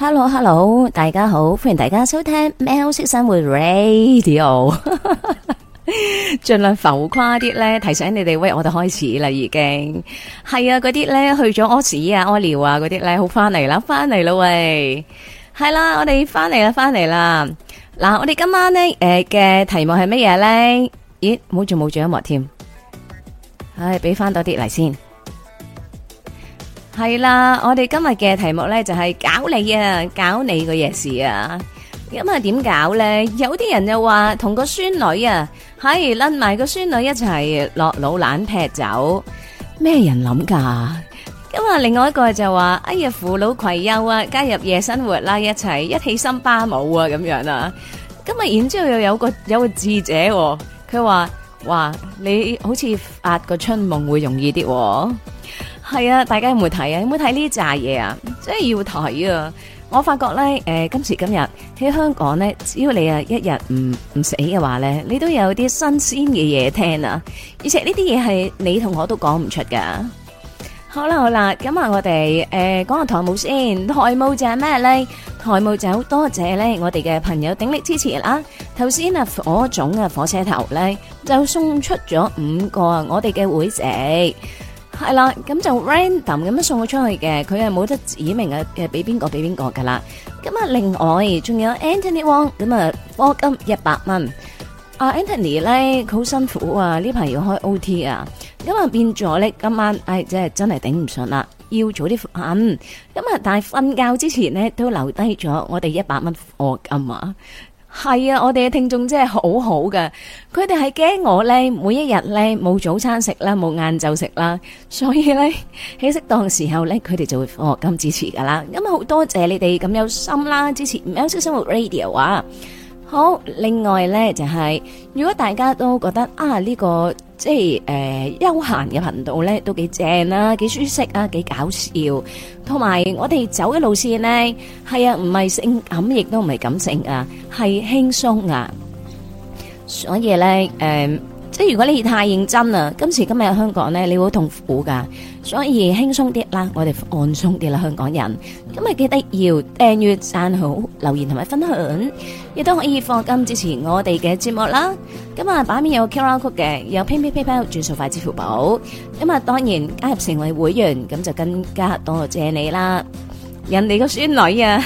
Hello，Hello，Hello, 大家好，歡迎大家收聽喵式生活 Radio，盡 量浮誇啲咧，提醒你哋喂，我哋開始啦，已經係啊，嗰啲咧去咗屙屎啊、屙尿啊嗰啲咧，好翻嚟啦，翻嚟啦喂，係啦、啊，我哋翻嚟啦，翻嚟啦，嗱，我哋今晚咧誒嘅題目係乜嘢咧？咦，冇做，冇做音樂添，唉，俾翻多啲嚟先。係啦，我哋今日嘅題目咧就係、是、搞你啊，搞你個夜事啊！咁啊點搞咧？有啲人又話同個孫女啊，係拎埋個孫女一齊落老蘭劈酒，咩人諗噶？咁、嗯、啊，另外一個就話，哎呀，扶老攜幼啊，加入夜生活啦、啊，一齊一起心巴舞啊，咁樣啦。咁啊，然之後又有個有個智者、啊，佢話哇你好似發個春夢會容易啲、啊。係啊，大家有冇睇啊？有冇睇呢扎嘢啊？即係要睇啊！我發覺咧，誒，今時今日喺香港咧，只要你啊一日唔唔死嘅話咧，你都有啲新鮮嘅嘢聽啊！而且呢啲嘢係你同我都講唔出噶。好啦好啦，咁啊，我哋誒講下台務先，台務就係咩咧？台務就好多謝咧，我哋嘅朋友鼎力支持啦。頭先啊，火種啊，火車頭咧就送出咗五個我哋嘅會籍。係啦，咁就 random 咁樣送佢出去嘅，佢係冇得指明嘅，誒俾邊個俾邊個噶啦。咁啊，另外仲有 Anthony Wong，咁啊課金一百蚊。阿 Anthony 咧，佢好辛苦啊，呢排要開 OT 啊，咁啊變咗咧今晚，唉、哎，即係真係頂唔順啦，要早啲瞓。咁、嗯、啊，但係瞓覺之前咧都留低咗我哋一百蚊課金啊。係啊，我哋嘅聽眾真係好好嘅，佢哋係驚我呢每一日呢冇早餐食啦，冇晏晝食啦，所以呢，喺適當時候呢，佢哋就會放學金支持噶啦，咁好多謝你哋咁有心啦，支持《喵式生活 Radio》啊！好，另外咧就係，如果大家都覺得啊呢個即係誒休閒嘅頻道咧都幾正啦，幾舒適啊，幾搞笑，同埋我哋走嘅路線咧係啊唔係性感，亦都唔係感性啊，係輕鬆啊，所以咧誒。即係如果你太認真啦，今時今日喺香港咧，你會好痛苦噶，所以輕鬆啲啦，我哋放鬆啲啦，香港人。今日記得要訂閱、讚好、留言同埋分享，亦都可以放金支持我哋嘅節目啦。今日版面有 QR Code 嘅，有 PayPay、PayPal 轉數快、支付寶。咁啊當然加入成為會員，咁就更加多謝你啦。人哋個孫女啊，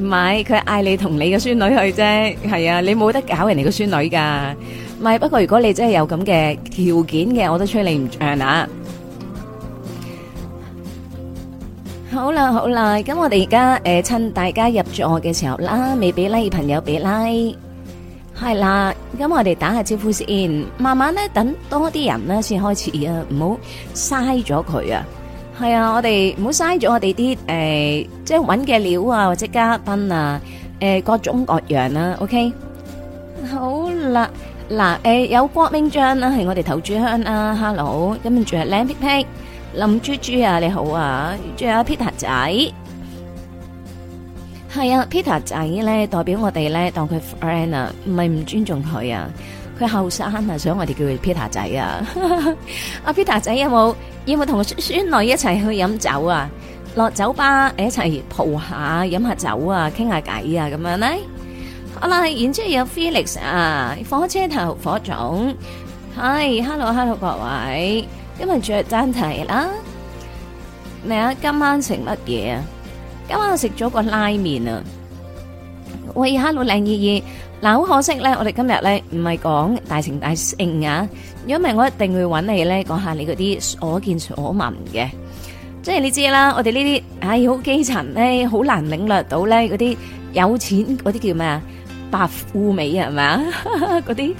唔係，佢嗌你同你個孫女去啫，係啊，你冇得搞人哋個孫女噶。唔係，不過如果你真係有咁嘅條件嘅，我都吹你唔脹啦。好啦好啦，咁我哋而家誒趁大家入座嘅時候啦，未俾拉嘅朋友俾拉，係啦。咁我哋打下招呼先，慢慢咧等多啲人咧先開始啊，唔好嘥咗佢啊。係啊，我哋唔好嘥咗我哋啲誒，即係揾嘅料啊，或者嘉賓啊，誒，各種各樣啦。OK，好啦。嗱，誒、哎，有郭明章啦，係我哋頭豬香啊，hello，跟住仲有靚 B B，林豬豬啊，你好啊，仲有 Peter 仔，係啊，Peter 仔咧，代表我哋咧，當佢 friend 啊，唔係唔尊重佢啊，佢後生啊，所以我哋叫佢 Peter 仔啊，阿 Peter 仔有冇，有冇同個孫女一齊去飲酒啊，落酒吧誒一齊蒲下，飲下酒啊，傾下偈啊，咁樣咧。我嚟，然之後有 Felix 啊，火車頭火種。Hi，Hello，Hello，各位，今日再單題啦。咩啊，今晚食乜嘢啊？今晚我食咗個拉麪啊。喂，Hello，靚姨姨，嗱，好可惜咧，我哋今日咧唔係講大城大城啊，如果唔係我一定會揾你咧講下你嗰啲所見所聞嘅。即係你知啦，我哋呢啲唉好基層咧，好難領略到咧嗰啲有錢嗰啲叫咩啊？白富美係咪啊？嗰啲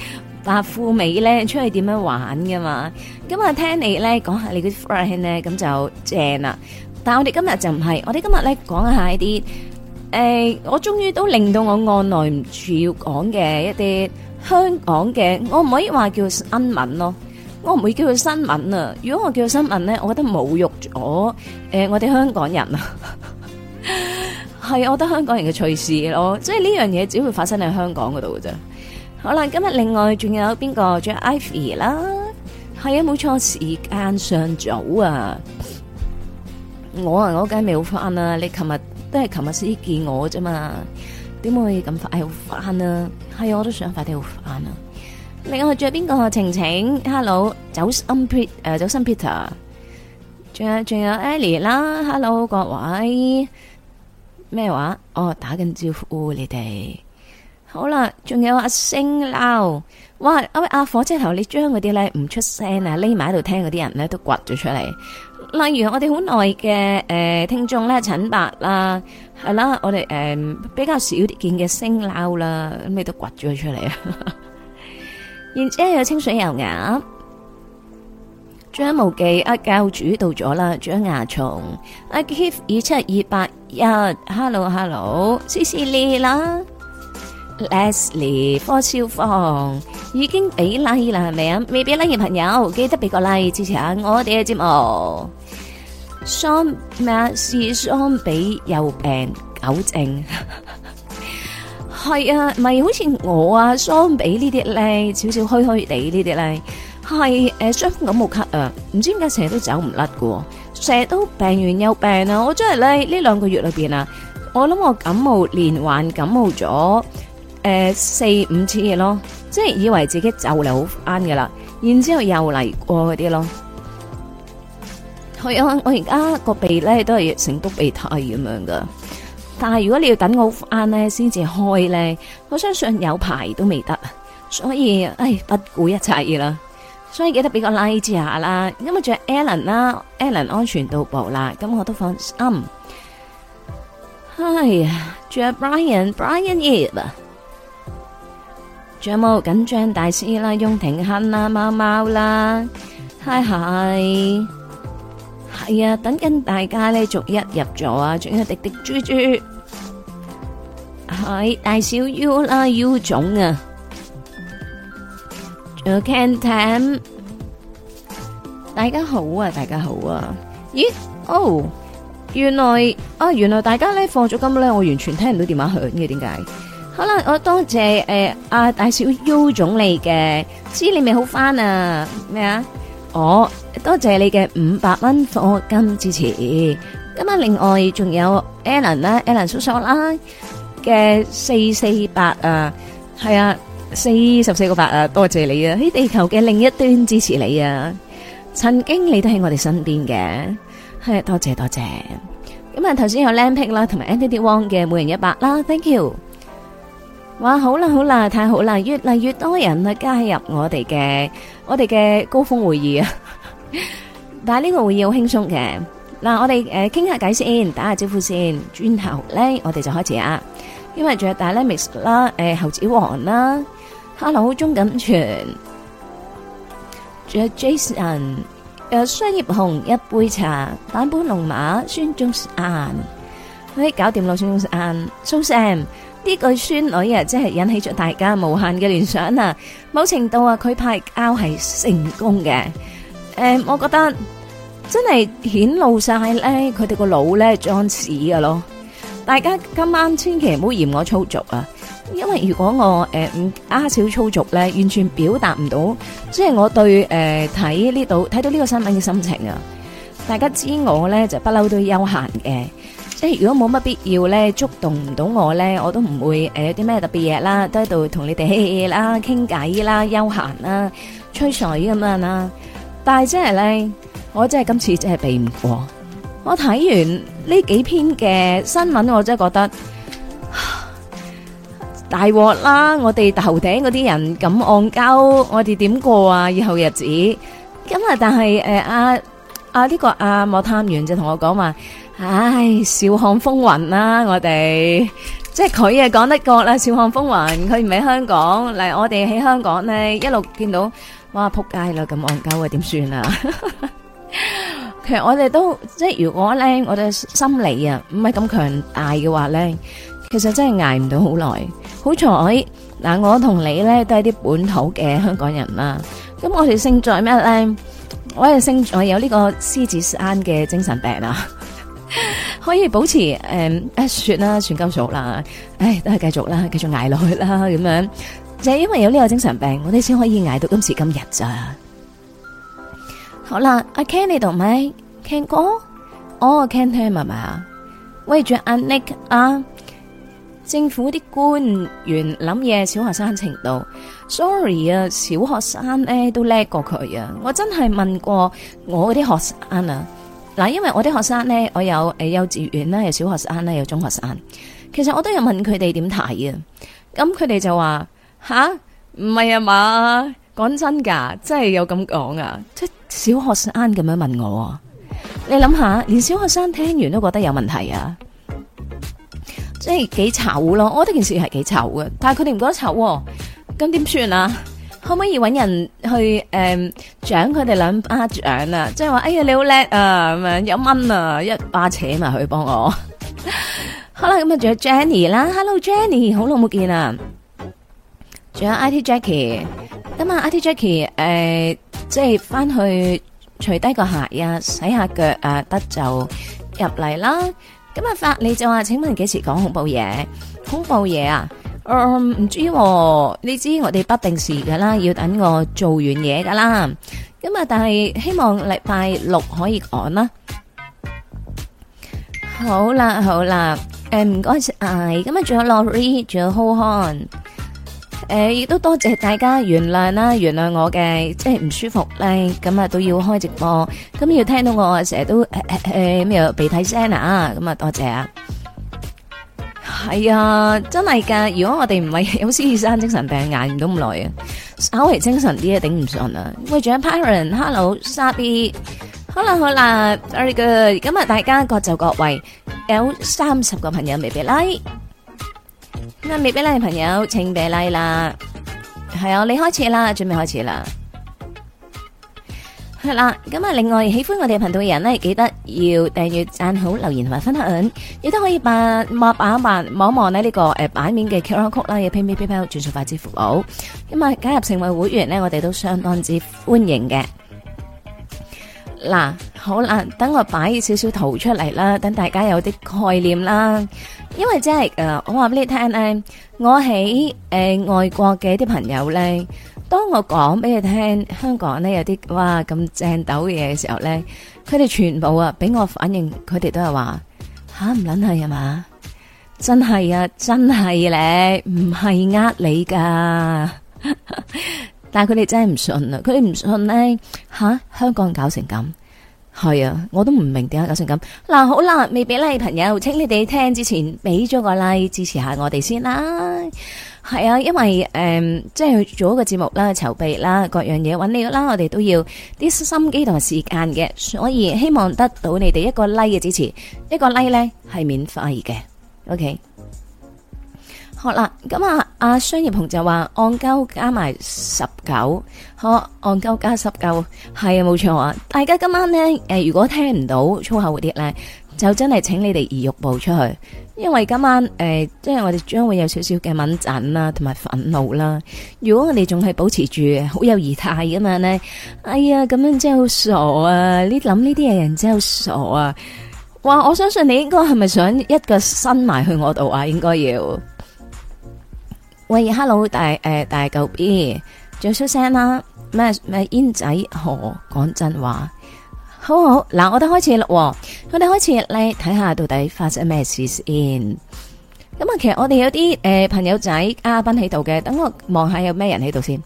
白富美咧，出去點樣玩噶嘛？咁啊，聽你咧講下你嗰啲 friend 咧，咁就正啦。但係我哋今日就唔係，我哋今日咧講下一啲誒，我終於都令到我按耐唔住要講嘅一啲香港嘅，我唔可以話叫做新聞咯，我唔會叫佢新聞啊。如果我叫新聞咧，我覺得侮辱咗誒，我哋香港人啊。係，我覺得香港人嘅趣事咯，即係呢樣嘢只會發生喺香港嗰度嘅啫。好啦，今日另外仲有邊個？仲有 Ivy 啦，係啊，冇錯，時間尚早啊。我啊，我梗係未好翻啊。你琴日都係琴日先見我啫嘛？點會咁快好翻啊？係啊，我都想快啲好翻啊。另外仲有邊個？晴晴，Hello，早晨 P，誒，uh，早晨 Peter，仲有仲有 Ellie 啦，Hello 各位。咩話？哦，打緊招呼你哋。好啦，仲有阿星撈，哇！阿阿火車頭，你將嗰啲咧唔出聲啊，匿埋喺度聽嗰啲人咧都掘咗出嚟。例如我哋好耐嘅誒聽眾咧，陳伯啦，係、啊、啦，我哋誒、呃、比較少見嘅星撈啦，咁你都掘咗出嚟啊。 然之後有清水油鴨。張無忌阿教主到咗啦，張牙松阿 Kif 二七二八一，Hello Hello，C C 麗啦，Leslie 郭超方已經俾 like 啦，係咪 啊？未俾 like 嘅朋友記得俾個 like 支持下我哋嘅節目。雙咩啊？是雙比有病狗症，係啊，唔係好似我啊，雙比呢啲咧，少少虛虛地呢啲咧。係誒，傷風、嗯、感冒咳啊！唔知點解成日都走唔甩嘅，成日都病完又病啊！我真係咧呢兩個月裏邊啊，我諗我感冒連環感冒咗誒、呃、四五次嘢咯，即係以為自己走就好啱嘅啦，然之後又嚟過啲咯。係啊，我而家個鼻咧都係成督鼻涕咁樣嘅，但係如果你要等我好啱咧先至開咧，我相信有排都未得，所以誒不顧一切啦。所以記得俾個 like 一下啦，因為仲有 Allen 啦，Allen 安全到步啦，咁我都放心。係，仲有 Brian，Brian 葉，仲有冇緊張大師啦，雍廷鏗啦，貓貓啦，係係，係啊，等緊大家嚟逐一入座啊，仲有滴滴豬豬，係大小 U 啦，U 總啊。Can't time，大家好啊，大家好啊，咦？哦，原來啊，原來大家咧放咗金咧，我完全聽唔到電話響嘅，點解？好啦，我多謝誒阿大小 U 總理嘅，知你未好翻啊？咩啊？我多謝你嘅五百蚊課金支持，今晚另外仲有 Alan 啦，Alan 叔叔啦嘅四四八啊，係啊。四十四個百誒，多謝你啊！喺地球嘅另一端支持你啊！曾經你都喺我哋身邊嘅，係多謝多謝。咁啊，頭先有 Lampick 啦，同埋 Anthony Wong 嘅每人一百啦，Thank you。哇，好啦好啦，太好啦，越嚟越多人啊，加入我哋嘅我哋嘅高峰會議啊！但係呢個會議好輕鬆嘅。嗱，我哋誒傾下偈先，打下招呼先，轉頭咧我哋就開始啊！因為仲有大 Lampick 啦，誒，猴子王啦。阿嘍，鍾錦全，仲有 Jason，誒，商業紅一杯茶，版本龍馬孫中山。喂、哎，搞掂啦，孫中山，蘇、so、sam，呢句「孫女」啊，真係引起咗大家無限嘅聯想啊，某程度啊，佢拍膠係成功嘅，誒、呃，我覺得真係顯露晒咧，佢哋個腦咧裝屎㗎咯，大家今晚千祈唔好嫌我粗俗啊。因為如果我誒唔阿少粗俗咧，完全表達唔到，即係我對誒睇呢度睇到呢個新聞嘅心情啊！大家知我咧就不嬲都休閒嘅，即係如果冇乜必要咧觸動唔到我咧，我都唔會誒、呃、有啲咩特別嘢啦，都喺度同你哋啦傾偈啦、休閒啦、吹水咁樣啦。但係真係咧，我真係今次真係避唔過，我睇完呢幾篇嘅新聞，我真係覺得。大鑊啦！我哋頭頂嗰啲人咁戇鳩，我哋點過啊？以後日子咁啊！但係誒阿阿呢個阿莫探員就同我講話，唉，笑看風雲啦！我哋即係佢啊，講得過啦，笑看風雲。佢唔喺香港，嚟，我哋喺香港咧，一路見到哇扑街啦，咁戇鳩啊，點算啊？其實我哋都即係如果咧，我哋心理啊唔係咁強大嘅話咧。其實真係挨唔到好耐，好彩嗱，我同你咧都係啲本土嘅香港人啦、啊。咁、嗯、我哋勝在咩咧？我哋勝在有呢個獅子山嘅精神病啊， 可以保持誒，一說啦，全金屬啦。唉，都係繼續啦，繼續挨落去啦，咁樣就係，因為有呢個精神病，我哋先可以挨到今時今日咋、啊。好啦，阿 Ken 你同咪 Ken 哥，哦 Ken 係咪啊？喂住阿 Nick 啊！政府啲官員諗嘢，小學生程度，sorry 啊，小學生咧都叻過佢啊！我真係問過我嗰啲學生啊，嗱，因為我啲學生咧，我有誒幼稚園啦，有小學生啦，有中學生，其實我都有問佢哋點睇啊，咁佢哋就話吓唔係啊嘛，講真噶，真係有咁講啊，即小學生咁樣問我啊。你諗下，連小學生聽完都覺得有問題啊！即係幾醜咯，我覺得件事係幾醜嘅，但係佢哋唔覺得醜，咁點算啊？可唔可以搵人去誒獎佢哋兩巴掌啊？即係話，哎呀你好叻啊咁樣，有蚊啊，一巴扯埋去幫我。 好啦，咁啊仲有 Jenny 啦，Hello Jenny，好耐冇見啊！仲有 IT Jackie，咁啊 IT Jackie，誒、呃、即係返去除低個鞋啊，洗下腳啊，得就入嚟啦。咁啊，發你就話，請問幾時講恐怖嘢？恐怖嘢啊，嗯，唔知，你知我哋不定時噶啦，要等我做完嘢噶啦。咁啊，但係希望禮拜六可以講啦。好啦，好啦，誒，唔該晒。咁啊，仲有 Laurie，仲有 Hohan。誒，亦都多謝大家原諒啦，原諒、啊、我嘅即係唔舒服咧，咁啊都要開直播，咁要聽到我啊成日都誒誒咩鼻涕聲啊，咁啊多謝啊，係、哎、啊，真係噶，如果我哋唔係有私事生，精神病捱唔到咁耐嘅，稍微精神啲啊，頂唔順啦。喂，仲有 Paron Hello Sabby 好啦好啦 very good 今日大家各就各位，有三十個朋友未俾禮。咁啊，未俾 l 嘅朋友，請俾 l i k 啦。係啊，你開始啦，準備開始啦。係啦，咁啊，另外喜歡我哋頻道嘅人咧，記得要訂閱、讚好、留言同埋分享。亦都可以把抹一抹望望呢呢個誒版面嘅 Q 曲啦嘅 P P P P 轉速快支付寶。咁、呃、啊，加入成為會員咧，我哋都相當之歡迎嘅。嗱，好啦，等我擺少少圖出嚟啦，等大家有啲概念啦。因為真係我話俾你聽咧，我喺誒外國嘅啲朋友咧，當我講俾你聽香港咧有啲哇，咁正斗嘅嘢嘅時候咧，佢哋全部啊俾我反應，佢哋都係話吓，唔捻係啊嘛，真係啊真係咧，唔係呃你噶，但係佢哋真係唔信啊，佢哋唔、啊、 信咧吓香港搞成咁。係啊，我都唔明點解搞成咁。嗱，好啦，未俾 like 朋友，請你哋聽之前俾咗個 like 支持下我哋先啦。係啊，因為誒、嗯，即係做一個節目啦，籌備啦，各樣嘢揾料啦，我哋都要啲心機同時間嘅，所以希望得到你哋一個 like 嘅支持。一個 like 呢，係免費嘅。OK。好啦，咁啊，阿、啊、商業紅就話按鳩加埋十九，好按鳩加十九，係啊，冇錯啊。大家今晚咧，誒、啊，如果聽唔到粗口嗰啲咧，就真係請你哋移玉步出去，因為今晚誒、啊，即係我哋將會有少少嘅敏感啦，同埋憤怒啦。如果我哋仲係保持住好有儀態㗎嘛咧，哎呀，咁樣真係好傻啊！你諗呢啲嘢人真係好傻啊！哇，我相信你應該係咪想一個伸埋去我度啊？應該要。喂，Hello，大誒、呃、大舊 B，仲有出聲啦咩咩煙仔何講、哦、真話好好嗱，我都開始喎。我哋開始嚟睇下到底發生咩事先。咁啊，其實我哋有啲誒、呃、朋友仔嘉賓喺度嘅，等我望下有咩人喺度先。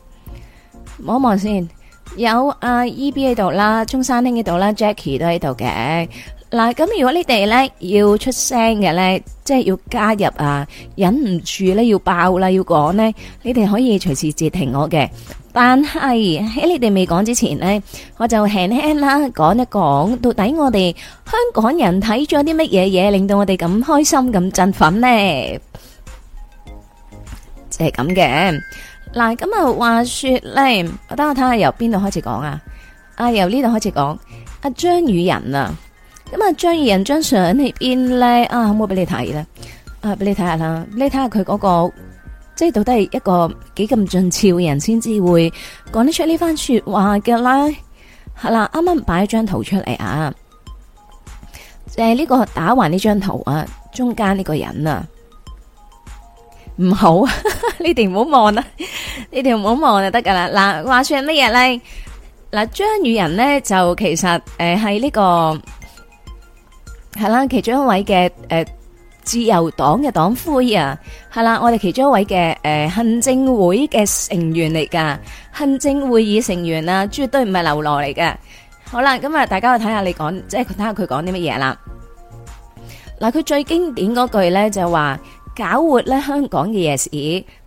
望一望先，有阿 E B 喺度啦，中山兄喺度啦，Jackie 都喺度嘅。嗱，咁如果你哋咧要出聲嘅咧，即係要加入啊，忍唔住咧要爆啦，要講咧，你哋可以隨時截停我嘅。但係喺你哋未講之前咧，我就輕輕啦講一講，到底我哋香港人睇咗啲乜嘢嘢，令到我哋咁開心咁振奮呢？就係咁嘅。嗱，咁啊，話說咧，我等我睇下由邊度開始講啊。阿、啊、由呢度開始講，阿張宇仁啊。咁啊，張宇人張相喺邊咧？啊，可唔可以俾你睇咧？啊，俾你睇下啦，你睇下佢嗰個，即係到底係一個幾咁俊俏嘅人先至會講得出呢番說話嘅啦！係、啊、啦，啱啱擺咗張圖出嚟啊，誒、啊、呢、這個打橫呢張圖啊，中間呢個人啊，唔好、啊哈哈，你哋唔好望啦，你哋唔好望就得噶啦。嗱、啊，話說係乜嘢咧？嗱、啊，張宇人咧就其實誒係呢個。係啦，其中一位嘅誒、呃、自由黨嘅黨魁啊，係啦，我哋其中一位嘅誒、呃、行政會嘅成員嚟噶，行政會議成員啊，絕對唔係流羅嚟㗎。好啦，咁啊，大家去睇下你講，即係睇下佢講啲乜嘢啦。嗱，佢最經典嗰句咧就話，搞活咧香港嘅夜市，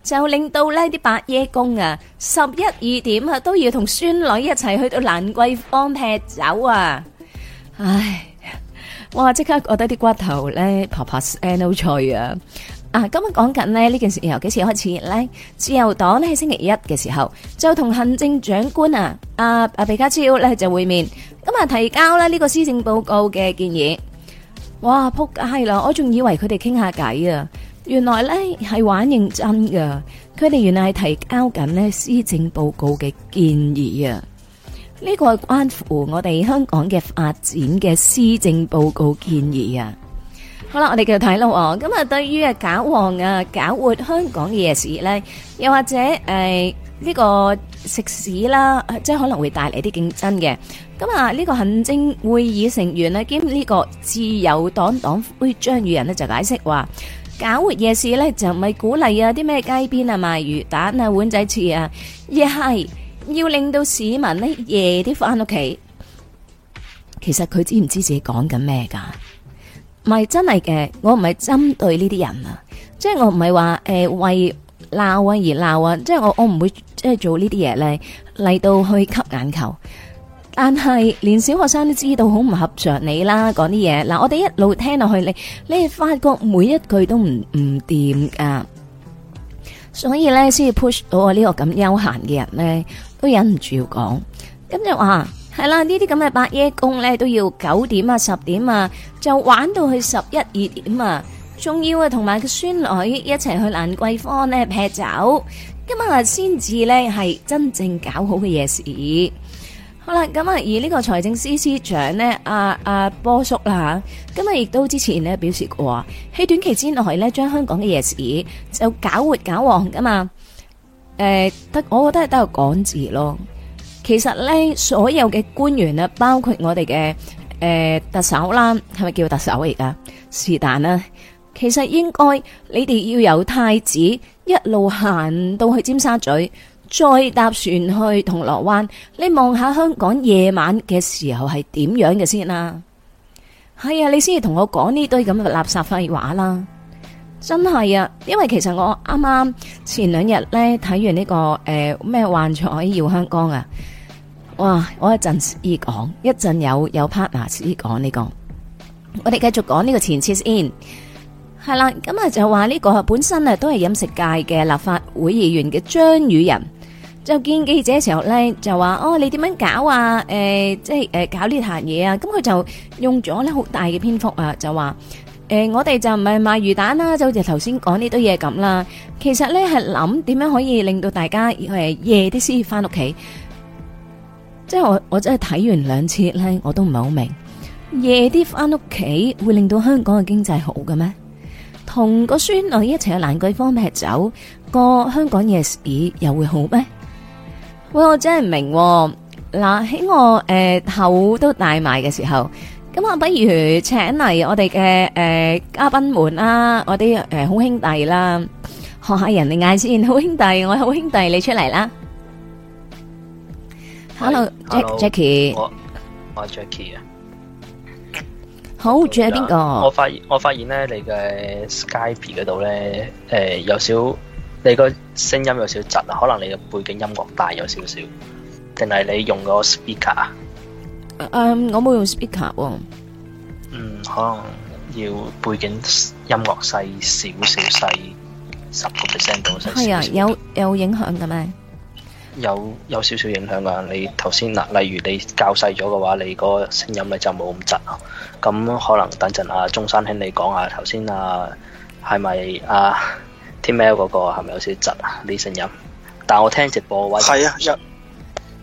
就令到呢啲伯爺公啊，十一二點啊都要同孫女一齊去到蘭桂坊劈酒啊，唉。哇！即刻覺得啲骨頭咧，啪啪 no 脆啊！啊，咁樣講緊咧呢件事由幾時開始咧？自由黨咧喺星期一嘅時候就同行政長官啊，阿阿比卡超咧就會面，咁啊提交咧呢個施政報告嘅建議。哇！撲街啦！我仲以為佢哋傾下偈啊，原來咧係玩認真噶，佢哋原來係提交緊呢施政報告嘅建議啊！呢、這個係關乎我哋香港嘅發展嘅施政報告建議啊！好啦，我哋繼續睇咯。咁、嗯、啊，對於搞黃啊搞旺啊搞活香港嘅夜市咧，又或者誒呢、呃這個食肆啦，即係可能會帶嚟啲競爭嘅。咁、嗯、啊，呢、這個行政會議成員啊，兼呢個自由黨黨魁張宇人呢，就解釋話，搞活夜市咧就唔係鼓勵啊啲咩街邊啊賣魚蛋啊碗仔翅啊，亦係。要令到市民呢夜啲翻屋企，其實佢知唔知自己講緊咩噶唔係真係嘅，我唔係針對呢啲人啊，即係我唔係話誒為鬧啊而鬧啊，即係我我唔會即係做呢啲嘢咧，嚟到去吸眼球。但係連小學生都知道好唔合着你啦，講啲嘢嗱，我哋一路聽落去，你你發覺每一句都唔唔掂噶，所以呢，先至 push 到我呢個咁悠閒嘅人呢，都忍唔住要講，咁就話係啦，呢啲咁嘅伯爺公咧都要九點啊、十點啊，就玩到去十一二點啊，仲要啊同埋個孫女一齊去蘭桂坊咧劈酒，咁啊先至咧係真正搞好嘅夜市。好啦，咁啊而呢個財政司司長呢，阿、啊、阿、啊、波叔啦，咁啊亦都之前呢表示過喺短期之內呢，將香港嘅夜市就搞活搞旺噶嘛。誒、呃，得我覺得係得個講字咯。其實呢，所有嘅官員包括我哋嘅誒特首啦，係咪叫特首而家？是但啦。其實應該你哋要由太子一路行到去尖沙咀，再搭船去銅鑼灣。你望下香港夜晚嘅時候係點樣嘅先啦？係啊，你先至同我講呢堆咁嘅垃圾廢話啦。真係啊，因為其實我啱啱前兩日咧睇完呢、這個誒咩、呃、幻彩耀香江啊，哇！我一陣先講，一陣有有 partner 先講呢、這個。我哋繼續講呢個前設先，係啦。咁啊就話呢個本身啊都係飲食界嘅立法會議員嘅張宇人，就見記者嘅時候咧就話哦，你點樣搞啊？誒即係誒搞呢壇嘢啊！咁佢就用咗咧好大嘅篇幅啊就話。誒、呃，我哋就唔係賣魚蛋啦，就好似頭先講呢堆嘢咁啦。其實咧，係諗點樣可以令到大家誒、呃、夜啲先翻屋企。即係我我真係睇完兩次咧，我都唔係好明。夜啲翻屋企會令到香港嘅經濟好嘅咩？同個孫女一齊去蘭桂坊劈酒，個、那個、香港夜市又會好咩？喂、呃，我真係唔明、哦。嗱、呃，喺我誒頭、呃、都大埋嘅時候。咁啊，不如請嚟我哋嘅誒嘉賓們啦，我啲誒好兄弟啦，學下人哋嗌先。好兄弟，我好兄弟你出嚟啦。Hello，Jackie。我我係 Jackie 啊。好，住喺邊個？我發我發現咧，你嘅 Skype 嗰度咧，誒有少你個聲音有少窒，可能你嘅背景音樂大有少少，定係你用嗰個 speaker 啊？誒、um,，我冇用 speaker 喎、哦。嗯，可能要背景音樂細少少細十個 percent 度。係啊，有有影響噶咩？有有少少影響噶。你頭先例例如你較細咗嘅話，你個聲音咪就冇咁窒。咯、啊。咁、嗯、可能等陣阿中山兄你講下頭先啊，係咪阿天喵嗰個係咪有少少窒啊？那個、是是小小小你聲音，但我聽直播位，話係啊，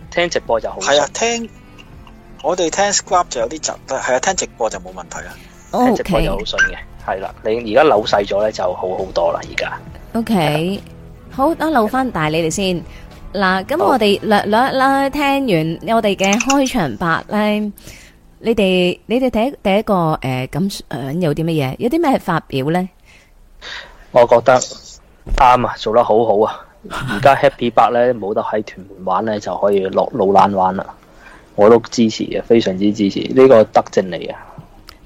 聽直播就好係啊，聽。我哋聽 Scrub 就有啲窒，係啊，聽直播就冇問題啦。Oh, okay. 聽直播就好順嘅，係啦。你而家扭細咗咧就好好多啦，而家。O、okay. K，yeah. 好，等扭翻大你哋先。嗱、yeah. 啊，咁我哋略略咧聽完我哋嘅開場白咧，你哋你哋第一第一個誒咁、呃、想有啲乜嘢？有啲咩發表咧？我覺得啱啊，做得好好啊！而 家 Happy 八咧冇得喺屯門玩咧，就可以落老蘭玩啦。我都支持嘅，非常之支持。呢、這個德政嚟啊，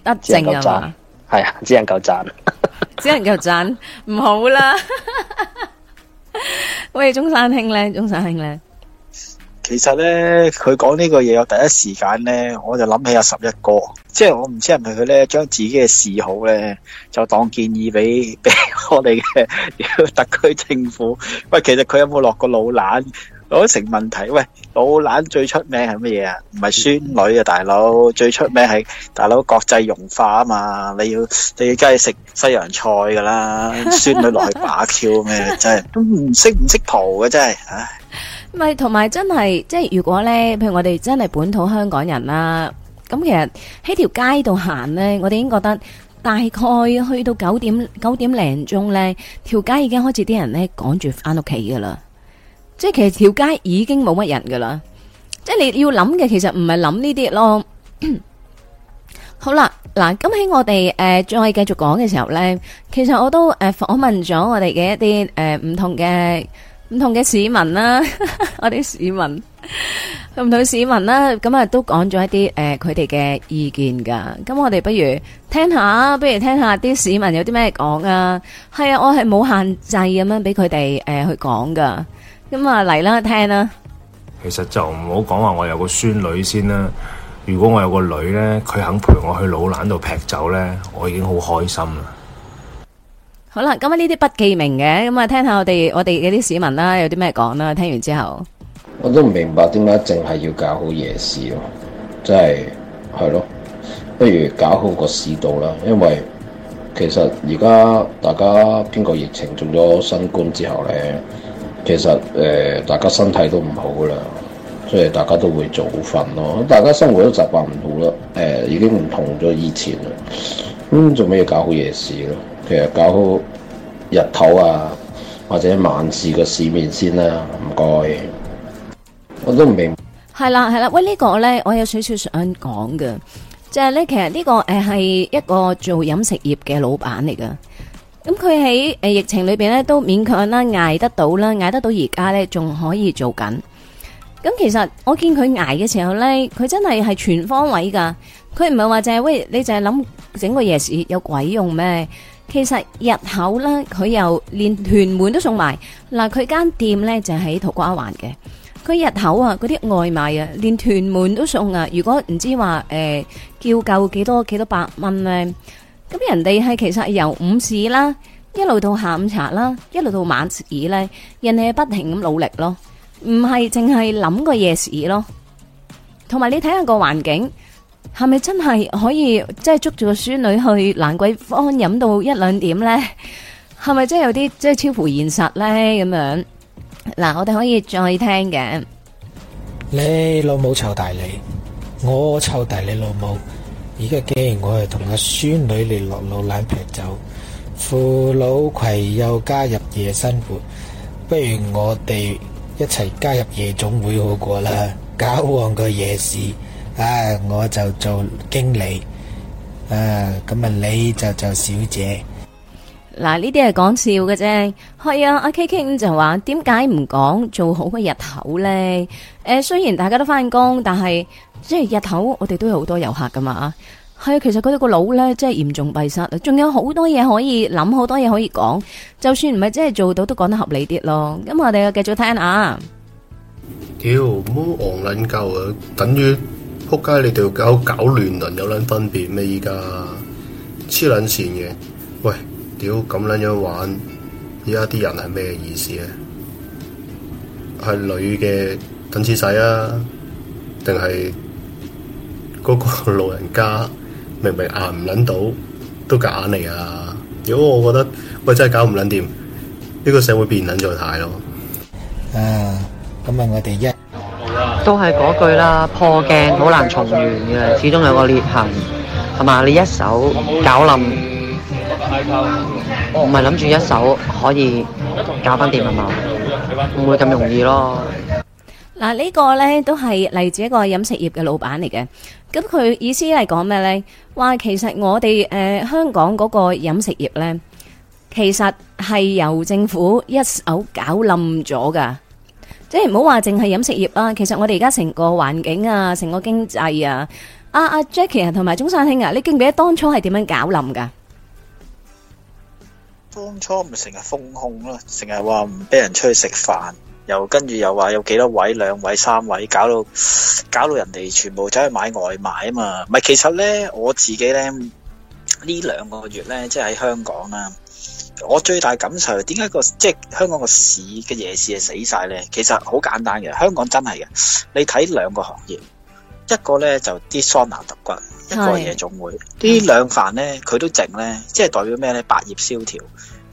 德政啊嘛，係啊，只能夠讚， 只能夠讚，唔好啦。 喂，中山兄咧，中山兄咧，其實咧，佢講呢個嘢，我第一時間咧，我就諗起阿十一哥，即係我唔知係咪佢咧將自己嘅嗜好咧，就當建議俾俾我哋嘅 特區政府。喂，其實佢有冇落過老蘭？我成問題。喂，老蘭最出名係咩嘢啊？唔係孫女啊，大佬最出名係大佬國際融化啊嘛！你要你要梗係食西洋菜噶啦， 孫女落去把超咩，真係都唔識唔識蒲嘅，真係，唉。唔係，同埋真係即係如果咧，譬如我哋真係本土香港人啦，啊，咁其實喺條街度行咧，我哋已經覺得大概去到九點九點零鐘咧，條街已經開始啲人咧趕住翻屋企噶啦。即係其實條街已經冇乜人噶啦，即係你要諗嘅其實唔係諗呢啲咯。好啦，嗱，咁喺我哋誒再繼續講嘅時候呢，其實我都誒訪問咗我哋嘅一啲誒唔同嘅唔同嘅市民啦，我啲市民唔同市民啦，咁啊都講咗一啲誒佢哋嘅意見噶。咁我哋不如聽下，不如聽下啲市民有啲咩講啊？係啊，我係冇限制咁樣俾佢哋誒去講噶。咁啊嚟啦聽啦，其實就唔好講話我有個孫女先啦。如果我有個女咧，佢肯陪我去老蘭度劈酒咧，我已經好開心啦。好啦，咁啊呢啲不記名嘅，咁啊聽下我哋我哋啲市民啦，有啲咩講啦？聽完之後，我都唔明白點解淨係要搞好夜市咯，即係係咯，不如搞好個市道啦。因為其實而家大家經過疫情中咗新冠之後咧。其實誒、呃，大家身體都唔好啦，所以大家都會早瞓咯。咁大家生活都習慣唔好啦，誒、呃，已經唔同咗以前啦。咁做咩要搞好夜市咯？其實搞好日頭啊，或者晚市個市面先啦，唔該。我都唔明。係啦係啦，喂，這個，呢個咧，我有少少想講嘅，就係、是、呢，其實呢個誒係一個做飲食業嘅老闆嚟噶。咁佢喺誒疫情裏邊咧，都勉強啦捱得到啦，捱得到而家咧仲可以做緊。咁其實我見佢捱嘅時候咧，佢真係係全方位噶，佢唔係話就係喂，你淨係諗整個夜市有鬼用咩？其實入口咧，佢又連屯門都送埋。嗱，佢間店咧就喺土瓜灣嘅，佢入口啊，嗰啲外賣啊，連屯門都送啊。如果唔知話誒叫夠幾多幾多百蚊咧？咁人哋係其實由午市啦，一路到下午茶啦，一路到晚市咧，人哋係不停咁努力咯，唔係淨係諗個夜市咯。同埋你睇下個環境係咪真係可以即係捉住個孫女去蘭桂坊飲到一兩點咧？係咪真係有啲即係超乎現實咧？咁樣嗱，我哋可以再聽嘅。你老母臭大你，我臭大你老母。而家既然我係同阿孫女嚟落老蘭劈酒，扶老攜幼加入夜生活，不如我哋一齊加入夜總會好過啦！搞旺個夜市，啊，我就做經理，啊，咁啊你就做小姐。嗱，呢啲係講笑嘅啫，係啊，阿 KK 就話點解唔講做好個日頭呢？誒，雖然大家都返工，但係。即係日頭，我哋都有好多遊客噶嘛啊，係啊，其實佢哋個腦咧，即係嚴重閉塞，仲有好多嘢可以諗，好多嘢可以講。就算唔係，真係做到，都講得合理啲咯。咁我哋繼續聽啊。屌，咁昂卵鳩啊，等於仆街！你條狗搞亂倫有卵分別咩？依家黐卵線嘅，喂，屌咁卵樣玩？依家啲人係咩意思啊？係女嘅等黐仔啊，定係？嗰、那個老人家明明硬唔撚到，都夾硬嚟啊！如果我覺得我真係搞唔撚掂，呢、這個社會變撚咗態咯。啊，咁咪我哋一都係嗰句啦，破鏡好難重圓嘅，始終有個裂痕，係嘛？你一手搞冧，我唔係諗住一手可以搞翻掂係嘛，唔會咁容易咯。嗱、這個，呢個咧都係嚟自一個飲食業嘅老闆嚟嘅。咁佢意思係講咩呢？話其實我哋誒香港嗰個飲食業呢，其實係由政府一手搞冧咗噶。即係唔好話淨係飲食業啊，其實我哋而家成個環境啊，成個經濟啊，阿阿 Jacky 啊，同埋中山兄啊，你記唔記得當初係點樣搞冧噶？當初唔係成日封控咯，成日話唔俾人出去食飯。又跟住又話有幾多位兩位三位，搞到搞到人哋全部走去買外賣啊嘛！唔係其實咧，我自己咧呢兩個月咧，即係喺香港啦，我最大感受係點解、個即係香港個市嘅夜市係死晒咧？其實好簡單嘅，香港真係嘅。你睇兩個行業，一個咧就啲桑拿揼骨，一個夜總會，啲、嗯、兩飯咧佢都靜咧，即係代表咩咧？百業蕭條。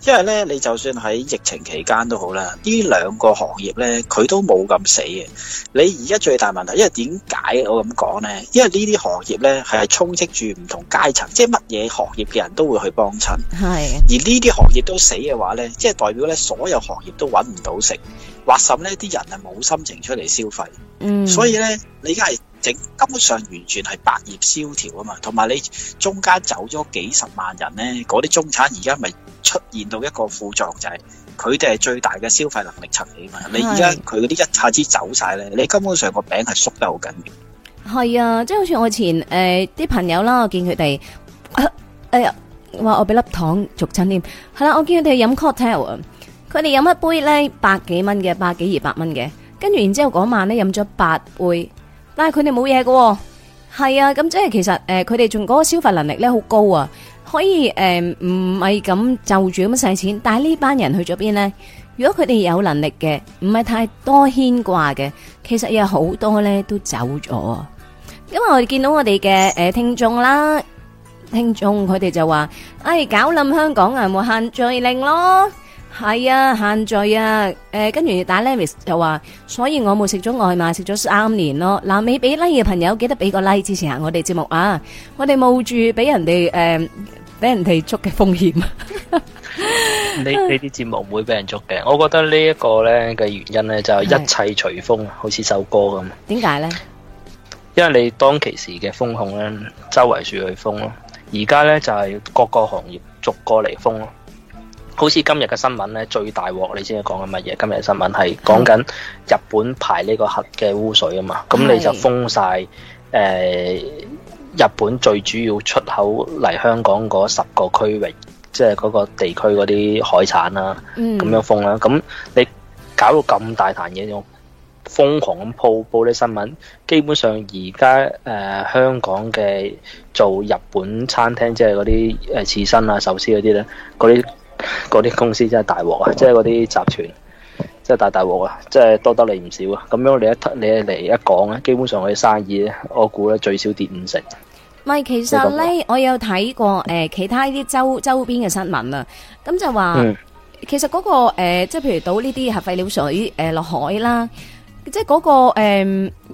因為咧，你就算喺疫情期間都好啦，呢兩個行業咧，佢都冇咁死嘅。你而家最大問題，因為點解我咁講咧？因為呢啲行業咧係充斥住唔同階層，即係乜嘢行業嘅人都會去幫襯。係。而呢啲行業都死嘅話咧，即係代表咧所有行業都搵唔到食，或甚咧啲人係冇心情出嚟消費。嗯。所以咧，你而家係。根本上完全係百業蕭條啊嘛，同埋你中間走咗幾十萬人咧，嗰啲中產而家咪出現到一個副作用，就係佢哋係最大嘅消費能力層起嘛。你而家佢嗰啲一下子走晒咧，你根本上個餅係縮得好緊要。係啊，即係好似我以前誒啲、呃、朋友啦，我見佢哋，哎、呃、呀，話、呃、我俾粒糖續親添。係啦、啊，我見佢哋飲 cocktail 啊，佢哋飲一杯咧百幾蚊嘅，百幾二百蚊嘅，跟住然之後嗰晚咧飲咗八杯。但係佢哋冇嘢嘅，係啊，咁即係其實誒，佢哋仲嗰個消費能力咧好高啊，可以誒唔係咁就住咁樣使錢。但係呢班人去咗邊咧？如果佢哋有能力嘅，唔係太多牽掛嘅，其實有好多咧都走咗啊。因為我哋見到我哋嘅誒聽眾啦，聽眾佢哋就話：誒搞冧香港係冇限聚令咯。係啊，限聚啊，誒、呃，跟住打 lemis 就話，所以我冇食咗外賣，食咗三年咯。嗱，未俾 like 嘅朋友，記得俾個 like 支持下我哋節目啊！我哋冒住俾人哋誒，俾、呃、人哋捉嘅風險。呢呢啲節目唔會俾人捉嘅，我覺得呢一個咧嘅原因咧就係、是、一切隨風，好似首歌咁。點解咧？因為你當其時嘅封控咧，周圍樹去封咯，而家咧就係、是、各個行業逐個嚟封咯。好似今日嘅新聞咧，最大鑊你知係講緊乜嘢？今日嘅新聞係講緊日本排呢個核嘅污水啊嘛，咁、嗯、你就封晒誒、呃、日本最主要出口嚟香港嗰十個區域，即係嗰個地區嗰啲海產啦、啊，咁、嗯、樣封啦。咁你搞到咁大壇嘢，用瘋狂咁鋪佈啲新聞，基本上而家誒香港嘅做日本餐廳，即係嗰啲誒刺身啊、壽司嗰啲咧，嗰啲。嗰啲公司真係大鑊啊！即係嗰啲集團，真係大大鑊啊！即係多得你唔少啊！咁樣你一突你嚟一講咧，基本上佢生意咧，我估咧最少跌五成。唔係、呃嗯，其實咧、那個，我有睇過誒其他啲周周邊嘅新聞啊，咁就話，其實嗰個誒，即係譬如倒呢啲核廢料水誒落、呃、海啦，即係、那、嗰個誒、呃、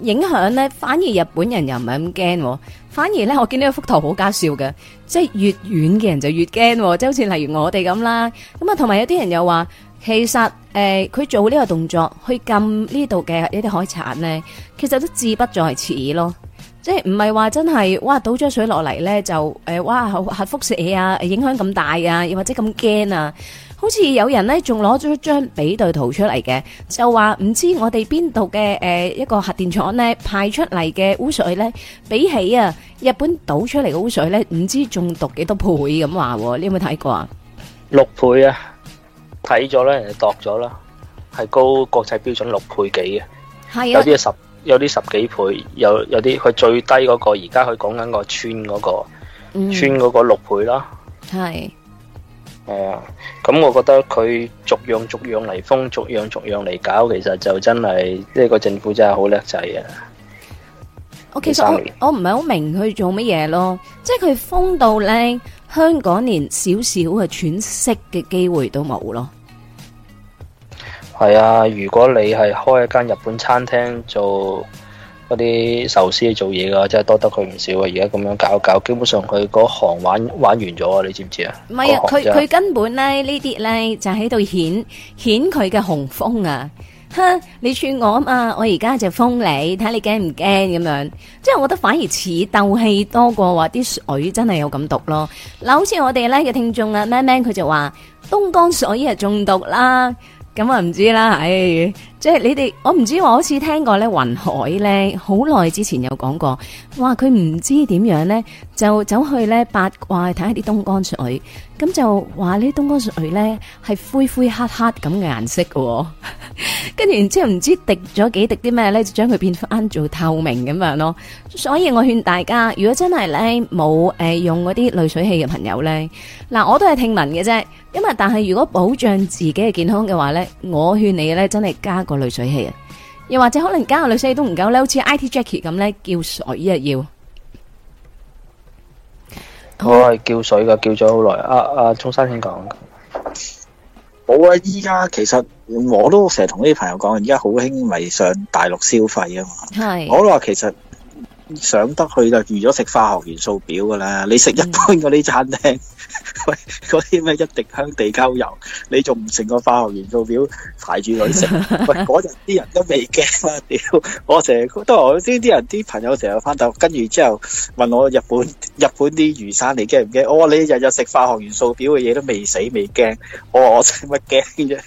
影響咧，反而日本人又唔係咁驚喎。反而咧，我見到一幅圖好搞笑嘅，即係越遠嘅人就越驚，即係好似例如我哋咁啦。咁啊，同埋有啲人又話，其實誒，佢、呃、做呢個動作去撳呢度嘅一啲海產咧，其實都志不在此咯，即係唔係話真係，哇，倒咗水落嚟咧就誒、呃，哇，核輻射啊，影響咁大啊，又或者咁驚啊。好似有人咧，仲攞咗一張比對圖出嚟嘅，就話唔知我哋邊度嘅誒一個核電廠咧排出嚟嘅污水咧，比起啊日本倒出嚟嘅污水咧，唔知仲毒幾多倍咁話，你有冇睇過啊？六倍啊，睇咗咧，人哋度咗啦，係高國際標準六倍幾嘅，係啊，有啲十，有啲十幾倍，有有啲佢最低嗰個，而家佢講緊個村嗰個、嗯、村嗰個六倍啦，係。係啊，咁我覺得佢逐樣逐樣嚟封，逐樣逐樣嚟搞，其實就真係呢個政府真係好叻仔啊！我其實我我唔係好明佢做乜嘢咯，即係佢封到靚，香港連少少嘅喘息嘅機會都冇咯。係啊，如果你係開一間日本餐廳做。啲壽司做嘢噶，真係多得佢唔少啊！而家咁樣搞搞，基本上佢嗰行玩玩完咗啊！你知唔知啊？唔係啊，佢佢根本咧呢啲咧就喺度顯顯佢嘅雄風啊！哼，你串我啊嘛，我而家就封你，睇你驚唔驚咁樣？即係我覺得反而似鬥氣多過話啲水真係有咁毒咯。嗱，好似我哋咧嘅聽眾啊，咩咩佢就話東江水係中毒啦，咁我唔知啦，唉、哎。即係你哋，我唔知，我好似聽過咧，雲海咧好耐之前有講過，哇，佢唔知點樣咧，就走去咧八卦睇下啲東江水，咁就話咧東江水咧係灰灰黑黑咁嘅顏色嘅喎，跟住然之後唔知滴咗幾滴啲咩咧，就將佢變翻做透明咁樣咯。所以我勸大家，如果真係咧冇誒用嗰啲濾水器嘅朋友咧，嗱，我都係聽聞嘅啫，因為但係如果保障自己嘅健康嘅話咧，我勸你咧真係加個。濾水器啊，又或者可能而家個濾水器都唔夠咧，好似 IT Jackie 咁咧叫水一要，我、oh. 係、嗯、叫水噶，叫咗好耐。阿阿鍾生先講，我依家其實我都成日同啲朋友講，而家好興迷上大陸消費啊嘛，我都話其實。上得去就預咗食化學元素表㗎啦！你食一般嗰啲餐廳，嗯、 喂嗰啲咩一滴香地溝油，你仲唔食個化學元素表排住佢食？ 喂，嗰日啲人都未驚啊！屌，我成日都話我知啲人啲朋友成日翻到，跟住之後問我日本日本啲魚生你驚唔驚？我、哦、話你日日食化學元素表嘅嘢都未死未驚、哦，我我使乜驚啫？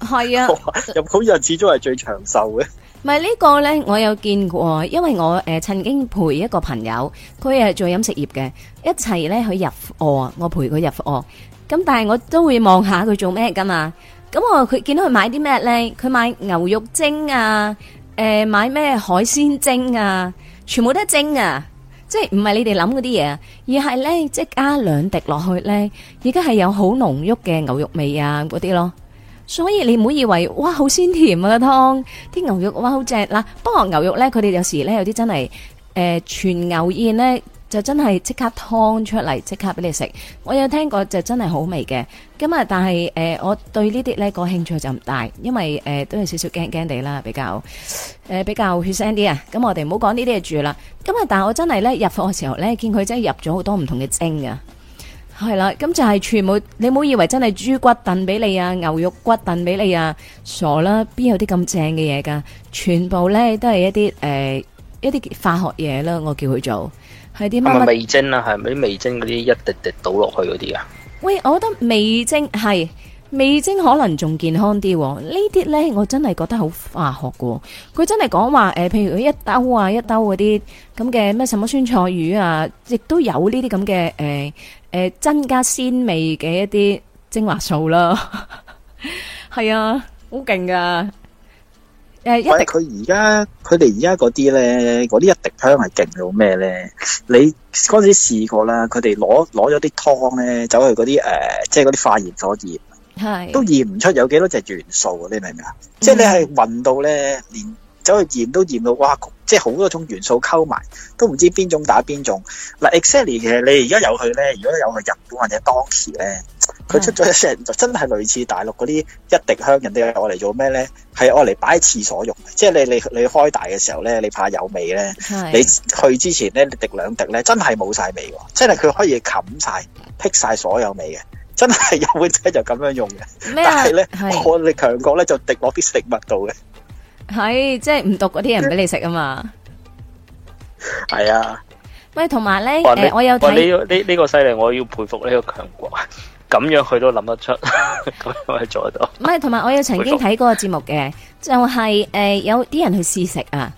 係啊、哦！日本人始終係最長壽嘅。唔係呢個呢，我有見過，因為我誒曾經陪一個朋友，佢係做飲食業嘅，一齊呢去入貨，我陪佢入貨。咁但係我都會望下佢做咩噶嘛。咁我佢見到佢買啲咩呢？佢買牛肉精啊，誒買咩海鮮精啊，全部都係精啊，即係唔係你哋諗嗰啲嘢，而係呢即係加兩滴落去呢，而家係有好濃郁嘅牛肉味啊嗰啲咯。所以你唔好以為，哇，好鮮甜啊！個湯啲牛肉，哇，好正啦。不過牛肉呢，佢哋有時呢，有啲真係，誒，全牛宴呢，就真係即刻湯出嚟，即刻俾你食。我有聽過就真係好味嘅。咁啊，但係誒、呃，我對呢啲呢、個興趣就唔大，因為誒、呃、都有少少驚驚地啦，比較誒、呃、比較血腥啲啊。咁我哋唔好講呢啲嘢，住啦。咁啊，但係我真係呢，入貨嘅時候呢，見佢真係入咗好多唔同嘅精啊。係啦，咁就係全部，你唔好以為真係豬骨燉俾你啊，牛肉骨燉俾你啊，傻啦，邊有啲咁正嘅嘢噶？全部咧都係一啲誒、呃，一啲化學嘢啦，我叫佢做係啲乜乜味精啊？係咪啲味精嗰啲一滴滴倒落去嗰啲啊？喂，我覺得味精係。味精可能仲健康啲呢啲咧，我真係覺得好化學嘅。佢真係講話誒，譬如佢一兜啊，一兜嗰啲咁嘅咩什麼酸菜魚啊，亦都有呢啲咁嘅誒誒增加鮮味嘅一啲精華素啦。係 啊，好勁噶！誒、呃，一滴佢而家佢哋而家嗰啲咧，嗰啲一滴香係勁到咩咧？你嗰陣時試過啦，佢哋攞攞咗啲湯咧，走去嗰啲誒，即係嗰啲化驗所驗。都驗唔出有幾多隻元素，你明唔明啊？即係你係混到咧，連走去驗都驗到，哇！即係好多種元素溝埋，都唔知邊種打邊種。嗱，Excel，其實你而家有佢咧，如果有去日本或者當時咧，佢出咗一隻，真係類似大陸嗰啲一滴香。人哋攞我嚟做咩咧？係攞嚟擺喺廁所用，即係你你你開大嘅時候咧，你怕有味咧。你去之前咧，你滴兩滴咧，真係冇晒味，真係佢可以冚晒、辟晒所有味嘅。真係日本仔就咁樣用嘅，但係咧我哋強國咧就滴落啲食物度嘅，係即係唔毒嗰啲人俾你食啊嘛，係啊。喂，同埋咧，誒，我有，呢呢呢個犀利，我要佩服呢個強國，咁樣佢都諗得出，咁樣係做得到。唔係，同埋我有曾經睇過個節目嘅，就係誒有啲人去試食啊。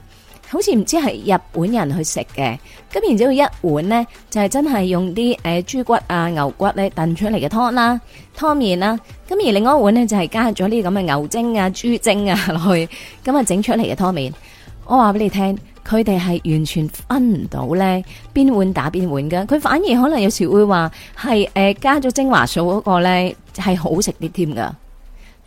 好似唔知係日本人去食嘅，咁然之後一碗呢，就係、是、真係用啲誒豬骨啊牛骨咧燉出嚟嘅湯啦湯麵啦、啊，咁而另外一碗呢，就係、是、加咗啲咁嘅牛精啊豬精啊落去，咁啊整出嚟嘅湯麵。我話俾你聽，佢哋係完全分唔到呢邊碗打邊碗㗎，佢反而可能有時會話係誒加咗精華素嗰個呢，係好食啲添㗎。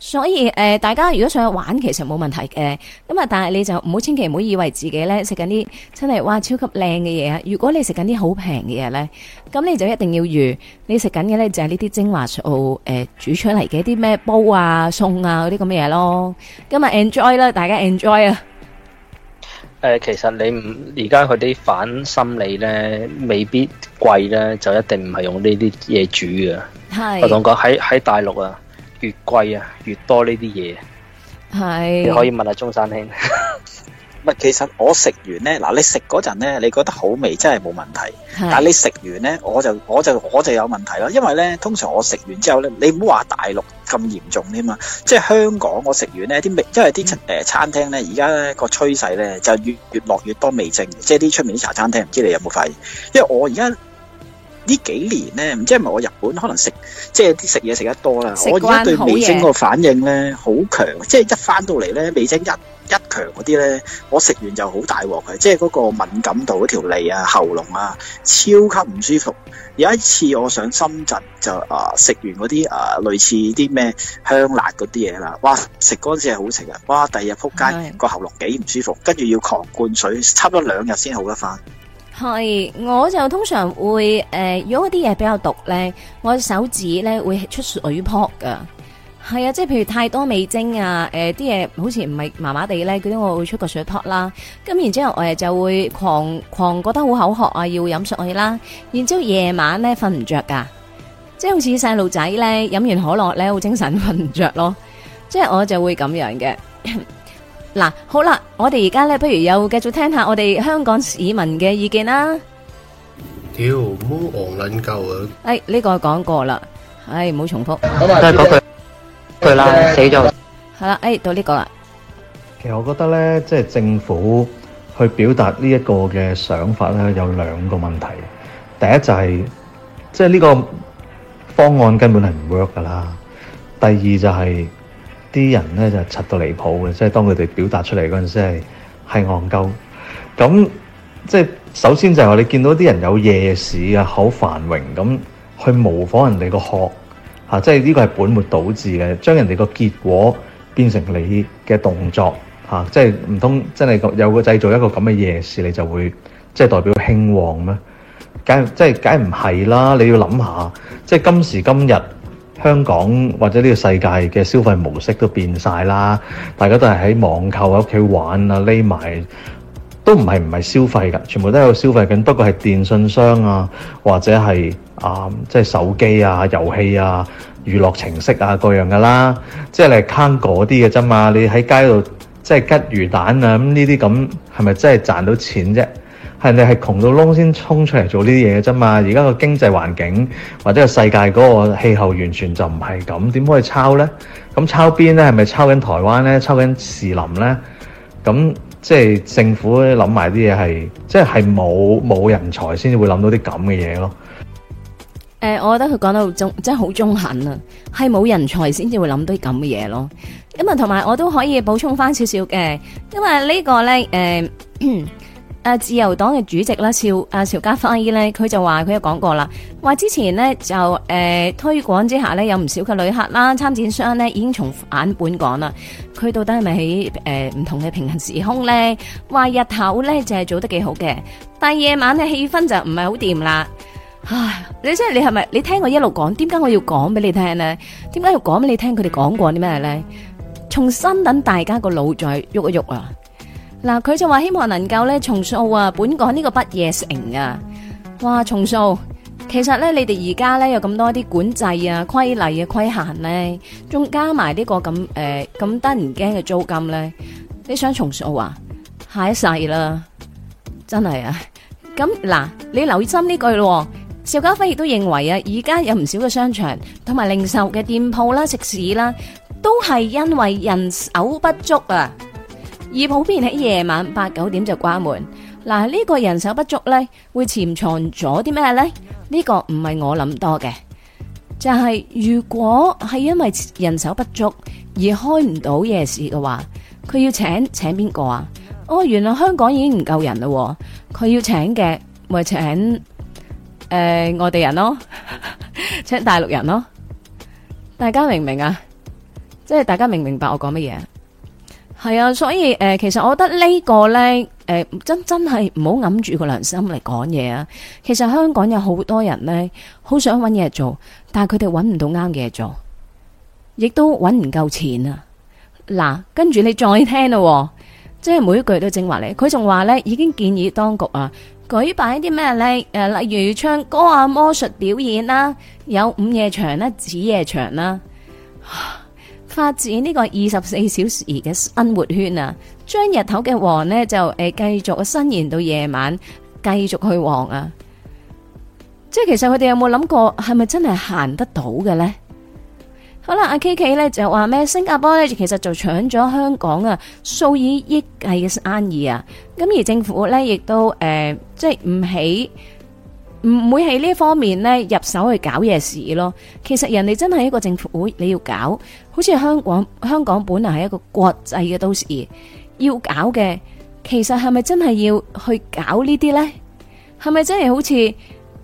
所以，誒，大家如果想去玩，其實冇問題嘅。咁啊，但係你就唔好千祈唔好以為自己咧食緊啲真係哇超級靚嘅嘢。如果你食緊啲好平嘅嘢咧，咁你就一定要預你食緊嘅咧就係呢啲精華素誒煮出嚟嘅啲咩煲啊、餸啊嗰啲咁嘅嘢咯。咁咪 enjoy 啦，大家 enjoy 啊！誒，其實你唔而家佢啲反心理咧，未必貴咧，就一定唔係用呢啲嘢煮嘅。係我同你講喺喺大陸啊。越貴啊，越多呢啲嘢。係你可以問下中山兄。 其實我食完呢，嗱，你食嗰陣咧，你覺得好味，真係冇問題。但係你食完呢，我就我就我就有問題啦。因為呢，通常我食完之後呢，你唔好話大陸咁嚴重添啊。即係香港我食完呢啲味，因為啲誒餐廳呢，而家咧個趨勢咧就越越落越多味精。即係啲出面啲茶餐廳，唔知你有冇發現？因為我而家。呢幾年呢，唔知係咪我日本可能食即係啲食嘢食得多啦。我而家對味精個反應呢，好強，即係一翻到嚟呢，味精一一強嗰啲呢，我食完就好大鑊嘅，即係嗰個敏感度嗰條脷啊、喉嚨啊，超級唔舒服。有一次我上深圳就啊食、呃、完嗰啲啊類似啲咩香辣嗰啲嘢啦，哇食嗰陣時係好食啊，哇第二日仆街個喉嚨幾唔舒服，跟住要狂灌水，差唔多兩日先好得翻。係，我就通常會誒、呃，如果啲嘢比較毒咧，我手指咧會出水泡噶。係啊，即係譬如太多味精啊，誒啲嘢好似唔係麻麻地咧，嗰啲我會出個水泡啦。咁然之後我就會狂狂覺得好口渴啊，要飲水啦。然之後夜晚咧瞓唔着噶，即係好似細路仔咧飲完可樂咧好精神瞓唔着咯。即係我就會咁樣嘅。 嗱，好啦，我哋而家咧，不如又繼續聽下我哋香港市民嘅意見啦。屌，咁戇撚鳩啊！哎，呢個講過啦，哎，唔好重複，都係嗰句，對啦，死咗。係啦，哎，到呢個啦。其實我覺得咧，即係政府去表達呢一個嘅想法咧，有兩個問題。第一就係，即係呢個方案根本係唔 work 噶啦。第二就係。啲人咧就柒到離譜嘅，即係當佢哋表達出嚟嗰陣時係係戇鳩。咁即係首先就係我哋見到啲人有夜市啊，好繁榮咁，去模仿人哋、啊、個殼即係呢個係本末倒置嘅，將人哋個結果變成你嘅動作、啊、即係唔通真係有個製造一個咁嘅夜市，你就會即係代表興旺咩？梗即係梗係唔係啦？你要諗下，即係今時今日。香港或者呢個世界嘅消費模式都變晒啦，大家都係喺網購喺屋企玩啊，匿埋都唔係唔係消費㗎，全部都有消費緊。不過係電訊商啊，或者係啊，即係手機啊、遊戲啊、娛樂程式啊各樣㗎啦。即係你係坑嗰啲嘅啫嘛，你喺街度即係吉魚蛋啊咁，呢啲咁係咪真係賺到錢啫？係你係窮到窿先衝出嚟做呢啲嘢啫嘛！而家個經濟環境或者個世界嗰個氣候完全就唔係咁，點可以抄咧？咁抄邊咧？係咪抄緊台灣咧？抄緊士林咧？咁即係政府諗埋啲嘢係，即係冇冇人才先至會諗到啲咁嘅嘢咯、呃。誒，我覺得佢講到中，真係好中肯啊！係冇人才先至會諗到啲咁嘅嘢咯。咁啊，同埋我都可以補充翻少少嘅，因為個呢個咧誒。呃自由黨嘅主席啦，邵阿邵家輝咧，佢就話佢有講過啦，話之前呢，就、呃、誒推廣之下呢，有唔少嘅旅客啦、參展商呢，已經從眼本講啦，佢到底係咪喺誒唔同嘅平行時空咧？話日頭咧就係做得幾好嘅，但夜晚嘅氣氛就唔係好掂啦。唉，你真係，你係咪你聽我一路講？點解我要講俾你聽呢？點解要講俾你聽？佢哋講過啲咩咧？重新等大家個腦再喐一喐啊！嗱，佢就話希望能夠咧重塑啊，本港呢個不夜城啊，哇，重塑！其實咧你哋而家咧有咁多啲管制啊、規例嘅、啊、規限咧、啊，仲加埋呢個咁誒咁得人驚嘅租金咧、啊，你想重塑啊，下一世啦，真係啊，咁嗱，你留意呢句咯，邵家輝亦都認為啊，而家有唔少嘅商場同埋零售嘅店鋪啦、食肆啦，都係因為人手不足啊。而普遍喺夜晚八九點就關門。嗱，呢、這個人手不足呢，會潛藏咗啲咩呢？呢、這個唔係我諗多嘅，就係、是、如果係因為人手不足而開唔到夜市嘅話，佢要請請邊個啊？哦，原來香港已經唔夠人啦，佢要請嘅咪請誒、呃、外地人咯， 請大陸人咯？大家明唔明啊？即係大家明唔明白我講乜嘢？係啊，所以誒、呃，其實我覺得呢個呢，誒、呃，真真係唔好揞住個良心嚟講嘢啊！其實香港有好多人呢，好想揾嘢做，但係佢哋揾唔到啱嘅嘢做，亦都揾唔夠錢啊！嗱，跟住你再聽咯、啊，即係每一句都正話你，佢仲話呢已經建議當局啊，舉辦一啲咩呢？誒，例如唱歌啊、魔術表演啦、啊，有午夜場啦、啊、子夜場啦、啊。發展呢個二十四小時嘅生活圈啊，將日頭嘅旺呢就誒繼續伸延到夜晚繼續去旺啊。即係其實佢哋有冇諗過係咪真係行得到嘅呢？好啦，阿 Kiki 呢就話咩？新加坡呢其實就搶咗香港啊數以億計嘅生意啊，咁而政府呢亦都誒、呃、即係唔起。唔會喺呢一方面咧入手去搞嘢事咯。其實人哋真係一個政府會，你要搞，好似香港香港本來係一個國際嘅都市，要搞嘅，其實係咪真係要去搞呢啲咧？係咪真係好似誒、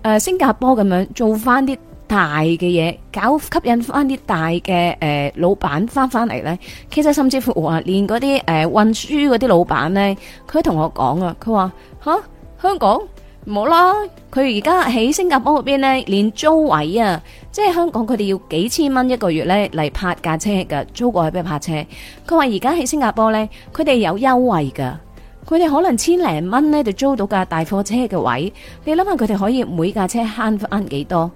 呃、新加坡咁樣做翻啲大嘅嘢，搞吸引翻啲大嘅誒、呃、老闆翻翻嚟咧？其實甚至乎話連嗰啲誒運輸嗰啲老闆咧，佢同我講啊，佢話，吓，香港。冇啦，佢而家喺新加坡嗰邊咧，連租位啊，即係香港佢哋要幾千蚊一個月咧嚟泊架車噶，租過去邊度泊車？佢話而家喺新加坡咧，佢哋有優惠噶，佢哋可能千零蚊咧就租到架大貨車嘅位。你諗下佢哋可以每架車慳翻幾多？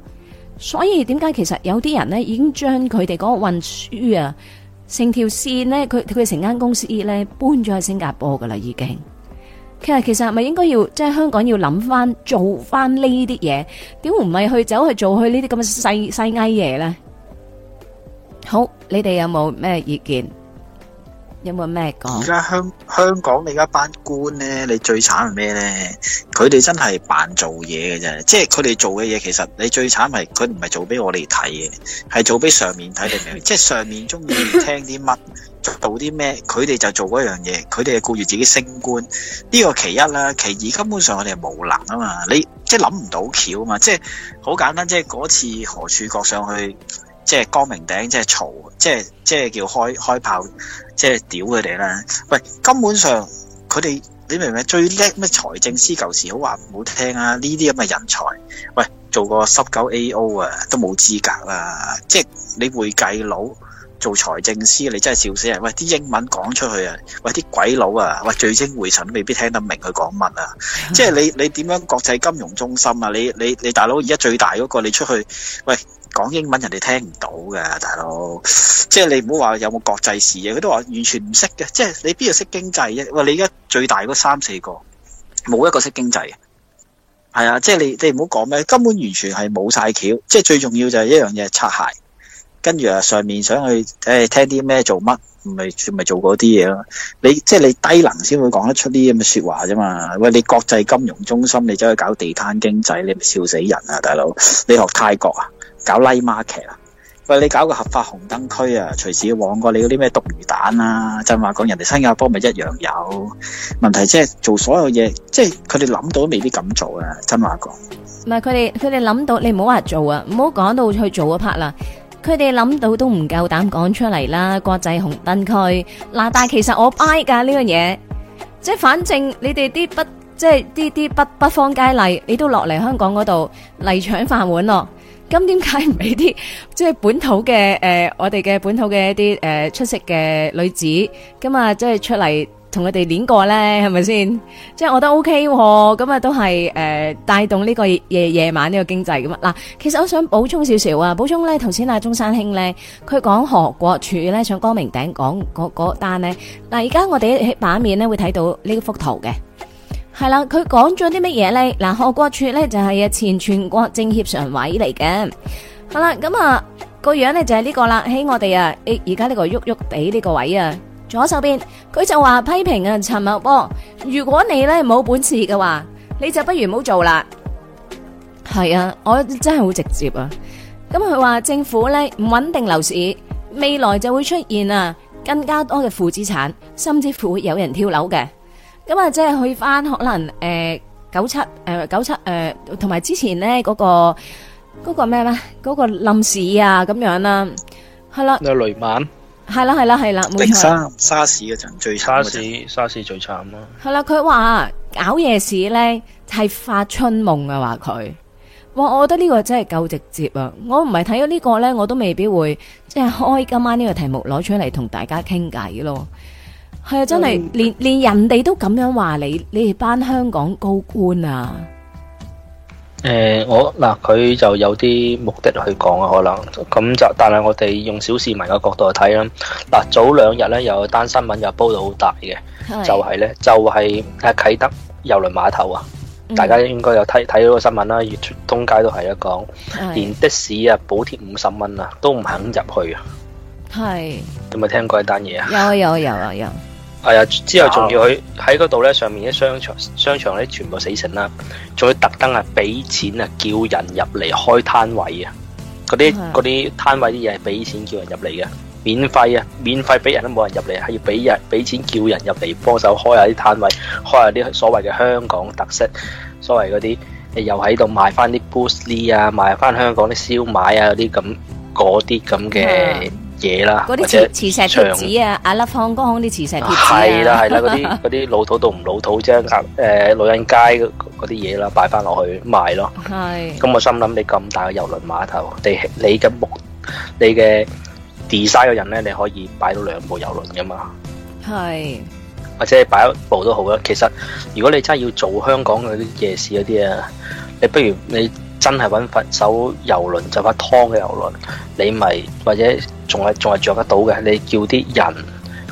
所以點解其實有啲人咧已經將佢哋嗰個運輸啊，成條線咧佢佢哋成間公司咧搬咗去新加坡噶啦，已經。其實其實係咪應該要即係香港要諗翻做翻呢啲嘢，點唔係去走去做去呢啲咁嘅細細矮嘢呢？好，你哋有冇咩意見？有冇咩講？而家香香港你而家班官咧，你最慘係咩咧？佢哋真係扮做嘢嘅啫，即係佢哋做嘅嘢，其實你最慘係佢唔係做俾我哋睇嘅，係做俾上面睇定明，明？ 即係上面中意聽啲乜，做啲咩，佢哋就做嗰樣嘢，佢哋係顧住自己升官，呢、這個其一啦，其二根本上我哋係無能啊嘛，你即係諗唔到橋啊嘛，即係好簡單，即係嗰次何柱國上去。即係光明頂，即係嘈，即係即係叫開開炮，即係屌佢哋啦！喂，根本上佢哋，你明唔明？最叻咩？財政司舊時好話唔好聽啊！呢啲咁嘅人才，喂，做個十九 A.O. 啊，都冇資格啦，啊！即係你會計佬做財政司，你真係笑死人！喂，啲英文講出去啊，喂，啲鬼佬啊，喂，聚精會神都未必聽得明佢講乜啊！嗯、即係你你點樣國際金融中心啊？你你你大佬而家最大嗰個，你出去喂？講英文人哋聽唔到嘅，大佬，即係你唔好話有冇國際事啊？佢都話完全唔識嘅，即係你邊度識經濟啫？喂，你而家最大嗰三四個，冇一個識經濟嘅，係啊，即係你你唔好講咩，根本完全係冇晒橋。即係最重要就係一樣嘢擦鞋，跟住啊上面想去誒、哎、聽啲咩做乜，咪咪做嗰啲嘢咯。你即係你低能先會講得出啲咁嘅說話啫嘛。喂，你國際金融中心你走去搞地攤經濟，你咪笑死人啊，大佬，你學泰國啊？搞 live market 啊！喂，你搞個合法紅燈區啊，隨時要旺過你嗰啲咩毒魚蛋啊？真話講，人哋新加坡咪一樣有問題，即係做所有嘢，即係佢哋諗到都未必咁做啊。真話講，唔係佢哋佢哋諗到，你唔好話做啊，唔好講到去做嗰 part 啦。佢哋諗到都唔夠膽講出嚟啦。國際紅燈區嗱，但係其實我 buy 噶呢樣嘢，即係反正你哋啲北即係啲啲北北方佳麗，你都落嚟香港嗰度嚟搶飯碗咯。咁點解唔畀啲即係本土嘅誒、呃，我哋嘅本土嘅一啲誒、呃，出色嘅女子咁啊，即、嗯、係、就是、出嚟同佢哋練過咧，係咪先？即、就、係、是、我覺得 OK，咁、哦、啊、嗯、都係誒帶動呢個夜夜晚呢個經濟嘅嘛。嗱、嗯，其實我想補充少少啊，補充咧頭先阿中山兄咧，佢講何國柱咧上光明頂講嗰嗰單咧，嗱，而家我哋喺版面咧會睇到呢幅圖嘅。係啦，佢講咗啲乜嘢咧？嗱，何國柱咧就係啊前全國政協常委嚟嘅。好啦，咁、那、啊個樣咧就係呢個啦，喺我哋啊而而家呢個郁郁地呢個位啊，左手邊佢就話批評啊陳茂波，如果你咧冇本事嘅話，你就不如唔好做啦。係啊，我真係好直接啊。咁佢話政府咧唔穩定樓市，未來就會出現啊更加多嘅負資產，甚至乎會有人跳樓嘅。咁、呃呃呃那個那個那個、啊，即係去翻可能誒九七誒九七誒，同埋之前咧嗰個嗰個咩咧嗰個冧市啊咁樣啦，係啦。阿雷曼係啦係啦係啦，冇錯。沙士時候最時候沙士嗰陣最沙士沙士最慘啦。係啦，佢話搞夜市咧係發春夢啊，話佢。哇我覺得呢個真係夠直接啊！我唔係睇咗呢個咧，我都未必會即係、就是、開今晚呢個題目攞出嚟同大家傾偈咯。係啊，真係連連人哋都咁樣話你，你哋班香港高官啊！誒、嗯呃，我嗱佢、呃、就有啲目的去講啊，可能咁就，但係我哋用小市民嘅角度去睇啦。嗱、呃，早兩日咧有一單新聞又煲到好大嘅，就係、是、咧就係阿啟德郵輪碼頭啊、嗯！大家應該有睇睇到個新聞啦，越出通街都係一講連的士啊補貼五十蚊啊都唔肯入去啊！係有冇聽過一單嘢啊？有啊有啊有啊有！有有係啊！之後仲要去喺嗰度咧，上面啲商場商場啲全部死成啦，仲要特登啊俾錢啊叫人入嚟開攤位啊！嗰啲嗰啲攤位啲嘢係俾錢叫人入嚟嘅，免費啊免費俾人都冇人入嚟，係要俾人俾錢叫人入嚟幫手開下啲攤位，開下啲所謂嘅香港特色，所謂嗰啲又喺度賣翻啲 buffet 啊，賣翻香港啲燒賣啊啲咁嗰啲咁嘅。嘢啦，或者磁石碟子啊，I love Hong Kong 啲磁石碟啊，係啦係啦，嗰啲嗰啲老土到唔老土啫，阿誒老人街嗰嗰啲嘢啦，擺翻落去賣咯。係。咁我心諗你咁大嘅郵輪碼頭，你你嘅目你嘅 design 嘅人咧，你可以擺到兩部郵輪㗎嘛。係。或者擺一部都好啦。其實如果你真係要做香港嗰啲夜市嗰啲啊，你不如你。真係揾翻艘遊輪，就翻拖嘅遊輪，你咪或者仲係仲係著得到嘅，你叫啲人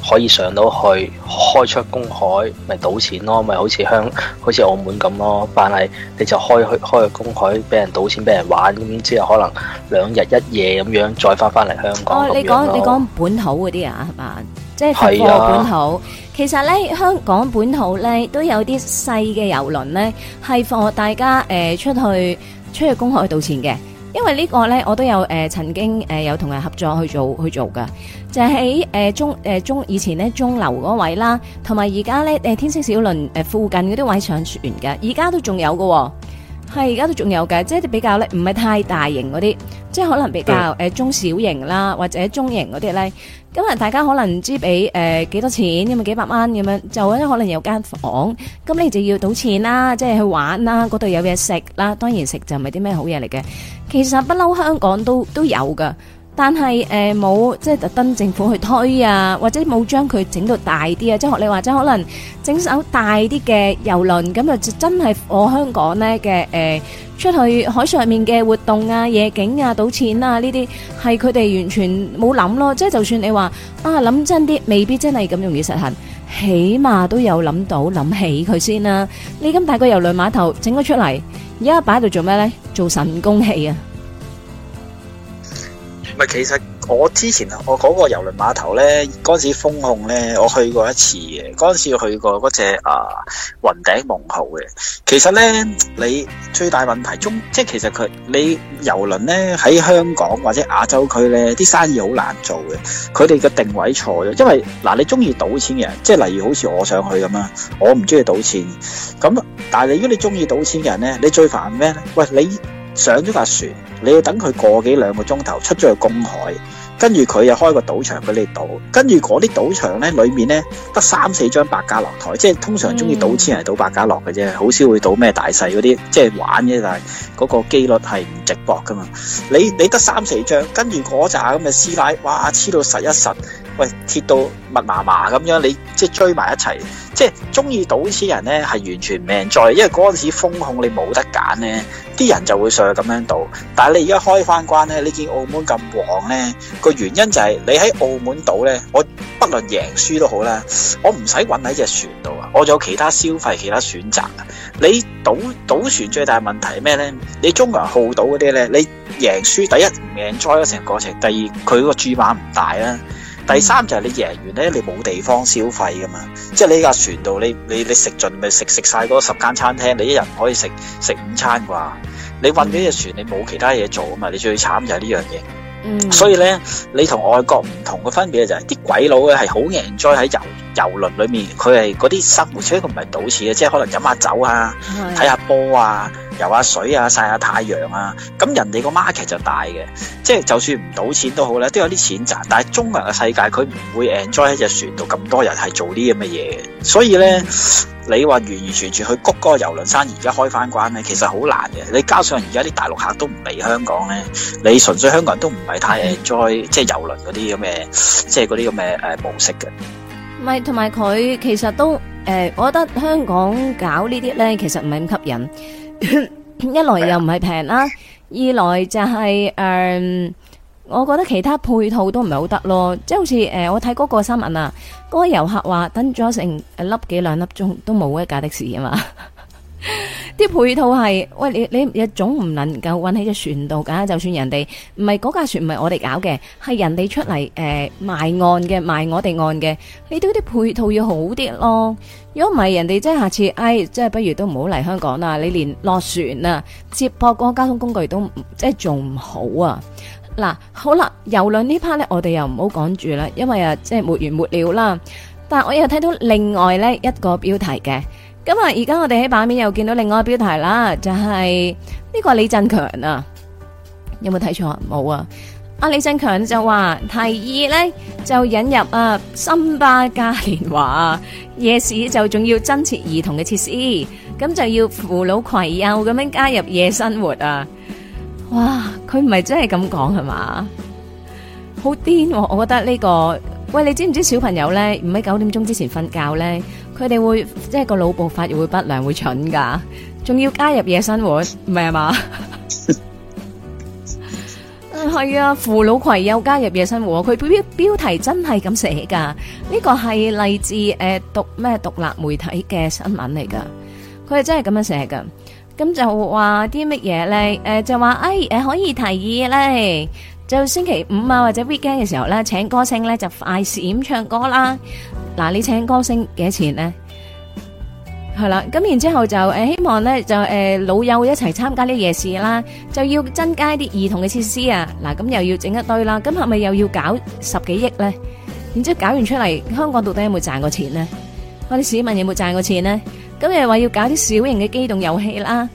可以上到去開出公海，咪賭錢咯，咪好似香好似澳門咁咯。但係你就開去開去公海，俾人賭錢，俾人玩咁，之後可能兩日一夜咁樣再翻翻嚟香港。哦，你講你講本土嗰啲啊，係嘛？即係係本土。其實咧，香港本土咧都有啲細嘅遊輪咧，係放大家誒出去。出去公海道歉嘅，因為呢個呢個咧，我都有誒、呃、曾經誒有同人合作去做去做嘅，就喺、是、誒、呃、中誒、呃、中以前咧鐘樓嗰位啦，同埋而家咧誒天星小輪誒附近嗰啲位上船嘅，而家都仲有嘅、喔。係而家都仲有嘅，即係比較咧，唔係太大型嗰啲，即係可能比較誒、呃、中小型啦，或者中型嗰啲呢。咁啊，大家可能唔知俾誒幾多錢，咁啊幾百蚊咁樣，就可能有間房。咁你就要賭錢啦，即係去玩啦，嗰度有嘢食啦。當然食就唔係啲咩好嘢嚟嘅。其實不嬲，香港都都有噶。但係誒冇即係特登政府去推啊，或者冇將佢整到大啲啊，即係學你話齋可能整艘大啲嘅遊輪，咁啊就真係我香港呢嘅誒出去海上面嘅活動啊、夜景啊、賭錢啊呢啲，係佢哋完全冇諗咯。即係就算你話啊諗真啲，未必真係咁容易實行，起碼都有諗到諗起佢先啦，啊。你咁大個遊輪碼頭整咗出嚟，而家擺喺度做咩咧？做神功戲啊！其實我之前我嗰個遊輪碼頭呢，嗰陣時封控呢，我去過一次嘅。嗰陣時去過嗰隻啊雲頂夢號嘅。其實呢，你最大問題中，即其實佢你遊輪呢喺香港或者亞洲區呢啲生意好難做嘅。佢哋嘅定位錯咗，因為嗱，你中意賭錢嘅人，即係例如好似我想去咁樣，我唔中意賭錢。咁但係如果你中意賭錢嘅人呢，你最煩咩呢？喂，你。上咗架船，你要等佢個幾兩個鐘頭出咗去公海。跟住佢又開個賭場俾你賭，跟住嗰啲賭場咧裏面咧得三四張百家樂台，即係通常中意賭錢人係賭百家樂嘅啫，好少會賭咩大細嗰啲，即係玩嘅。但係嗰個機率係唔值博㗎嘛。你你得三四張，跟住嗰扎咁嘅師奶，哇黐到實一實，喂貼到密麻麻咁樣，你即係追埋一齊。即係中意賭錢人咧係完全命在，因為嗰陣時風控你冇得揀咧，啲人就會上去咁樣賭。但係你而家開翻關咧，你見澳門咁旺咧。個原因就係你喺澳門賭咧，我不論贏輸都好啦，我唔使搵喺隻船度啊，我仲有其他消費，其他選擇。你賭賭船最大問題咩咧？你中銀號賭嗰啲咧，你贏輸第一，唔 enjoy 成過程；第二，佢個注碼唔大啦；第三就係、是、你贏完咧，你冇地方消費噶嘛，即係你喺個船度，你你你食盡咪食食晒嗰十間餐廳，你一日可以食食午餐啩？你搵嗰隻船，你冇其他嘢做啊嘛，你最慘就係呢樣嘢。嗯、所以咧，你同外國唔同嘅分別就係、是，啲鬼佬咧，係好 enjoy 喺遊游輪裏面，佢係嗰啲生活車，佢唔係賭錢嘅，即係可能飲下酒啊，睇下波啊。游下、啊、水啊，曬下、啊、太陽啊，咁人哋個 market 就大嘅，即係就算唔賭錢都好啦，都有啲錢賺。但係中國人嘅世界，佢唔會 enjoy 喺隻船度，咁多人係做啲咁嘅嘢，所以呢，你話完完全全去谷嗰個遊輪生而家開翻關呢，其實好難嘅。你加上而家啲大陸客都唔嚟香港呢，你純粹香港人都唔係太 enjoy 即係遊輪嗰啲咁嘅，即係嗰啲咁嘅誒模式嘅。唔係同埋佢其實都誒、呃，我覺得香港搞呢啲呢，其實唔係咁吸引。 一來又唔係平啦，二來就係、是、誒、呃，我覺得其他配套都唔係好得咯，即係好似誒、呃，我睇嗰個新聞啊，嗰、嗰個遊客話等咗成誒粒幾兩粒鐘都冇一架的士啊嘛。啲 配套係，喂你你你總唔能夠運喺隻船度噶，就算人哋唔係嗰架船，唔係我哋搞嘅，係人哋出嚟誒賣岸嘅，賣我哋岸嘅，你都啲配套要好啲咯。如果唔係，人哋即係下次，哎，即係不如都唔好嚟香港啦。你連落船啊，接駁嗰個交通工具都即係做唔好啊。嗱，好啦，遊輪呢 part 呢，我哋又唔好講住啦，因為啊，即係沒完沒了啦。但係我又睇到另外呢一個標題嘅。咁啊！而家我哋喺版面又見到另外一個標題啦，就係、是、呢個李振強啊，有冇睇錯？冇啊！阿李振強就話提議咧，就引入啊森巴嘉年華夜市，就仲要增設兒童嘅設施，咁就要扶老攜幼咁樣加入夜生活啊！哇！佢唔係真係咁講係嘛？好癲、啊！我覺得呢、這個喂，你知唔知道小朋友咧唔喺九點鐘之前瞓覺咧？佢哋會即係、就是、個腦部發育會不良，會蠢噶，仲要加入夜生活，唔係嘛？係、 嗯、啊，扶老攜幼加入夜生活，佢標標題真係咁寫噶。呢個係嚟自誒獨咩獨立媒體嘅新聞嚟噶，佢係真係咁樣寫噶。咁就話啲乜嘢咧？誒、呃、就話誒誒可以提議咧。就星期五啊，或者 weekend 嘅時候咧，請歌星咧就快閃唱歌啦。嗱，你請歌星幾多錢咧？係啦，咁然之後就誒，希望咧就誒，老友一齊參加啲夜市啦，就要增加啲兒童嘅設施啊。嗱，咁又要整一堆啦，咁係咪又要搞十幾億咧？然之後搞完出嚟，香港到底有冇賺過錢咧？我哋市民有冇賺過錢咧？咁又話要搞啲小型嘅機動遊戲啦。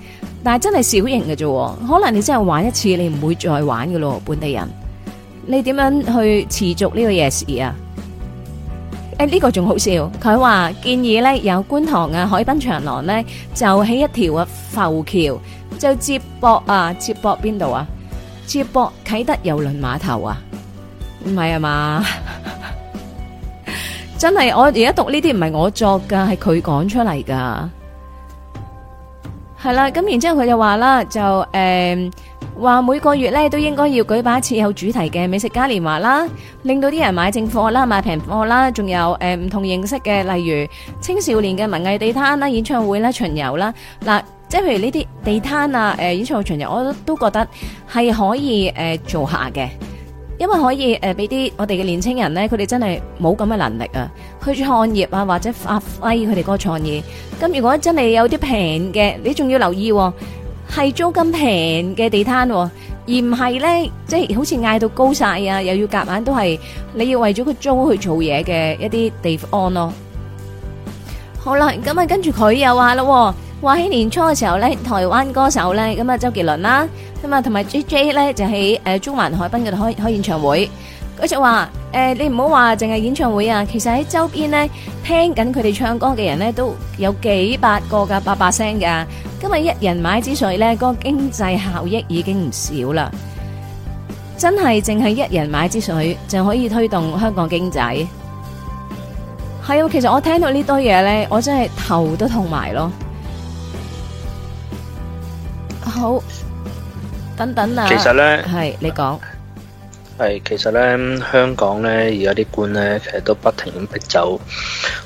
但係真係小型嘅啫，可能你真係玩一次，你唔會再玩嘅咯。本地人，你點樣去持續呢個夜市啊？誒、欸，呢、這個仲好笑，佢話建議咧有觀塘啊、海濱長廊咧，就起一條啊浮橋，就接駁啊，接駁邊度啊？接駁啟德郵輪碼頭啊？唔係啊嘛？ 真係我而家讀呢啲唔係我作噶，係佢講出嚟噶。係啦，咁然之後佢就話啦，就誒話、呃、每個月咧都應該要舉辦一次有主題嘅美食嘉年華啦，令到啲人買正貨啦，買平貨啦，仲有誒呃、唔同形式嘅，例如青少年嘅文藝地攤啦、演唱會啦、巡遊啦，嗱，即係譬如呢啲地攤啊、誒、呃、演唱會巡遊，我都都覺得係可以誒、呃、做下嘅。因為可以誒，俾、呃、啲我哋嘅年青人咧，佢哋真係冇咁嘅能力啊，去創業啊，或者發揮佢哋嗰個創意。咁如果真係有啲平嘅，你仲要留意係、喎、租金平嘅地攤、喎，而唔係咧，即係好似嗌到高晒啊，又要夾硬都係你要為咗個租去做嘢嘅一啲地方咯。好啦，咁啊、哦，跟住佢又話喎。話喺年初嘅時候咧，台灣歌手咧，咁啊周杰倫啦，咁啊同埋 JJ 咧就喺誒中環海濱度開開演唱會。佢就話誒、呃，你唔好話淨係演唱會啊，其實喺周邊咧聽緊佢哋唱歌嘅人咧都有幾百個噶，八百聲噶。今日一人買支水咧，嗰、嗰個經濟效益已經唔少啦。真係淨係一人買支水就可以推動香港經濟。係啊，其實我聽到呢堆嘢咧，我真係頭都痛埋咯。好，等等啊！其實咧，係你講，係其實咧，香港咧而家啲官咧，其實都不停咁逼走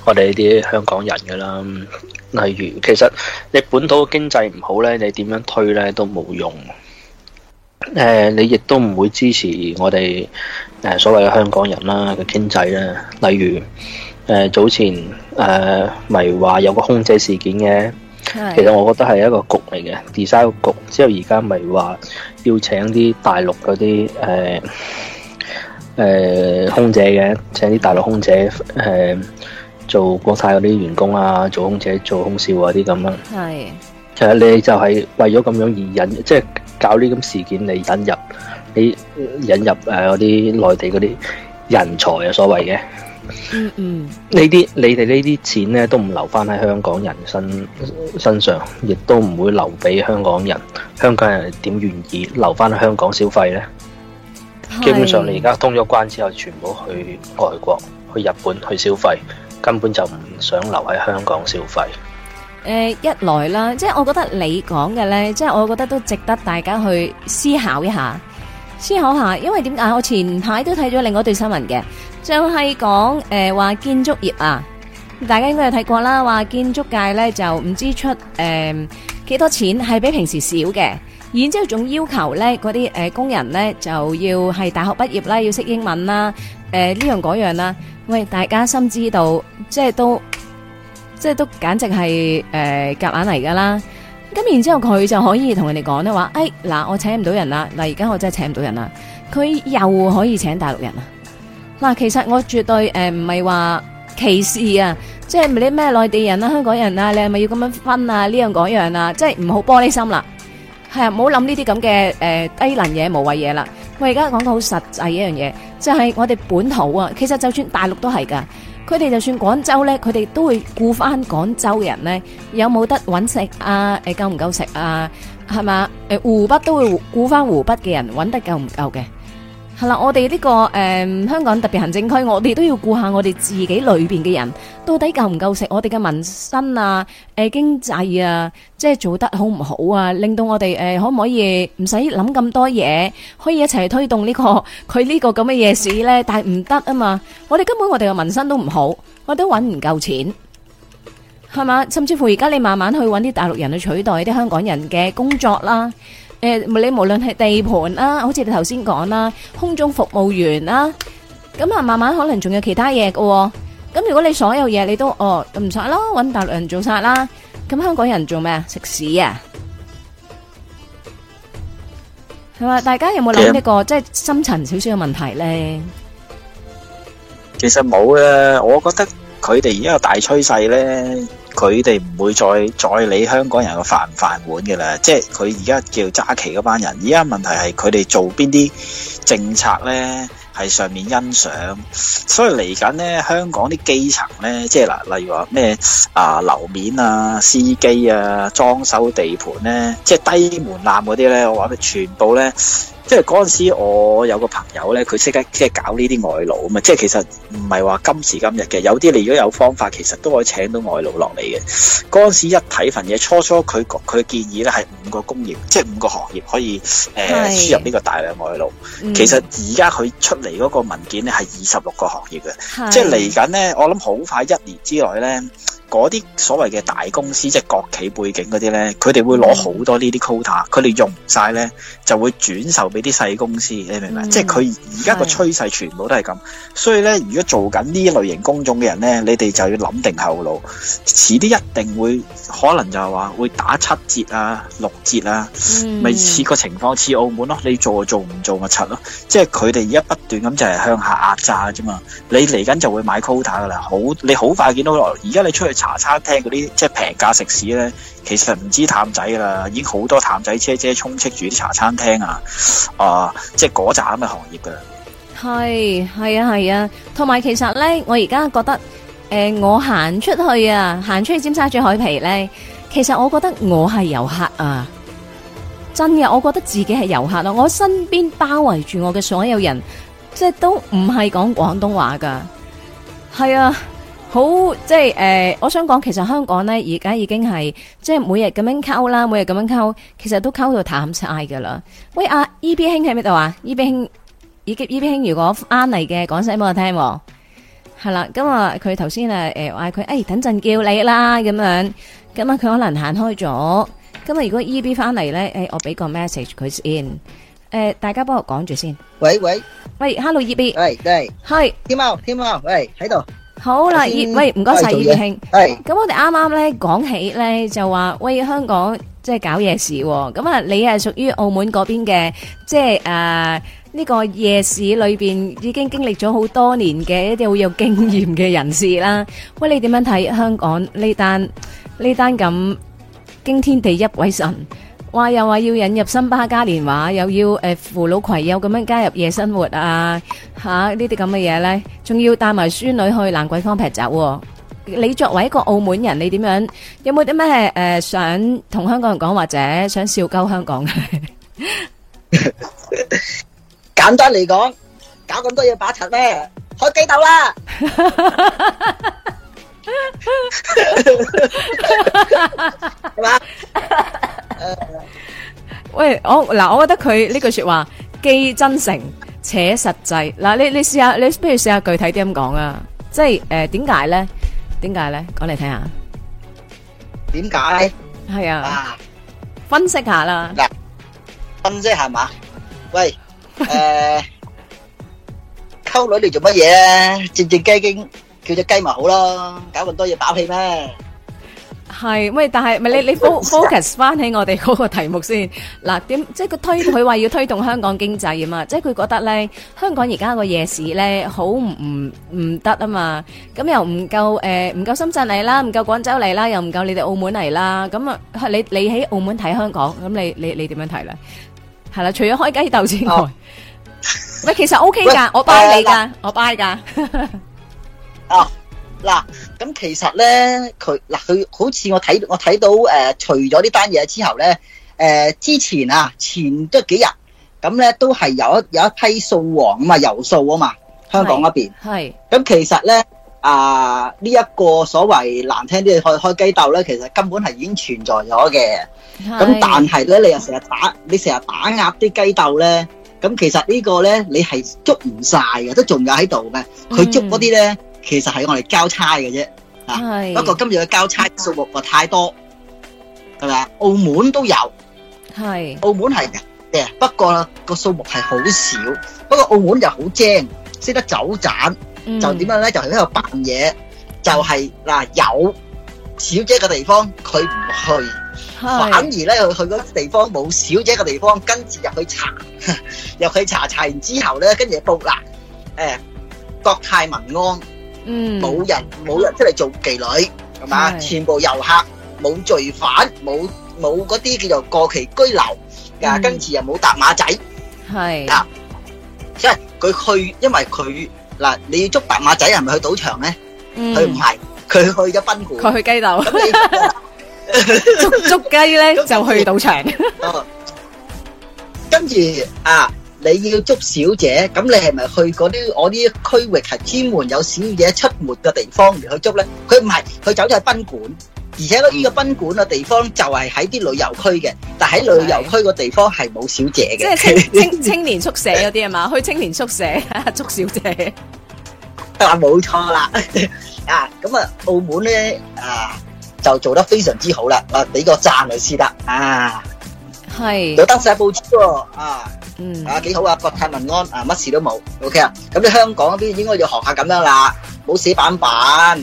我哋呢啲香港人㗎喇。例如，其實你本土嘅經濟唔好咧，你點樣推咧都冇用。誒、呃，你亦都唔會支持我哋誒所謂嘅香港人啦嘅經濟咧。例如，誒、呃、早前誒咪、呃、話有個空姐事件嘅。其實我覺得係一個局嚟嘅，design 個局，之後而家咪話要請啲大陸嗰啲誒誒空姐嘅，請啲大陸空姐誒、呃、做國泰嗰啲員工啊，做空姐做空少啊啲咁樣。係，其實你就係為咗咁樣而引，即係搞呢咁事件嚟引入，你引入誒嗰啲內地嗰啲人才有所謂嘅。嗯嗯，呢啲你哋呢啲錢呢都唔留翻喺香港人身身上，亦都唔會留俾香港人，香港人點願意留翻香港消費呢？基本上你而家通咗關之後，全部去外國、去日本去消費，根本就唔想留喺香港消費。誒、呃，一來啦，即係我覺得你講嘅呢，即係我覺得都值得大家去思考一下。思考下，因為點解我前排都睇咗另外一段新聞嘅，就係講誒話建築業啊，大家應該有睇過啦，話建築界咧就唔知出誒幾多錢，係比平時少嘅，然之後仲要求咧嗰啲誒工人咧就要係大學畢業啦，要識英文啦，誒呢樣嗰樣啦，喂，大家心知道，即係都即係都簡直係誒夾硬嚟噶啦。咁然之後佢就可以同人哋講咧話，誒、哎、嗱，我請唔到人啦，嗱而家我真係請唔到人啦，佢又可以請大陸人啦，嗱，其實我絕對誒唔係話歧視啊，即係唔理咩內地人啊、香港人啊，你係咪要咁樣分啊？呢樣嗰樣啊，即係唔好玻璃心啦，係啊，唔好諗呢啲咁嘅誒低能嘢、無謂嘢啦。我而家講到好實際一樣嘢，即係我哋本土啊，其實就算大陸都係噶。佢哋就算廣州呢，佢哋都會顧返廣州人呢。有冇得揾食啊？夠唔夠食啊？係咪？誒，湖北都會顧返湖北嘅人，揾得夠唔夠嘅？係、嗯、啦，我哋呢、這個誒、嗯、香港特別行政區，我哋都要顧下我哋自己裏邊嘅人，到底夠唔夠食？我哋嘅民生啊，誒、呃、經濟啊，即係做得好唔好啊？令到我哋誒、呃、可唔可以唔使諗咁多嘢，可以一齊推動呢、這個佢呢個咁嘅夜市呢？但係唔得啊嘛！我哋根本我哋嘅民生都唔好，我都搵唔夠錢，係嘛？甚至乎而家你慢慢去搵啲大陸人去取代啲香港人嘅工作啦。誒，你無論係地盤啦，好似你頭先講啦，空中服務員啦，咁啊，慢慢可能仲有其他嘢嘅。咁如果你所有嘢你都哦唔錯咯，搵大陸人做晒啦，咁香港人做咩啊？食屎啊！係嘛？大家有冇諗一個即係深層少少嘅問題咧？其實冇嘅，我覺得佢哋而家有大趨勢咧。佢哋唔會再再理香港人嘅飯飯碗嘅啦，即係佢而家叫揸旗嗰班人。而家問題係佢哋做邊啲政策呢？係上面欣賞，所以嚟緊呢，香港啲基層呢，即係嗱，例如話咩啊樓面啊、司機啊、裝修地盤呢，即係低門檻嗰啲呢，我話乜全部呢。即係嗰陣時，我有個朋友咧，佢識得即係搞呢啲外勞啊嘛。即係其實唔係話今時今日嘅，有啲你如果有方法，其實都可以請到外勞落嚟嘅。嗰陣時一睇份嘢，初初佢、佢建議咧係五個工業，即係五個行業可以誒、呃、輸入呢個大量外勞、嗯。其實而家佢出嚟嗰個文件咧係二十六個行業嘅，即係嚟緊咧，我諗好快一年之內咧。嗰啲所謂嘅大公司，即係國企背景嗰啲咧，佢哋會攞好多呢啲 quota，佢、嗯、哋用唔晒咧，就會轉售俾啲細公司，你明唔明、嗯？即係佢而家個趨勢全部都係咁，所以咧，如果做緊呢一類型公眾嘅人咧，你哋就要諗定後路，遲啲一定會可能就係話會打七折啊、六折啊，咪、嗯、似個情況似澳門咯、啊，你做做，唔做咪柒咯，即係佢哋而家不斷咁就係向下壓榨啫嘛，你嚟緊就會買 quota 噶啦，好你好快見到落，而家你出去。茶餐廳嗰啲即係平價食肆咧，其實唔知淡仔㗎啦，已經好多淡仔車車充斥住啲茶餐廳啊！啊，即係嗰扎咁嘅行業噶。係，係啊，係啊，同埋、啊、其實咧，我而家覺得，誒、呃，我行出去啊，行出去尖沙咀海皮咧，其實我覺得我係遊客啊！真嘅，我覺得自己係遊客咯、啊，我身邊包圍住我嘅所有人，即、就、係、是、都唔係講廣東話噶，係啊。好，即係誒、呃，我想講，其實香港咧而家已經係即係每日咁樣溝啦，每日咁樣溝，其實都溝到淡晒噶、啊啊啊、啦。喂，啊 E B 兄喺邊度啊？E B 兄，E B 兄，如果翻嚟嘅講聲俾我聽，係啦。咁啊佢頭先誒誒嗌佢，誒等陣叫你啦咁樣。咁啊佢可能行開咗。咁啊如果 E B 翻嚟咧，誒我俾個 message 佢先。誒大家幫我講住先。喂喂喂，Hello E B。喂，係。係。天喵，天喵，喂，喺度。好啦，葉喂，唔該晒葉慶。係咁，我哋啱啱咧講起咧就話，喂，香港即係搞夜市，咁啊，你係屬於澳門嗰邊嘅，即係誒呢個夜市裏邊已經經歷咗好多年嘅一啲好有經驗嘅人士啦。喂，你點樣睇香港呢單呢單咁驚天地泣鬼神？話又話要引入新巴嘉年華，又要誒，扶老攜幼咁樣加入夜生活啊，吓呢啲咁嘅嘢咧，仲要帶埋孫女去蘭桂坊劈酒。你作為一個澳門人，你點樣？有冇啲咩誒，想同香港人講，或者想笑鳩香港？簡單嚟講，搞咁多嘢把賊咩？開機鬥啦！係咪？喂，我嗱，我覺得佢呢句說話既真誠且實際。嗱，你你試下，你不如試下具體啲咁講啊。即係誒，點解咧？點解咧？講嚟聽下。點解？係啊，分析下啦。嗱，分析下嘛。喂，誒，溝女嚟做乜嘢啊？淨淨雞精，叫隻雞咪好咯，搞咁多嘢把氣咩？係，喂，但係咪你你 focus 翻喺我哋嗰個題目先？嗱，點即係佢推，佢話要推動香港經濟啊嘛，即係佢覺得咧，香港而家個夜市咧好唔唔得啊嘛，咁又唔夠誒，唔夠深圳嚟啦，唔夠廣州嚟啦，又唔夠你哋澳門嚟啦，咁啊，你你喺澳門睇香港，咁你你你點樣睇咧？係啦，除咗開雞竇之外，喂，其實 OK 噶，我 buy 你噶，我 buy 噶。啊！嗱，咁其實咧，佢嗱佢好似我睇我睇到誒、呃，除咗呢單嘢之後咧，誒、呃、之前啊前幾天呢都幾日，咁咧都係有一有一批掃黃啊嘛，游掃啊嘛，香港嗰邊係，咁其實咧啊呢一、呃這個所謂難聽啲開開雞竇咧，其實根本係已經存在咗嘅，咁但係咧你又成日打你成日打壓啲雞竇咧，咁其實這個呢個咧你係捉唔晒嘅，都仲有喺度嘅，佢捉嗰啲咧。嗯其實係我哋交差嘅啫，吓。不過今日嘅交差數目話太多，係咪？澳門都有，係。澳門係嘅，嘅。不過個數目係好少，不過澳門就好精，識得走盞、嗯，就點樣咧？就喺度扮嘢，就係、是、嗱、嗯啊、有小姐嘅地方佢唔去，反而咧佢去嗰啲地方冇小姐嘅地方，跟住入去查，入 去查查完之後咧，跟住報啦，誒、啊欸，國泰民安。嗯，冇人冇人出嚟做妓女，係嘛？全部遊客冇罪犯，冇冇嗰啲叫做過期居留，噶跟住又冇搭馬仔，係啊，即係佢去，因為佢嗱你要捉白馬仔係咪去賭場咧？佢唔係，佢去咗賓館，佢去雞竇，捉捉雞咧就去賭場，跟住啊。你要捉小姐，咁你係咪去嗰啲我啲區域係專門有小姐出沒嘅地方嚟去捉咧？佢唔係，佢走咗去賓館，而且呢個賓館嘅地方就係喺啲旅遊區嘅，但喺旅遊區個地方係冇小姐嘅，即係青青年宿舍嗰啲係嘛？去青年宿舍捉小姐，啊，冇錯啦，啊，咁啊，澳門咧啊就做得非常之好啦，啊，俾個讚佢先得啊，係有登晒報紙喎，啊。嗯，啊幾好啊，國泰民安啊，乜事都冇。OK 啊，咁啲香港嗰邊應該要學下咁樣啦，冇死板板，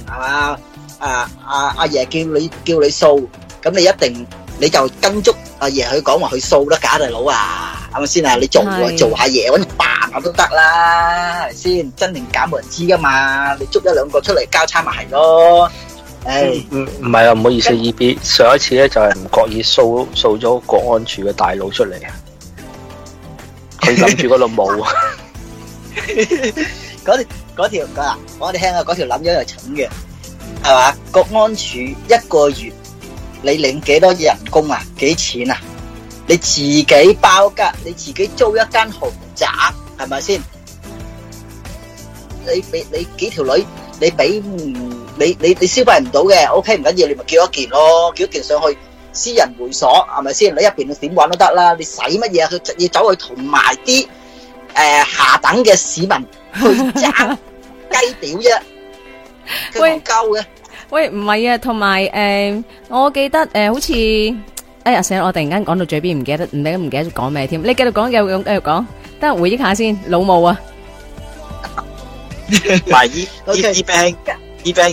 係嘛？啊啊阿爺叫你叫你掃，咁你一定你就跟足阿爺去講話去掃啦，假大佬啊，係咪先啊？你做啊做下嘢或者扮下都得啦，係咪先真定假冇人知噶嘛？你捉一兩個出嚟交叉埋咯？誒，唔唔係啊，唔好意思，E B 上一次咧就係唔覺意掃掃咗國安處嘅大佬出嚟啊。佢諗住嗰度冇啊！嗰嗰條嗱，我哋聽下嗰條諗樣又蠢嘅，係嘛？國安處一個月你領幾多人工啊？幾錢啊？你自己包間，你自己租一間豪宅，係咪先？你你你幾條女？你俾唔？你你你消費唔到嘅？OK 唔緊要，你咪叫一件咯，叫一件上去。私人會所係咪先？你入邊，你點玩都得啦，你使乜嘢？佢直接走去同埋啲誒下等嘅市民去爭雞屌啫。喂夠嘅，喂唔係啊，同埋誒，我記得誒，好似哎呀，成我突然間講到嘴邊唔記得，唔唔記得講咩添？你繼續講，繼續講，繼續講，等我回憶下先，老母啊，懷疑疑疑病。呢班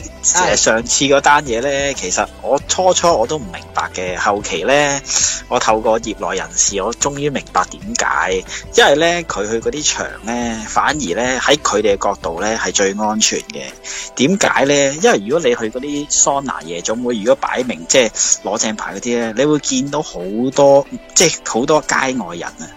上次嗰單嘢咧，其實我初初我都唔明白嘅，後期咧我透過業內人士，我終於明白點解，因為咧佢去嗰啲場咧，反而咧喺佢哋嘅角度咧係最安全嘅。點解咧？因為如果你去嗰啲桑拿夜總會如果擺明即係攞正牌嗰啲咧，你會見到好多即係好多街外人啊！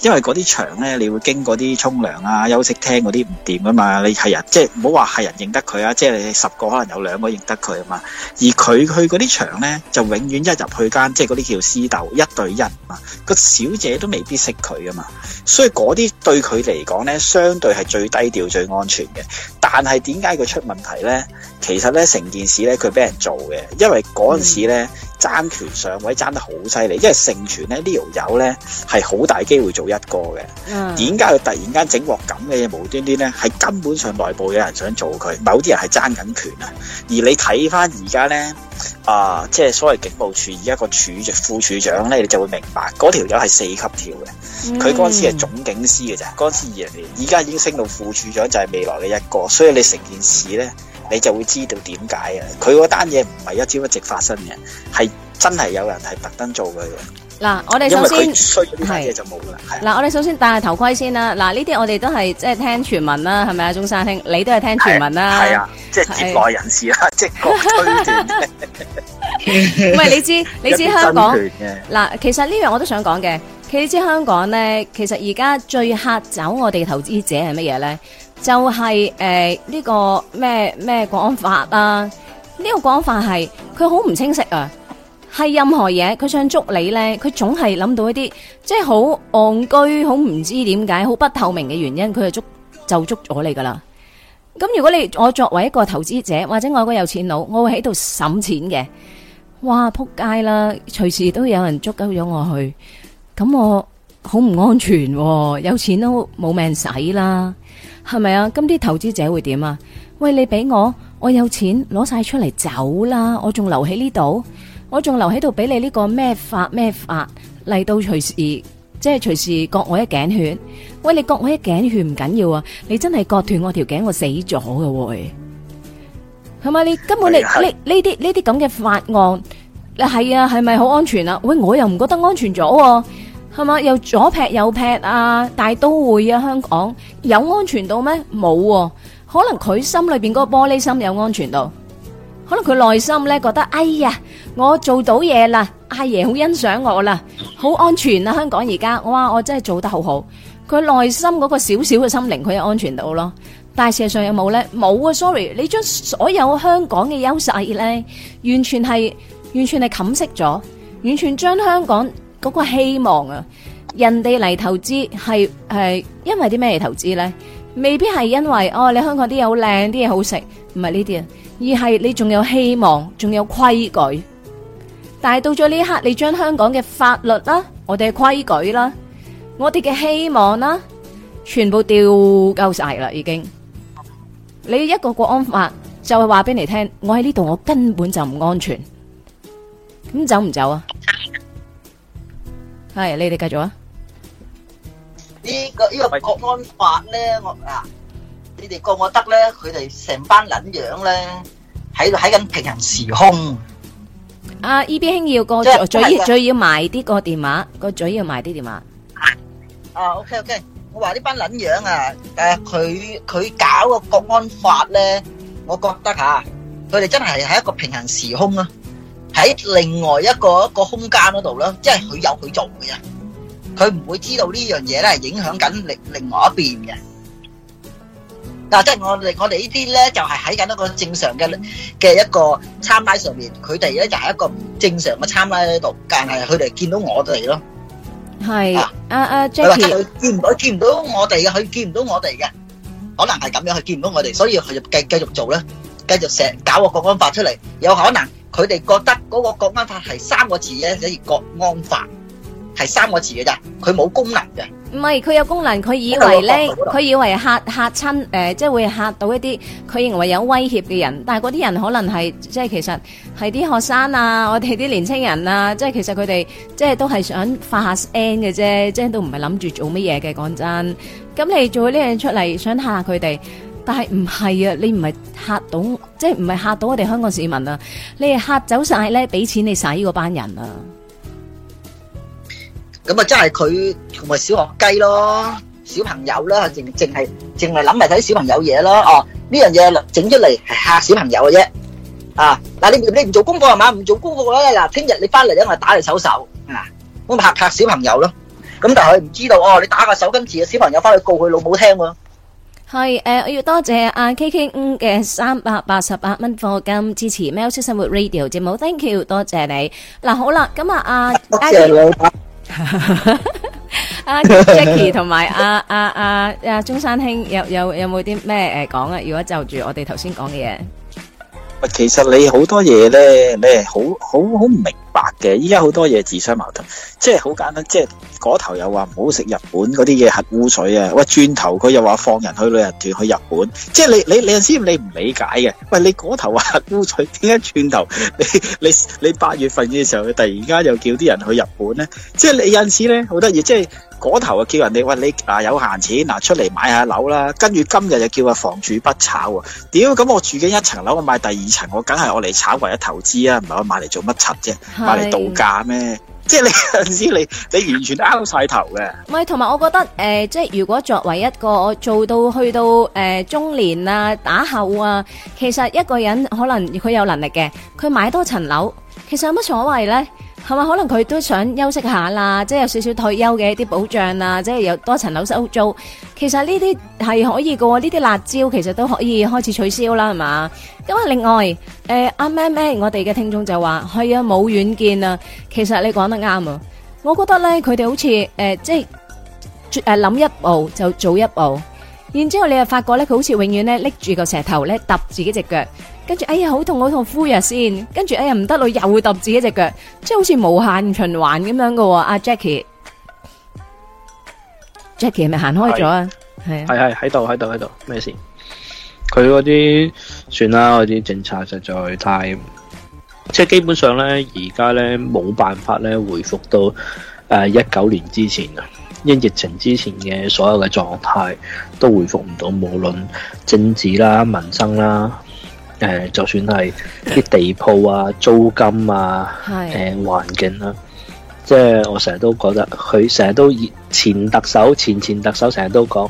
因為嗰啲場咧，你會經過啲沖涼啊、休息廳嗰啲唔掂啊嘛。你係人，即係唔好話係人認得佢啊，即係。十個可能有兩個認得佢啊嘛，而佢去嗰啲場呢，就永遠一入去間，即係嗰啲叫私鬥一對一啊，個小姐都未必識佢啊嘛，所以嗰啲對佢嚟講呢，相對係最低調最安全嘅。但係點解佢出問題呢？其實呢，成件事呢，佢俾人做嘅，因為嗰陣時呢。嗯爭權上位爭得好犀利，因為盛傳咧，呢條友咧係好大機會做一個嘅。點解佢突然間整鑊咁嘅嘢無端端咧？係根本上內部有人想做佢，某啲人係爭緊權啊。而你睇翻而家咧啊，即係所謂警務處而家個處副處長咧，你就會明白嗰條友係四級跳嘅，佢嗰時係總警司嘅啫，嗰時，而家而家已經升到副處長，就係未來嘅一個。所以你成件事咧。你就會知道點解啊！佢嗰單嘢唔係一朝一夕發生嘅，係真係有人係特登做佢嘅。嗱，我哋首先嗱，我哋首先戴頭盔先啦。嗱，呢啲我哋都係即係聽傳聞啦，係咪啊，中山兄？你都係聽傳聞啦。係啊，即係業內人士啦。即係局外人士。唔係你知，你知香港嗱， 其實呢樣我都想講嘅。你知香港咧，其實而家最嚇走我哋投資者係乜嘢咧？就係誒呢個咩咩講法啊？呢個講法係佢好唔清晰啊！係任何嘢佢想捉你呢，佢總係諗到一啲即係好戇居、好唔知點解、好不透明嘅原因，佢就捉就捉咗你噶啦。咁如果你我作為一個投資者或者我有個有錢佬，我會喺度審錢嘅。哇撲街啦！隨時都有人捉鳩咗我去，咁我好唔安全，有錢都冇命使啦。係咪啊？咁啲投資者會點啊？喂，你俾我，我有錢攞晒出嚟走啦，我仲留喺呢度，我仲留喺度俾你呢個咩法咩法嚟到隨時，即係隨時割我一頸血。喂，你割我一頸血唔緊要啊，你真係割斷我條頸我，我死咗噶喎。係咪你根本你呢呢啲呢啲咁嘅法案，係啊係咪好安全啊？喂，我又唔覺得安全咗喎啊。係嘛，又左劈右劈啊！大都會啊，香港有安全度咩？冇喎，可能佢心裏邊嗰個玻璃心有安全度，可能佢內心咧覺得哎呀，我做到嘢啦，阿爺好欣賞我啦，好安全啊！香港而家，哇，我真係做得好好，佢內心嗰個小小嘅心靈，佢有安全度咯。但係事實上有冇咧？冇啊，sorry，你將所有香港嘅優勢咧，完全係完全係冚熄咗，完全將香港。嗰個希望啊，人哋嚟投資係係因為啲咩嚟投資咧？未必係因為哦，你香港啲嘢好靚，啲嘢好食，唔係呢啲啊，而係你仲有希望，仲有規矩。但係到咗呢一刻，你將香港嘅法律啦，我哋嘅規矩啦，我哋嘅希望啦，全部掉夠晒啦，已經。你一個國安法就係話俾你聽，我喺呢度我根本就唔安全。咁走唔走啊？係你哋繼續啊！呢個呢個國安法咧，我啊，你哋覺唔覺得咧？佢哋成班撚樣咧，喺度睇緊平行時空。阿 E B 兄要個嘴嘴要埋啲個電話，個嘴要埋啲電話。啊，OK OK，我話呢班撚樣啊，誒，佢佢搞個國安法咧，我覺得吓，佢哋真係喺一個平行時空啊。喺另外一個一個空間嗰度咯，即係佢有佢做嘅嘢，佢唔會知道呢樣嘢咧影響緊另另外一邊嘅。嗱，即係我我哋呢啲咧就係喺緊一個正常嘅嘅一個餐牌上面，佢哋咧就係一個正常嘅餐牌喺度，但係佢哋見到我哋咯。係啊啊，Judy，佢見唔到，見唔到我哋嘅，佢見唔到我哋嘅，可能係咁樣，佢見唔到我哋，所以佢就繼繼續做啦。繼續成日搞個國安法出嚟，有可能佢哋覺得嗰個國安法係三個字咧，等於國安法係三個字嘅咋，佢冇功能嘅。唔係，佢有功能，佢以為咧，佢以為吓吓親，誒、呃，即係會吓到一啲，佢認為有威脅嘅人。但係嗰啲人可能係即係其實係啲學生啊，我哋啲年青人啊，即係其實佢哋即係都係想發下聲嘅啫，即係都唔係諗住做乜嘢嘅。講真，咁你做呢樣出嚟想吓佢哋？但係唔係啊？你唔係嚇到，即係唔係嚇到我哋香港市民啊？你係嚇走晒咧，俾錢你使嗰班人啊！咁啊，真係佢同埋小學雞咯，小朋友啦，淨淨係淨係諗埋睇小朋友嘢咯哦。呢樣嘢啦，整出嚟係嚇小朋友嘅啫啊！嗱，你你唔做功課係嘛？唔做功課咧，嗱，聽日你翻嚟咧，我打你手手啊！咁咪嚇嚇小朋友咯。咁但係佢唔知道哦，你打個手跟住，小朋友翻去告佢老母聽喎。係誒，我要多謝阿 KK 嘅三百八十八蚊貨金支持《喵式生活 Radio》節目，thank you，多謝你嗱。好啦，咁啊，阿阿傑、阿傑同埋阿阿阿阿中山兄，有有有冇啲咩誒講啊？如果就住我哋頭先講嘅嘢，其實你好多嘢咧，你係好好好唔明。白嘅，依家好多嘢自相矛盾，即係好簡單，即係嗰頭又話唔好食日本嗰啲嘢核污水啊，喂，轉頭佢又話放人去旅行團去日本，即係你你你有陣時你唔理解嘅，喂，你嗰頭話核污水，點解轉頭你你你八月份嘅時候，佢突然間又叫啲人去日本咧？即係你有陣時咧好得意，即係嗰頭啊叫人哋喂你啊有閒錢嗱出嚟買下樓啦，跟住今日就叫啊房住不炒喎，屌咁我住緊一層樓，我買第二層，我梗係我嚟炒為咗投資啊，唔係我買嚟做乜柒啫。是買你度假咩？即係你有陣時，你 你完全都拗晒頭嘅。唔係，同埋我覺得誒、呃，即係如果作為一個做到去到誒、呃、中年啊、打後啊，其實一個人可能佢有能力嘅，佢買多層樓，其實有乜所謂咧？係嘛？可能佢都想休息下啦，即係有少少退休嘅啲保障啊，即係有多層樓收租。其實呢啲係可以嘅，呢啲辣椒其實都可以開始取消啦，係嘛？因為另外誒阿咩咩我哋嘅聽眾就話係啊冇遠見啊，其實你講得啱啊，我覺得咧佢哋好似誒即係誒諗一步就做一步。然之後你又發覺咧，佢好似永遠咧拎住個石頭咧揼自己隻腳，跟住哎呀好痛，好痛，敷藥先，跟住哎呀唔得，你又會揼自己隻腳，即係好似無限循環咁樣噶。阿、啊、Jackie，Jackie 係咪行開咗啊？係係係喺度喺度喺度，咩事？佢嗰啲算啦，嗰啲政策實在太，即係基本上咧而家咧冇辦法咧回復到誒一九年之前啊。因疫情之前嘅所有嘅狀態都回復唔到，無論政治啦、民生啦，誒、呃，就算係啲地鋪啊、租金啊、誒 環、呃、境啦、啊，即係我成日都覺得佢成日都前特首、前前特首成日都講，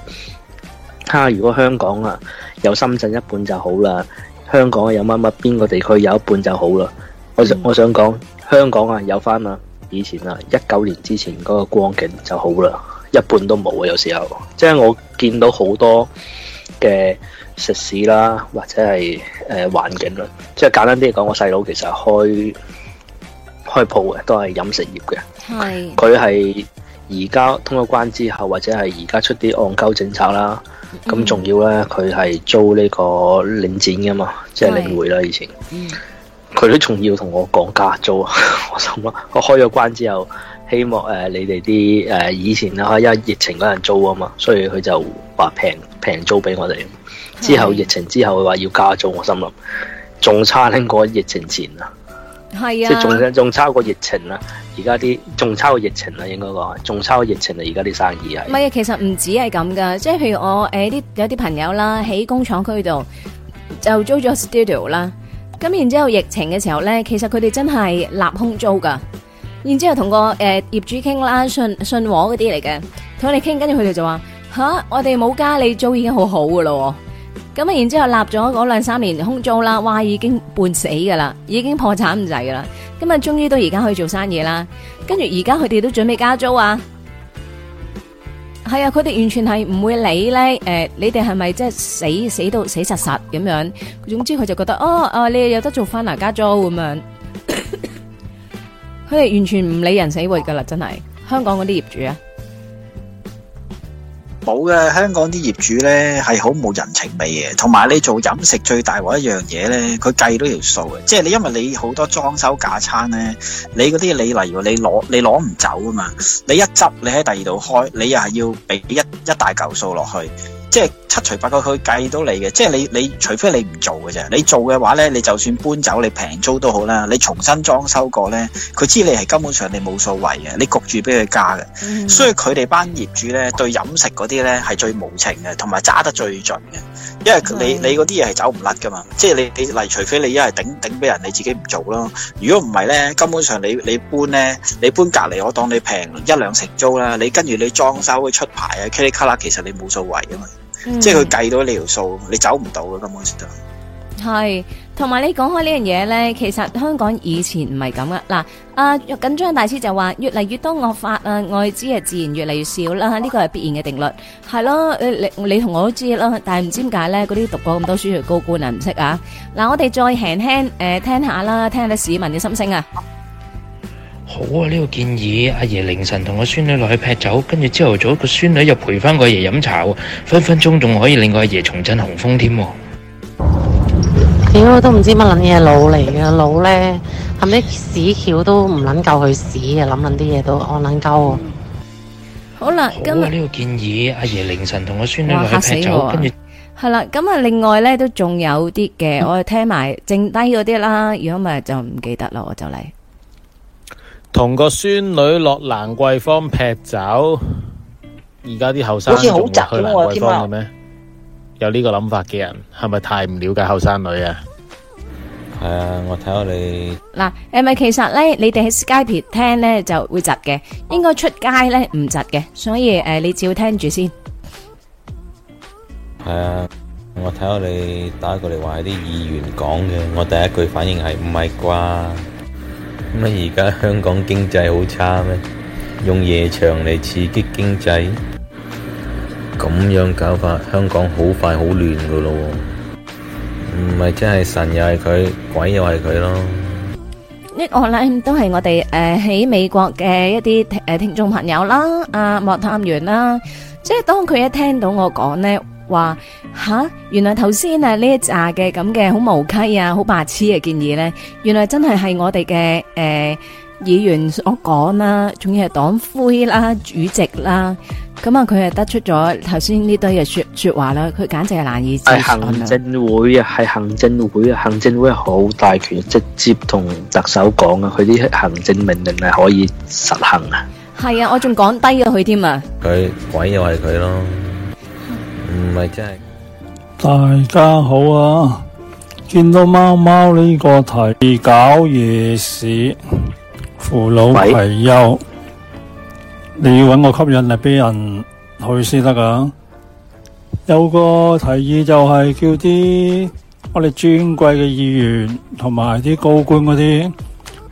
哈、啊！如果香港啊有深圳一半就好啦，香港有乜乜邊個地區有一半就好啦，我、嗯、我想講香港啊有返啦、啊。以前啊，一九年之前嗰個光景就好啦，一半都冇啊！有時候，即係我見到好多嘅食肆啦，或者係誒、呃、環境啦，即係簡單啲講，我細佬其實開開鋪嘅都係飲食業嘅，係佢係而家通咗關之後，或者係而家出啲按交政策啦，咁仲要咧佢係租呢個領展嘅嘛，即係領匯啦，以前。佢都仲要同我講加租啊！我心諗我開咗關之後，希望誒、呃、你哋啲誒以前啦，因為疫情嗰陣租啊嘛，所以佢就話平平租俾我哋。之後疫情之後佢話要加租，我心諗仲差拎過疫情前啊，係啊，即係仲仲差過疫情啦，而家啲仲差過疫情啦，應該講仲差過疫情啊！而家啲生意啊，唔係啊？其實唔止係咁噶，即係譬如我誒啲有啲朋友啦，喺工廠區度就租咗 studio 啦。咁然之後疫情嘅時候咧，其實佢哋真係立空租噶。然之後同個誒、呃、業主傾啦，信信和嗰啲嚟嘅，同佢哋傾，跟住佢哋就話吓，我哋冇加你租已經好好噶咯。咁啊，然之後立咗嗰兩三年空租啦，哇，已經半死噶啦，已經破產唔滯噶啦。咁啊，終於都而家可以做生意啦。跟住而家佢哋都準備加租啊。係啊，佢哋完全係唔會理咧，誒、呃，你哋係咪即係死死到死實實咁樣？總之佢就覺得，哦哦、啊，你哋有得做翻嗱家租咁樣，佢哋 完全唔理人死活噶啦，真係香港嗰啲業主啊！冇嘅，香港啲業主咧係好冇人情味嘅，同埋你做飲食最大鑊一樣嘢咧，佢計到條數嘅，即係你因為你好多裝修架撐咧，你嗰啲你例如你攞你攞唔走啊嘛，你一執你喺第二度開，你又係要俾一一大嚿數落去。即係七除八個佢計到你嘅，即係你你，你除非你唔做嘅啫。你做嘅話呢，你就算搬走你平租都好啦，你重新裝修過呢，佢知你係根本上你冇所謂嘅，你焗住俾佢加嘅。嗯、所以佢哋班業主呢，對飲食嗰啲呢係最無情嘅，同埋揸得最盡嘅，因為你你嗰啲嘢係走唔甩噶嘛。即係你你，你除非你一係頂頂俾人，你自己唔做咯。如果唔係呢，根本上你你搬呢，你搬隔離我當你平一兩成租啦。你跟住你裝修啊、嗯、出牌啊，噼哩咔啦，其實你冇所謂㗎嘛。嗯、即係佢計到你條數，你走唔到嘅咁樣先得。係，同埋你講開呢樣嘢咧，其實香港以前唔係咁嘅。嗱，啊緊張、啊、大師就話，越嚟越多惡法啊，外資啊，自然越嚟越少啦、啊。呢個係必然嘅定律，係咯、啊。你你同我都知啦、啊。但係唔知點解咧？嗰啲讀過咁多書嘅高官啊，唔識啊。嗱、啊，我哋再行聽，誒、呃，聽下啦，聽下啲市民嘅心聲啊。好啊！呢個建議，阿爺凌晨同個孫女落去劈酒，跟住朝頭早個孫女又陪翻個爺飲茶，分分鐘仲可以令個阿爺重振雄風添。點、哎、我都唔知乜捻嘢腦嚟嘅腦咧，係咪啲屎橋都唔捻夠去屎嘅諗捻啲嘢都我捻鳩。好啦，好啊！呢、啊呢個建議，阿爺凌晨同個孫女落去劈酒，跟住係啦。咁啊，另外咧都仲有啲嘅，我聽埋剩低嗰啲啦，如果唔係就唔記得咯，我就嚟。同個孫女落蘭桂坊劈酒，而家啲後生好似好宅去蘭桂坊係咩？有呢個諗法嘅人係咪太唔了解後生女啊？係啊，我睇下你嗱誒，係咪其實咧，你哋喺 Skype 聽咧就會窒嘅，應該出街咧唔窒嘅，所以誒，你只要聽住先。係啊，我睇下你打過嚟話係啲議員講嘅，我第一句反應係唔係啩？乜而家香港經濟好差咩？用夜場嚟刺激經濟，咁樣搞法，香港好快好亂㗎咯，唔係真係神又係佢，鬼又係佢咯。呢個咧都係我哋誒喺美國嘅一啲誒聽眾朋友啦，阿莫探員啦，即係當佢一聽到我講咧。話吓、啊，原來頭先誒呢一紮嘅咁嘅好無稽啊，好白痴嘅建議咧，原來真係係我哋嘅誒議員所講啦、啊，仲要係黨魁啦、啊、主席啦、啊，咁啊佢係得出咗頭先呢堆嘅說說話啦，佢簡直係難以置信啊！係行政會啊，係行政會啊，行政會好大權，直接同特首講啊，佢啲行政命令係可以實行啊！係啊，我仲講低咗佢添啊！佢鬼又係佢咯。唔係真係。大家好啊！見到貓貓呢個提搞夜市，扶老攜幼。Wait? 你要搵個吸引力俾人去先得噶。有個提議就係叫啲我哋尊貴嘅議員同埋啲高官嗰啲，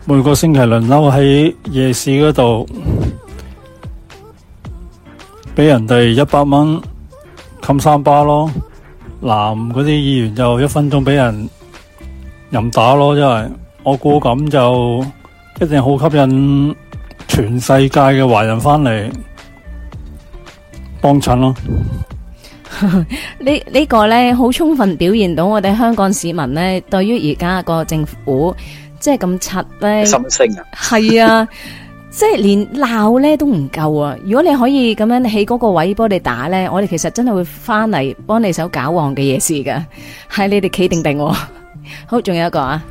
每個星期輪流喺夜市嗰度俾人哋一百蚊。咁三巴咯，男嗰啲議員就一分鐘俾人任打咯，真係，我估咁就一定好吸引全世界嘅華人翻嚟幫襯咯。 呢個，呢個咧，好充分表現到我哋香港市民咧，對於而家個政府即係咁柒咧，心聲啊，係啊。 即係連鬧咧都唔夠啊！如果你可以咁樣喺嗰個位幫你打咧，我哋其實真係會翻嚟幫你手搞王嘅嘢事噶。係你哋企定定，好，仲有一個啊？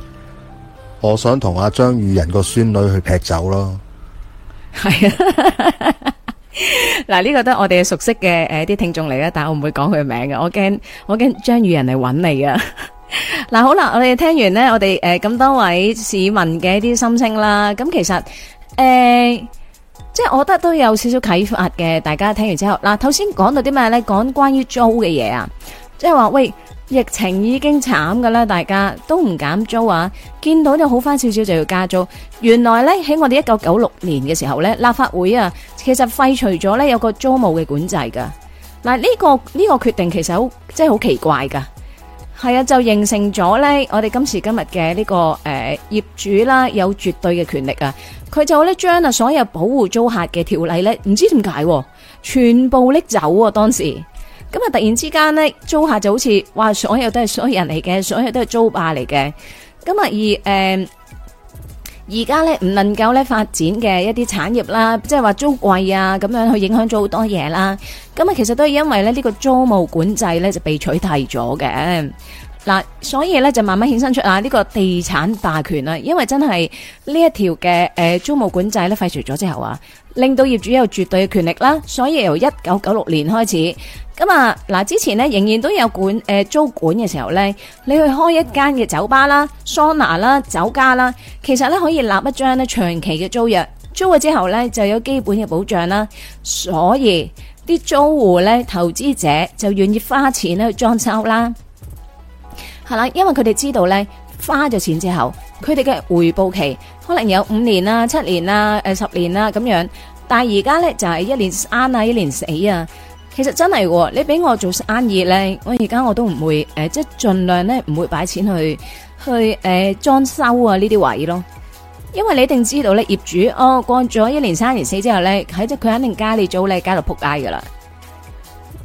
我想同阿張宇仁個孫女去劈酒咯。係啊，嗱，呢個都係我哋熟悉嘅，誒，啲聽眾嚟啦，但我唔會講佢名嘅，我驚我驚張宇仁嚟揾你啊。嗱，好啦，我哋聽完咧，我哋誒咁多位市民嘅一啲心聲啦，咁其實。誒、欸，即係我覺得都有少少啟發嘅，大家聽完之後，嗱，頭先講到啲咩呢？講關於租嘅嘢啊，即係話喂，疫情已經慘噶啦，大家都唔減租啊，見到就好返少少就要加租。原來呢，喺我哋一九九六年嘅時候呢，立法會啊，其實廢除咗呢有個租務嘅管制噶。嗱、啊，呢、這個呢、這個決定其實好，即係好奇怪噶。係啊，就形成咗咧，我哋今時今日嘅呢、這個誒、呃、業主啦，有絕對嘅權力啊，佢就咧將啊所有保護租客嘅條例咧，唔知點解、啊、全部拎走啊！當時咁啊、嗯，突然之間咧，租客就好似話，所有都係衰人嚟嘅，所有都係租霸嚟嘅，咁、嗯、啊，而誒。呃而家咧唔能夠咧發展嘅一啲產業啦，即係話租貴啊咁樣去影響咗好多嘢啦。咁啊，其實都係因為咧呢個租務管制咧就被取締咗嘅。嗱、啊，所以咧就慢慢衍生出啊呢個地產霸權啦。因為真係呢一條嘅，誒租務管制咧廢除咗之後啊，令到業主有絕對嘅權力啦。所以由一九九六年開始咁啊嗱、啊，之前咧仍然都有管，誒、呃、租管嘅時候咧，你去開一間嘅酒吧啦、桑拿啦、酒家啦，其實咧可以立一張咧長期嘅租約租咗之後咧就有基本嘅保障啦。所以啲租戶咧投資者就願意花錢咧去裝修啦。係啦，因為佢哋知道咧，花咗錢之後，佢哋嘅回報期可能有五年啦、啊、七年啦、啊、誒、呃、十年啦咁樣。但係而家咧就係、是、一年生啊，一年死啊。其實真係、哦，你俾我做生意咧，現在我而家我都唔會誒、呃，即係盡量咧唔會擺錢去去誒裝、呃、修啊呢啲位咯。因為你一定知道咧，業主哦過咗一年生一年死之後咧，喺佢肯定加你租咧，加到撲街噶啦。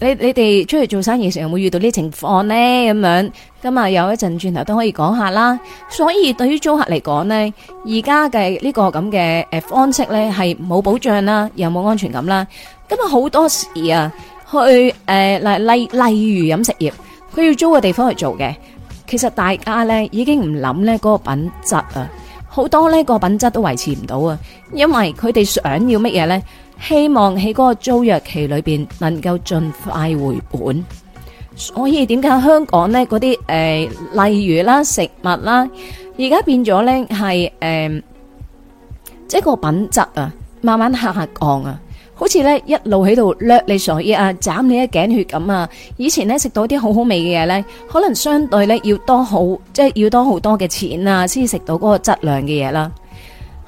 你你哋出去做生意時有冇遇到呢啲情況呢？咁樣，今日有一陣轉頭都可以講下啦。所以對於租客嚟講呢，而家嘅呢個咁嘅誒方式呢係冇保障啦，又冇安全感啦。咁啊好多時啊，去、呃、誒例例例如飲食業，佢要租個地方去做嘅，其實大家呢已經唔諗呢個品質啊，好多呢個品質都維持唔到啊，因為佢哋想要乜嘢呢？希望喺嗰個租約期裏邊能夠盡快回本，所以點解香港呢嗰啲誒，例如啦食物啦，而家變咗呢係誒，即係、呃就是、個品質啊，慢慢下降啊，好似呢一路喺度掠你水啊，斬你一頸血咁啊！以前呢食到啲好好味嘅嘢呢，可能相對呢要多好，即、就、係、是、要多好多嘅錢啊，先食到嗰個質量嘅嘢啦。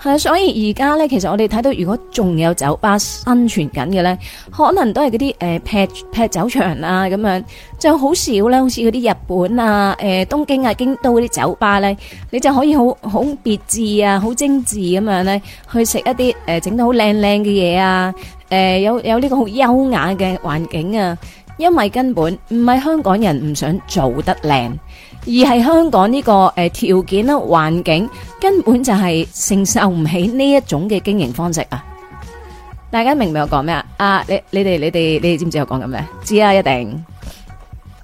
啊、所以而家呢，其實我哋睇到，如果仲有酒吧生存緊嘅呢，可能都係嗰啲劈劈酒場啊咁樣，就好少呢，好似嗰啲日本啊、誒、呃、東京啊、京都嗰啲酒吧呢，你就可以好好別致啊、好精緻咁樣呢，去食一啲誒整到好靚靚嘅嘢啊，誒、呃、有有呢個好優雅嘅環境啊，因為根本唔係香港人唔想做得靚。而係香港呢個，呃，條件啦，環境根本就係承受唔起呢一種嘅經營方式啊！大家明唔明我講咩啊？啊，你你哋你哋你哋知唔知我講緊咩？知呀、啊，一定。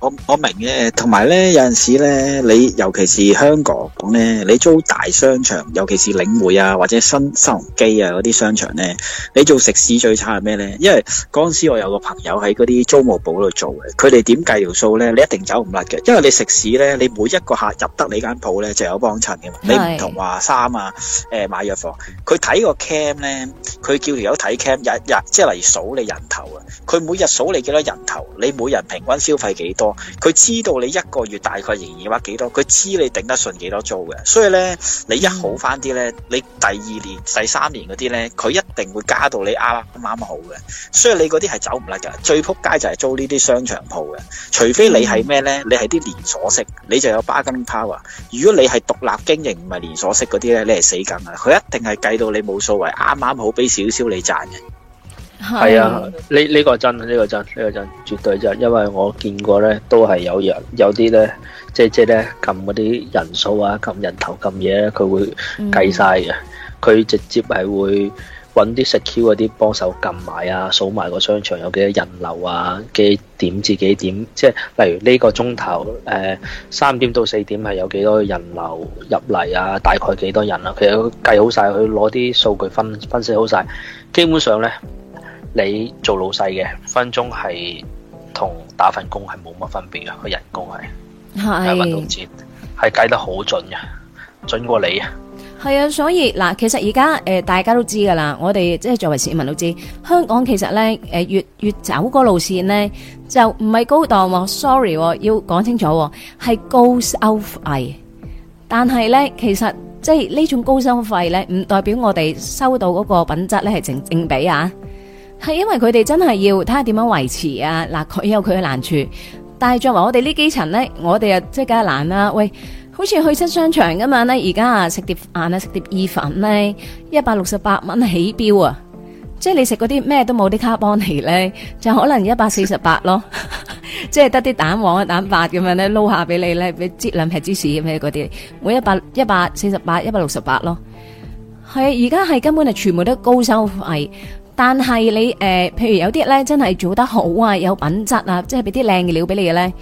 我我明嘅，同埋咧，有陣時咧，你尤其是香港講咧，你租大商場，尤其是領匯啊或者新鴻基啊嗰啲商場咧，你做食肆最差係咩咧？因為嗰陣時我有個朋友喺嗰啲租務部度做嘅，佢哋點計條數咧？你一定走唔甩嘅，因為你食肆咧，你每一個客入得你間鋪咧就有幫襯嘅嘛。你唔同話衫啊，誒、呃、買藥房，佢睇個 cam 咧，佢叫條友睇 cam，日日即係嚟，數數你人頭啊，佢每日數你幾多人頭，你每人平均消費幾多？佢知道你一個月大概營業額幾多，佢知你頂得順幾多租嘅，所以咧你一好翻啲咧，你第二年、第三年嗰啲咧，佢一定會加到你啱啱好嘅，所以你嗰啲係走唔甩噶最撲街就係租呢啲商場鋪嘅，除非你係咩咧，你係啲連鎖式，你就有 bargain power。如果你係獨立經營唔係連鎖式嗰啲咧，你係死梗啊，佢一定係計到你冇數為啱啱好俾少少你賺嘅。係啊！呢、呢、呢個真，呢、呢個真，呢、呢個真，絕對真。因為我見過呢，都係有人有啲呢，即即呢，撳嗰啲人數啊，撳人頭撳嘢，佢、啊、會計晒嘅。佢、嗯、直接係會揾啲 secure 嗰啲幫手撳埋啊，數埋個商場有幾多人流啊，幾點至幾點，即、就、係、係、例如呢個鐘頭誒三點到四點係有幾多人流入嚟啊？大概幾多人啊。佢計好晒，佢攞啲數據分分析好晒，基本上呢。你做老細嘅分鐘係同打份工係冇乜分別嘅，個人工係喺運動節係計得好準嘅，準過你啊。係啊，所以嗱，其實而家誒，大家都知噶啦。我哋即係作為市民都知香港其實咧誒，越越走個路線咧就唔係高檔喎，喎。Sorry 喎，要講清楚喎，係高收費，但係咧其實即係呢種高收費咧，唔代表我哋收到嗰個品質咧係正正比啊。係因為佢哋真係要睇下點樣維持啊，嗱、啊、佢有佢嘅難處，但係作為我哋呢基層咧，我哋啊即係梗係難啦。喂，好似去親商場噶嘛咧，而家啊食碟飯，啊食碟意粉咧，啊，一百六十八蚊起標啊，即係你食嗰啲咩都冇啲卡邦尼咧，就可能 148 一,一,百一百四十八咯，即係得啲蛋黃啊蛋白咁樣咧撈下俾你咧，俾接兩片芝士咁樣嗰啲，每一百一百四十八一百六十八咯，係而家係根本係全部都高收費。但係你誒、呃，譬如有啲咧真係做得好啊，有品質啊，即係俾啲靚嘅料俾你嘅咧，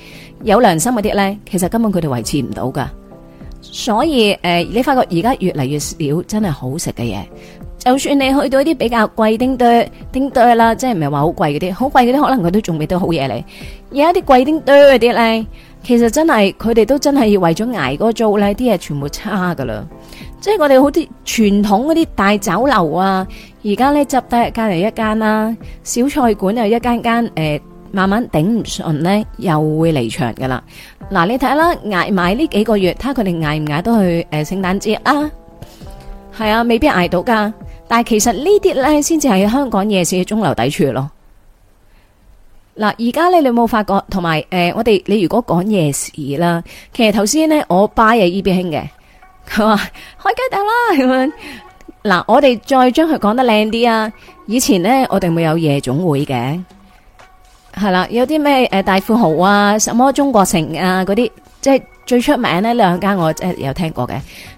有良心嗰啲咧，其實根本佢哋維持唔到噶。所以誒、呃，你發覺而家越嚟越少真係好食嘅嘢。就算你去到一啲比較貴丁堆丁堆啦，即係唔係話好貴嗰啲，好貴嗰啲可能佢都仲未到好嘢嚟。而家啲貴丁堆嗰啲咧，其實真係佢哋都真係要為咗挨嗰做呢啲嘢全部差噶啦。即係我哋好似傳統嗰啲大酒樓啊，而家咧，執低隔籬一間啦，小菜館又一間一間、呃、慢慢頂唔順咧，又會離場噶啦。嗱、呃，你睇啦，捱埋呢幾個月，睇下佢哋捱唔捱到去誒、呃、聖誕節啊？係啊，未必捱到噶。但係其實呢啲咧，先至係香港夜市嘅中流砥柱咯。嗱、呃，而家咧，你有冇發覺？同埋誒，我哋你如果講夜市啦，其實頭先咧我擺喺呢邊興嘅。佢 話開雞街店頭啦咁樣嗱，我哋再將佢講得靚啲啊！以前呢，我哋會有,有夜總會嘅，係啦，有啲咩誒大富豪啊，什麼中國城啊嗰啲，即係最出名呢兩間，我即係有聽過嘅。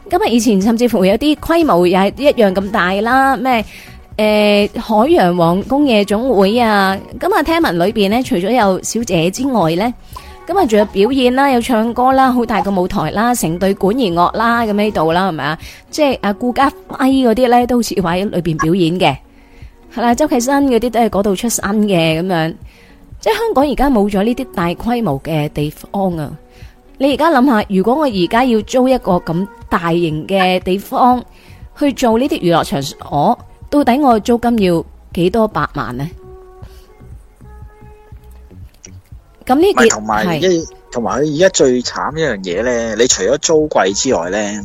咁啊，以前甚至乎有啲規模又係一樣咁大啦，咩誒、呃、海洋皇宮夜總會啊，咁啊，聽聞裏邊呢，除咗有小姐之外呢。咁啊，仲有表演啦，有唱歌啦，好大個舞台啦，成隊管弦樂啦，咁呢度啦，係咪啊？即係阿顧嘉輝嗰啲咧，都好似喺裏邊表演嘅，係啦，周啟生嗰啲都係嗰度出身嘅，咁樣。即係香港而家冇咗呢啲大規模嘅地方啊！你而家諗下，如果我而家要租一個咁大型嘅地方去做呢啲娛樂場所，到底我租金要幾多百萬呢？唔係，同埋同埋佢而家最慘一樣嘢咧，你除咗租貴之外咧，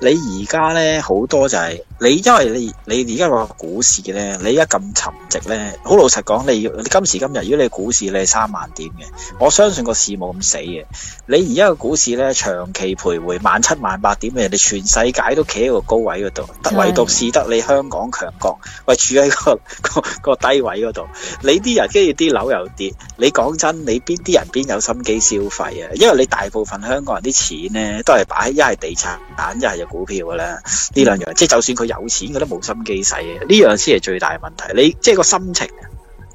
你而家咧好多就係、是。你因為你你而家個股市咧，你而家咁沉寂咧，好老實講，你要你今時今日，如果你股市呢你係三萬點嘅，我相信個市冇咁死嘅。你而家個股市咧長期徘徊萬七萬八點嘅，人哋全世界都企喺個高位嗰度，唯獨是得你香港強國，喂住喺、個、個,個低位嗰度，你啲人跟住啲樓又跌，你講真，你邊啲人邊有心機消費啊？因為你大部分香港人啲錢咧都係擺喺一係地產，一係就股票噶啦，呢兩樣，嗯、即係就算佢。有錢佢都冇心機使嘅，呢樣先係最大嘅問題。你即係個心情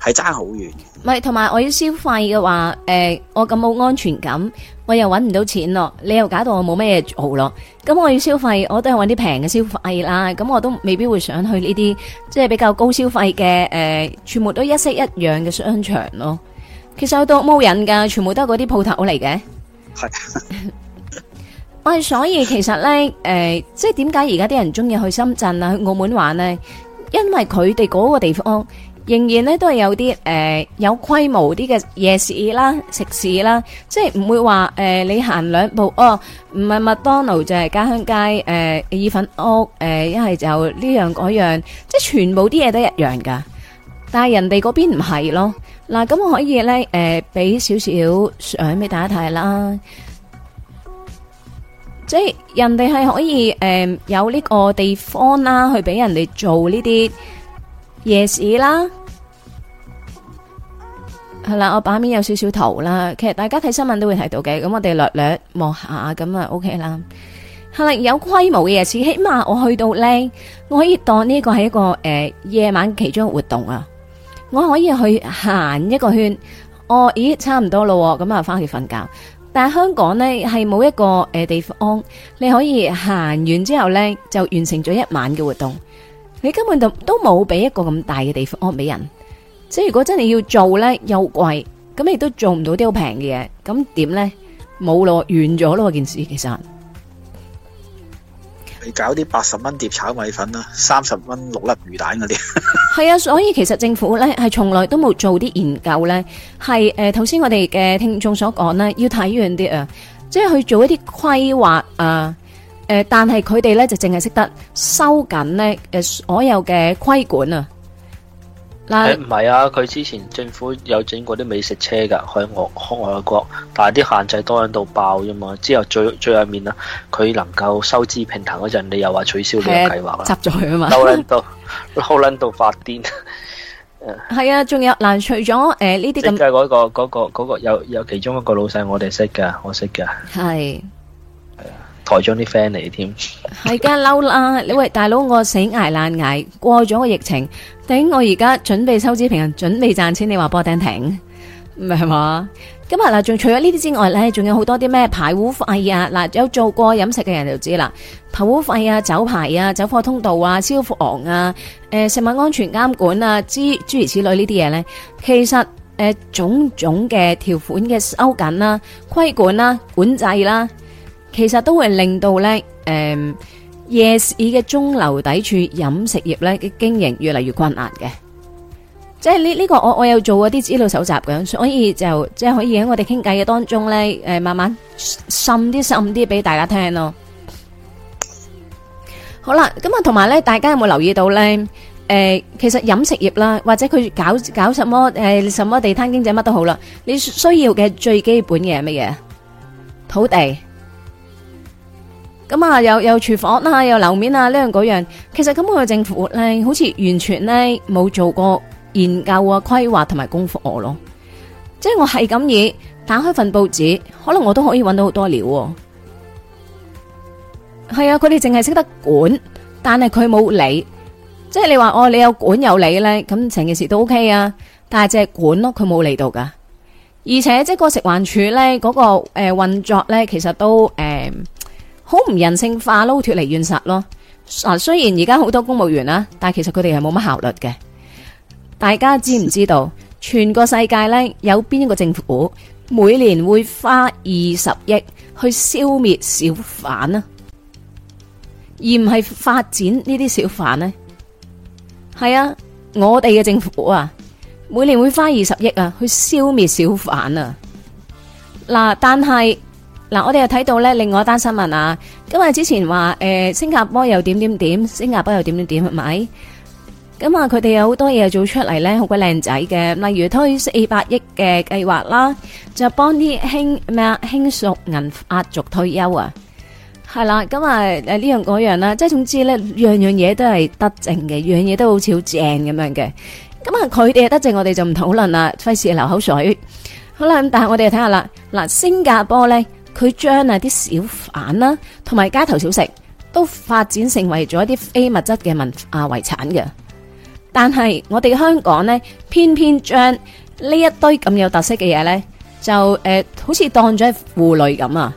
係爭好遠。唔係，同埋我要消費嘅話，誒、呃，我咁冇安全感，我又揾唔到錢咯，你又搞到我冇咩嘢做咯。咁我要消費，我都係揾啲平嘅消費啦。咁我都未必會想去呢啲即係比較高消費嘅，誒、呃，全部都一式一樣嘅商場咯。其實好多冇人噶，全部都係嗰啲鋪頭嚟嘅。係。 嗯、所以其實呢，誒、呃，即係點解而家啲人中意去深圳啊去澳門玩呢？因為佢哋嗰個地方仍然呢都係有啲誒、呃、有規模啲嘅夜市啦、食肆啦，即係唔會話誒、呃、你行兩步哦，唔係麥當勞就係、是、家鄉街，誒、呃、意粉屋，誒一係就呢樣嗰樣，即係全部啲嘢都一樣噶。但係人哋嗰邊唔係咯，嗱、呃、咁我可以呢，誒俾少少相俾大家睇啦。即係人哋係可以誒有呢個地方啦，去俾人哋做呢啲夜市啦。係啦，我版面有少少圖啦。其實大家睇新聞都會睇到嘅。咁我哋略略望下，咁啊 OK 啦。係啦，有規模嘅夜市，起碼我去到咧，我可以當呢個係一個誒夜晚其中嘅活動啊。我可以去行一個圈。哦，咦，差唔多咯。咁啊，翻去瞓覺。但係香港呢，係冇一個誒地方，你可以行完之後呢，就完成咗一晚嘅活動。你根本就都冇俾一個咁大嘅地方俾人。即係如果真係要做呢，又貴，咁亦都做唔到啲好平嘅嘢。咁點呢？冇咯，完咗咯，件事其實。你搞啲八十蚊碟炒米粉啦，三十蚊六粒魚蛋嗰啲。係 啊，所以其實政府咧係從來都冇做啲研究咧，係誒，頭、呃、先我哋嘅聽眾所講咧，要睇遠啲啊，即係去做一啲規劃啊，誒、呃，但係佢哋咧就淨係識得收緊咧誒所有嘅規管啊。唔係、欸、啊，佢之前政府有整過啲美食車噶，喺外喺外國，但係啲限制多撚到爆啫嘛。之後最最後面啦，佢能夠收支平衡嗰陣，你又話取消你嘅計劃啦，執咗佢啊嘛，嬲撚到，嬲撚到發癲。係啊，仲 發、 啊、有嗱，除咗誒呢啲咁，設計嗰個嗰、那個嗰、那個有有其中一個老細我哋識噶，我識噶。係。改咗啲 friend 嚟添，係而家嬲啦！你喂大佬，我死捱爛捱過咗個疫情，頂我而家準備收支平衡，準備賺錢，你話幫我停唔係嘛？今日啦，仲除咗呢啲之外咧，仲有好多啲咩排污費啊！嗱，有做過飲食嘅人就知啦，排污費啊、酒牌啊、走貨通道啊、消防啊、誒食物安全監管啊之諸如此類呢啲嘢咧，其實誒、呃、種種嘅條款嘅收緊啦、啊、規管啦、啊、管制啦、啊。其實都會令到咧，誒、呃，夜市嘅中樓底處飲食業咧嘅經營越嚟越困難嘅，即係呢呢個我我有做過啲資料搜集，咁所以就即係可以喺我哋傾偈嘅當中咧，誒、呃，慢慢滲啲滲啲俾大家聽咯好了。好啦，咁啊，同埋咧，大家有冇留意到咧？誒、呃，其實飲食業啦，或者佢搞搞什麼誒，什麼地攤經濟乜都好啦，你需要嘅最基本嘅係乜嘢？土地。咁啊，又又廚房啊又樓面啊，呢樣嗰樣，其實咁佢嘅政府咧，好似完全咧冇做過研究啊、規劃同埋功課我咯。即係我係咁意，打開份報紙，可能我都可以搵到好多料。係啊，佢哋淨係識得管，但係佢冇理。即係你話哦，你有管有理咧，咁成件事都 OK 啊。但係淨係管咯，佢冇理到噶。而且即係個食環署咧，嗰、那個誒運、呃、作咧，其實都誒。呃好唔人性化，撈脫離現實咯。雖然而家好多公務員啦，但係其實佢哋係冇乜效率嘅。大家知唔知道，全個世界呢，有邊一個政府每年會花二十億去消滅小販啊？而唔係發展呢啲小販呢？係啊，我哋嘅政府啊，每年會花二十億啊去消滅小販啊。嗱，但係。嗱，我哋又睇到咧，另外一單新聞啊，今日之前話誒，新加坡又點點點，新加坡又點點點係咪？咁啊，佢哋有好多嘢做出嚟咧，好鬼靚仔嘅，例如推四百億嘅計劃啦，就幫啲輕咩啊輕熟銀髮族退休啊，係啦，咁啊誒呢樣嗰樣啦，即係總之咧，樣樣嘢都係得正嘅，樣嘢都好似好正咁樣嘅。咁啊，佢哋得正，我哋就唔討論啦，費事流口水。好啦，咁但係我哋又睇下啦，嗱，新加坡咧。佢將啊啲小販啦，同埋街頭小食都發展成為咗一啲非物質嘅文啊遺產嘅。但係我哋香港呢，偏偏將呢一堆咁有特色嘅嘢呢，就誒好似當咗係負累咁啊，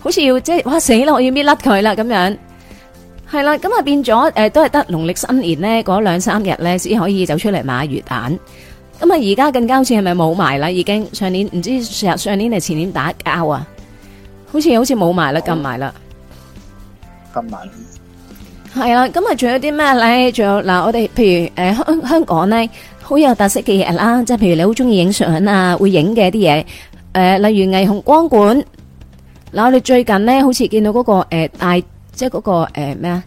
好像似好像要即係哇死啦，我要搣甩佢啦咁樣係啦。咁啊變咗誒、呃，都係得農曆新年呢嗰兩三日呢先可以走出嚟買魚蛋。咁啊而家更加好似係咪冇埋啦？已經上年唔知道上年定前年打交啊？好似好似冇埋啦，撳埋啦，撳埋。係啊，今日仲有啲咩咧？仲有嗱、呃，我哋譬如誒香、呃、香港咧，好有特色嘅嘢啦，即係譬如你好中意影相啊，會影嘅啲嘢，誒、呃，例如霓虹光管。嗱、呃，我哋最近咧，好似見到嗰、那個誒、呃、大，即係嗰、那個誒咩啊，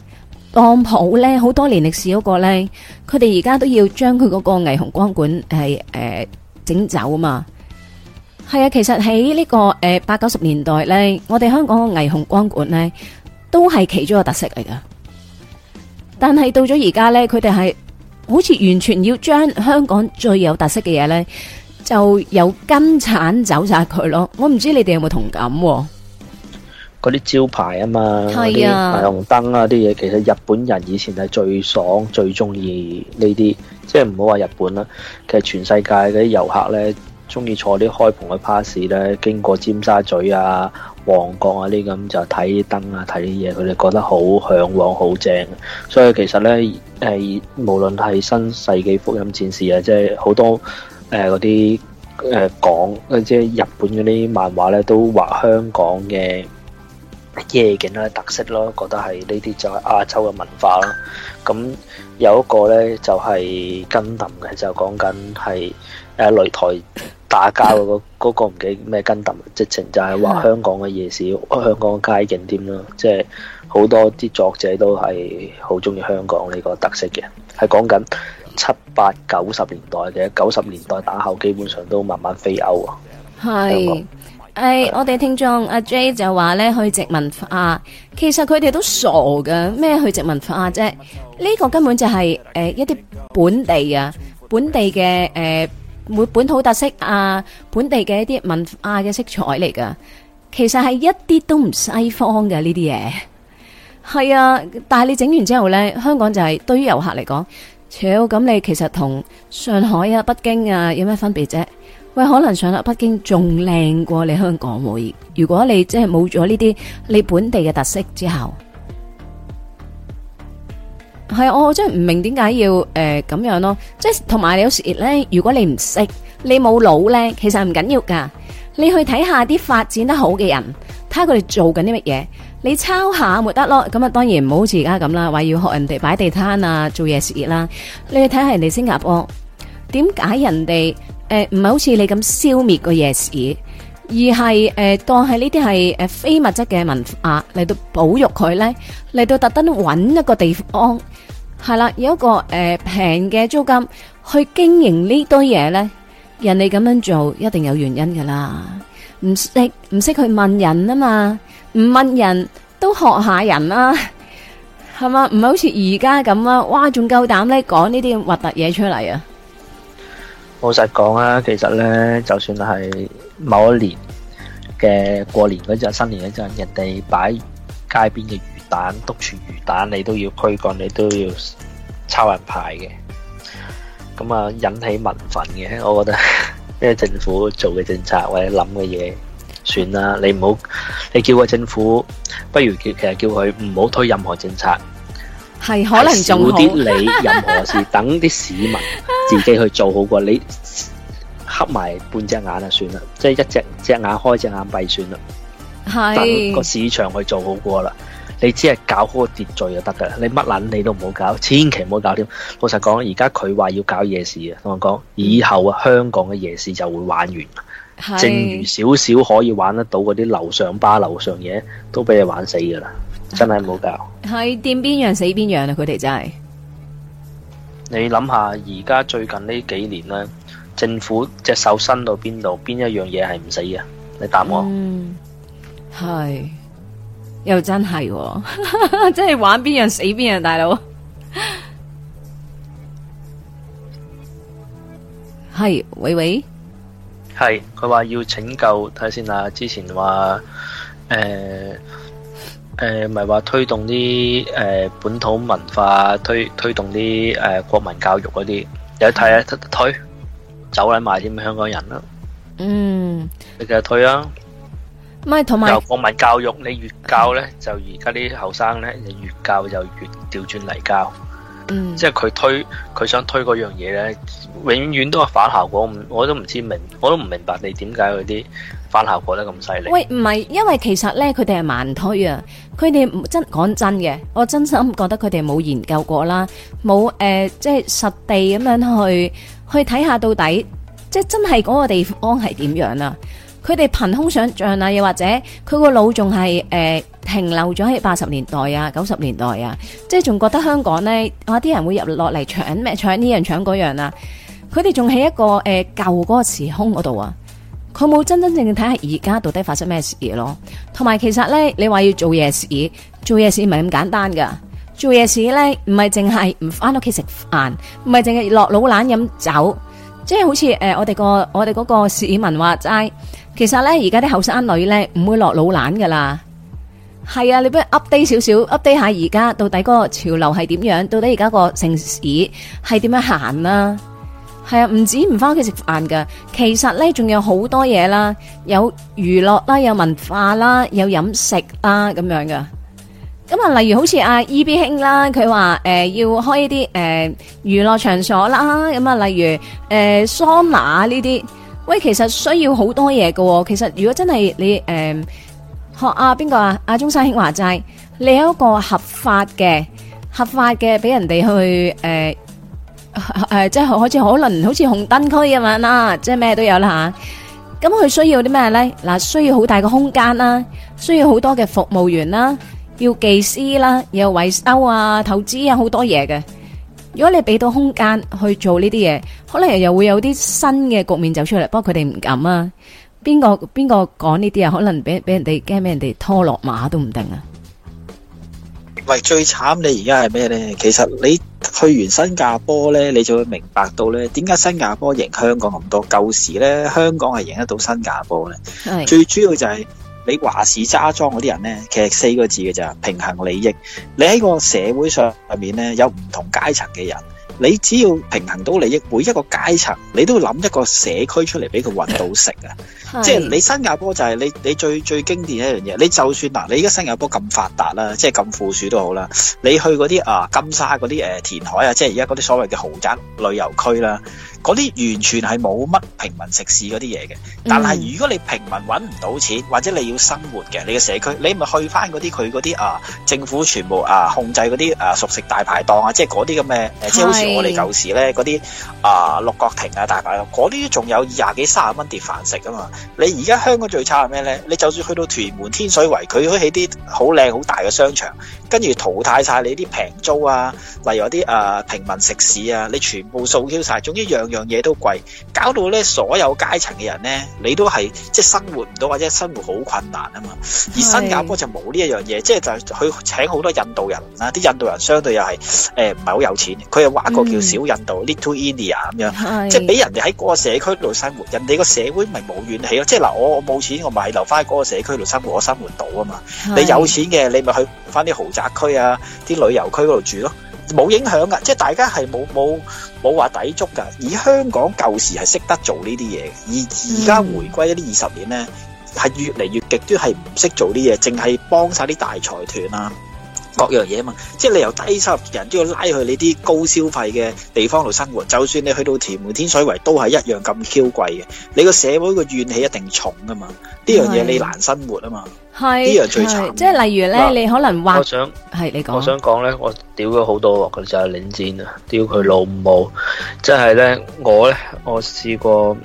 當舖咧，好多年歷史嗰個咧，佢哋而家都要將佢嗰個霓虹光管係誒整走啊嘛。係啊，其實喺呢個誒八九十年代咧，我哋香港嘅霓虹光管咧，都係其中一個特色嚟噶。但係到咗而家咧，佢哋係好似完全要將香港最有特色嘅嘢咧，就有根鏟走晒佢咯。我唔知你哋有冇同感哦？嗰啲招牌啊嘛，啲霓虹燈啊啲嘢，其實日本人以前係最爽最中意呢啲，即係唔好話日本啦，其實全世界嗰啲遊客咧。中意坐啲開篷嘅巴士咧，經過尖沙咀啊、旺角啊啲咁就睇燈啊、睇啲嘢，佢哋覺得好向往、好正。所以其實咧，誒無論係《新世紀福音戰士》啊，即係好多誒嗰啲誒港，即係日本嗰啲漫畫咧，都畫香港嘅夜景咧特色咯，覺得係呢啲就係亞洲嘅文化啦。咁有一個咧就係跟腍嘅，就講緊係。誒、呃、擂台打交嗰、 那個唔、那個、記得咩跟頓，Gundam，直情就係話香港嘅夜市、 香港街景添啦，即係好多啲作者都係好中意香港呢個特色嘅，係講緊七八九十年代嘅九十年代打後，基本上都慢慢飛歐啊。係、哎，我哋聽眾阿、啊、J 就話咧，去殖民化，其實佢哋都傻嘅，咩去殖民化啫？呢、這個根本就係、是呃、一啲本地啊，本地嘅誒。呃每本土特色啊，本地嘅一啲文化嘅色彩嚟噶，其實係一啲都唔西方嘅呢啲嘢，係 啊，但係你整完之後咧，香港就係對於遊客嚟講，屌咁你其實同上海啊、北京啊有咩分別啫？喂，可能上到北京仲靚過你香港會，如果你即係冇咗呢啲你本地嘅特色之後。係、啊，我真係唔明點解要誒咁、呃、樣咯，即係同埋有時咧，如果你唔識，你冇腦咧，其實唔緊要噶。你去睇下啲發展得好嘅人，睇下佢哋做緊啲乜嘢，你抄下咪得咯。咁啊，當然唔好似而家咁啦，話要學人哋擺地攤啊，做夜市啦。你去睇下人哋新加坡，點解人哋誒唔係好似你咁消滅個夜市？而係誒、呃，當係呢啲係誒非物質嘅文化嚟到保育佢咧，嚟到特登揾一個地方，係啦，有一個誒平嘅租金去經營呢堆嘢咧，人哋咁樣做一定有原因噶啦，唔識唔識去問人啊嘛，唔問人都學下人啦、啊，係嘛，唔係好似而家咁啊，哇，仲夠膽咧講呢啲核突嘢出嚟啊！老實講啊，其實呢，就算係某一年嘅過年嗰陣，新年嗰陣，人哋擺街邊嘅魚蛋、督住魚蛋，你都要驅趕，你都要抄人牌嘅，咁啊引起民憤嘅。我覺得，即 係政府做嘅政策或者諗嘅嘢，算啦，你唔好你叫個政府，不如其實叫佢唔好推任何政策。係可能仲好啲，是你任何事 等啲市民自己去做好過，你黑埋半隻眼啊，算啦，即係一隻隻眼開隻眼閉算啦，係個市場去做好過啦，你只係搞好個秩序就得噶啦，你乜撚你都唔好搞，千祈唔好搞添。老實講，而家佢話要搞夜市啊，同我講以後啊，香港嘅夜市就會玩完，剩餘少少可以玩得到嗰啲樓上吧、樓上嘢，都俾你玩死噶啦。 真係冇救，係掂邊樣死邊樣啦，啊！佢哋真係，你諗下而家最近呢幾年呢，政府隻手伸到邊度？邊一樣嘢係唔死啊？你答我，係、嗯、又真係、哦， 真係玩邊樣死邊樣，大佬係 喂喂，係佢話要拯救睇下先啦。之前話，誒。呃誒、呃，咪話推動啲誒、呃、本土文化，推推動啲誒、呃、國民教育嗰啲，有得睇啊，推走甩埋啲香港人咯。嗯，你繼續推啊，咪同埋又國民教育，你越教咧、嗯，就而家啲後生咧，你越教就越調轉嚟教。嗯，即係佢推，佢想推嗰樣嘢咧，永遠都係反效果。我我都唔知明，我都唔明白你點解嗰啲。反效果得咁犀利？喂，唔係，因為其實咧，佢哋係盲推啊。佢哋真講真嘅，我真心覺得佢哋冇研究過啦，冇、呃、即係實地咁樣去去睇下到底，即係真係嗰個地方係點樣啊？佢哋憑空想像啊，又或者佢個腦仲係、呃、停留咗喺八十年代啊、九十年代啊，即係仲覺得香港呢，有啲人會入落嚟搶咩？搶呢樣搶嗰樣啦。佢哋仲喺一個誒、呃、舊嗰個時空嗰度啊。佢冇真真正正睇下而家到底發生咩事嘢咯，同埋其實咧，你話要做夜市，做夜市唔係咁簡單噶。做夜市咧，唔係淨係唔返屋企食飯，唔係淨係落老蘭飲酒，即係好似誒、呃、我哋個我哋嗰個市民話齋。其實咧，而家啲後生女咧，唔會落老蘭噶啦。係啊，你不如 update 少少，update 下而家到底個潮流係點樣，到底而家個城市係點樣行啦，啊。係啊，唔止唔翻屋企食飯噶，其實咧仲有好多嘢啦，有娛樂啦，有文化啦，有飲食啦咁樣噶。咁啊，例如好似阿 E B 兄啦，佢話誒要開啲誒娛樂場所啦，咁啊，例如誒桑拿呢啲，喂，其實需要好多嘢噶、哦。其實如果真係你誒、呃、學啊邊個啊阿中山兄話齋，你有一個合法嘅合法嘅俾人哋去誒。呃誒，即係好似可能好，好似紅燈區咁樣啦，即係咩都有啦吓。咁佢需要啲咩咧？嗱，需要好大嘅空間啦，需要好多嘅服務員啦，要技師啦，又維修啊，投資啊，好多嘢嘅。如果你俾到空間去做呢啲嘢，可能又會有啲新嘅局面走出嚟。不過佢哋唔敢啊，邊個邊個講呢啲啊？可能俾俾人哋驚，俾人哋拖落馬都唔定啊。喂，最慘，你而家係咩咧？其實你。去完新加坡咧，你就會明白到咧，點解新加坡贏香港咁多。舊時咧，香港係贏得到新加坡咧。最主要就係你話事揸莊嗰啲人咧，其實四個字嘅就係平衡利益。你喺個社會上入面咧，有唔同階層嘅人。你只要平衡到利益，每一個階層，你都諗一個社區出嚟俾佢搵到食啊！ 即係你新加坡就係你你最你最，最經典的一樣嘢，你就算嗱，你而家新加坡咁發達啦，即係咁富庶都好啦，你去嗰啲啊金沙嗰啲誒填海啊，即係而家嗰啲所謂嘅豪宅旅遊區啦。嗰啲完全係冇乜平民食肆嗰啲嘢嘅，但係如果你平民揾唔到錢，或者你要生活嘅，你嘅社區，你咪去翻嗰啲佢嗰啲啊政府全部啊控制嗰啲啊熟食大排檔啊，即係嗰啲咁嘅，即係好似我哋舊時呢嗰啲啊六角亭啊大排檔，嗰啲仲有廿幾三十蚊碟飯食啊嘛。你而家香港最差係咩呢？你就算去到屯門天水圍，佢可以起啲好靚好大嘅商場，跟住淘汰晒你啲平租啊，例如啲啊平民食肆啊，你全部掃繳晒。總之樣樣樣嘢都貴，搞到咧所有階層嘅人咧，你都係即係生活唔到或者生活好困難啊嘛。而新加坡就冇呢一樣嘢，是即係就是去請好多印度人啦，啲印度人相對又係誒唔係好有錢，佢又話一個叫小印度、嗯、（Little India） 咁樣，是即係俾人哋喺嗰個社區度生活，人哋個社會咪冇怨氣咯。嗯、即係嗱，我我冇錢，我咪係留翻喺嗰個社區度生活，我生活到啊嘛。你有錢嘅，你咪去翻啲豪宅區啊，啲旅遊區嗰度住咯、啊。冇影響噶，即係大家係冇冇冇話抵觸噶。而香港舊時係識得做呢啲嘢，而而家回歸一啲二十年呢，係越嚟越極端，係唔識做啲嘢，淨係幫曬啲大財團啦。各樣嘢嘛，即係你由低收入人都要拉去你啲高消費嘅地方度生活，就算你去到屯門天水圍都係一樣咁 Q 貴嘅。你個社會個怨氣一定重噶嘛，呢樣嘢你難生活啊嘛，呢樣最慘。即係例如咧，你可能話，我想係你講，我想講咧，我屌咗好多，佢就係領展啊，屌佢老母，即係咧我咧，我試過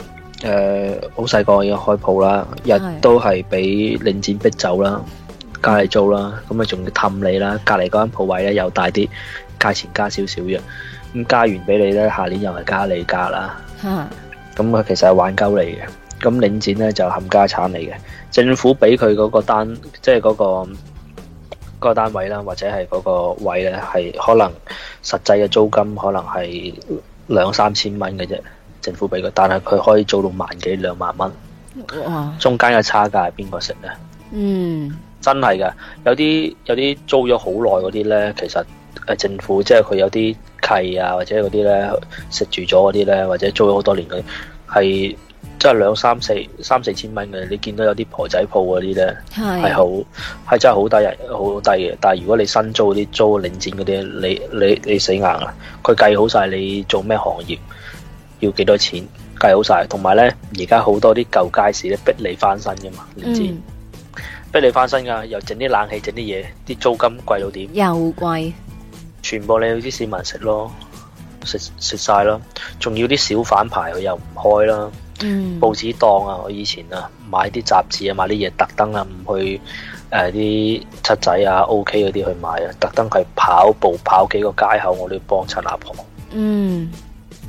誒好細個已經開鋪啦，日都係俾領展逼走啦。加你租啦，咁佢仲氹你啦，隔籬嗰間鋪位咧又大啲，價錢加少少嘅，咁加完俾你咧，下年又係加你價啦。吓、嗯，咁佢其實係玩鳩你嘅，咁領展咧就冚家產嚟嘅，政府俾佢嗰個單，即係嗰、嗰個嗰個單位啦，或者係嗰個位咧，係可能實際嘅租金可能係兩三千蚊嘅啫，政府俾佢，但係佢可以租到萬幾兩萬蚊，啊，中間嘅差價係邊個食咧？嗯。真係噶，有啲有啲租咗好耐嗰啲呢。其實誒政府即係佢有啲契啊，或者嗰啲呢，食住咗嗰啲呢，或者租咗好多年嗰啲，係真係兩三四三四千蚊嘅。你見到有啲婆仔鋪嗰啲呢，係好係真係好低，好低嘅。但係如果你新租嗰啲租領展嗰啲，你你你死硬啦！佢計好晒你做咩行業要幾多錢，計好晒。同埋呢，而家好多啲舊街市呢，逼你翻新噶嘛，領展。嗯逼你翻身噶，又整啲冷氣，整啲嘢，啲租金貴到點？又貴，全部你去啲市民食咯，食食晒咯，仲要啲小販牌佢又唔開啦。嗯，報紙檔啊，我以前啊買啲雜誌啊，買啲嘢特登啊，唔去誒啲、呃、七仔啊，OK 嗰啲去買啊，特登係跑步跑幾個街口，我都幫襯阿婆。嗯，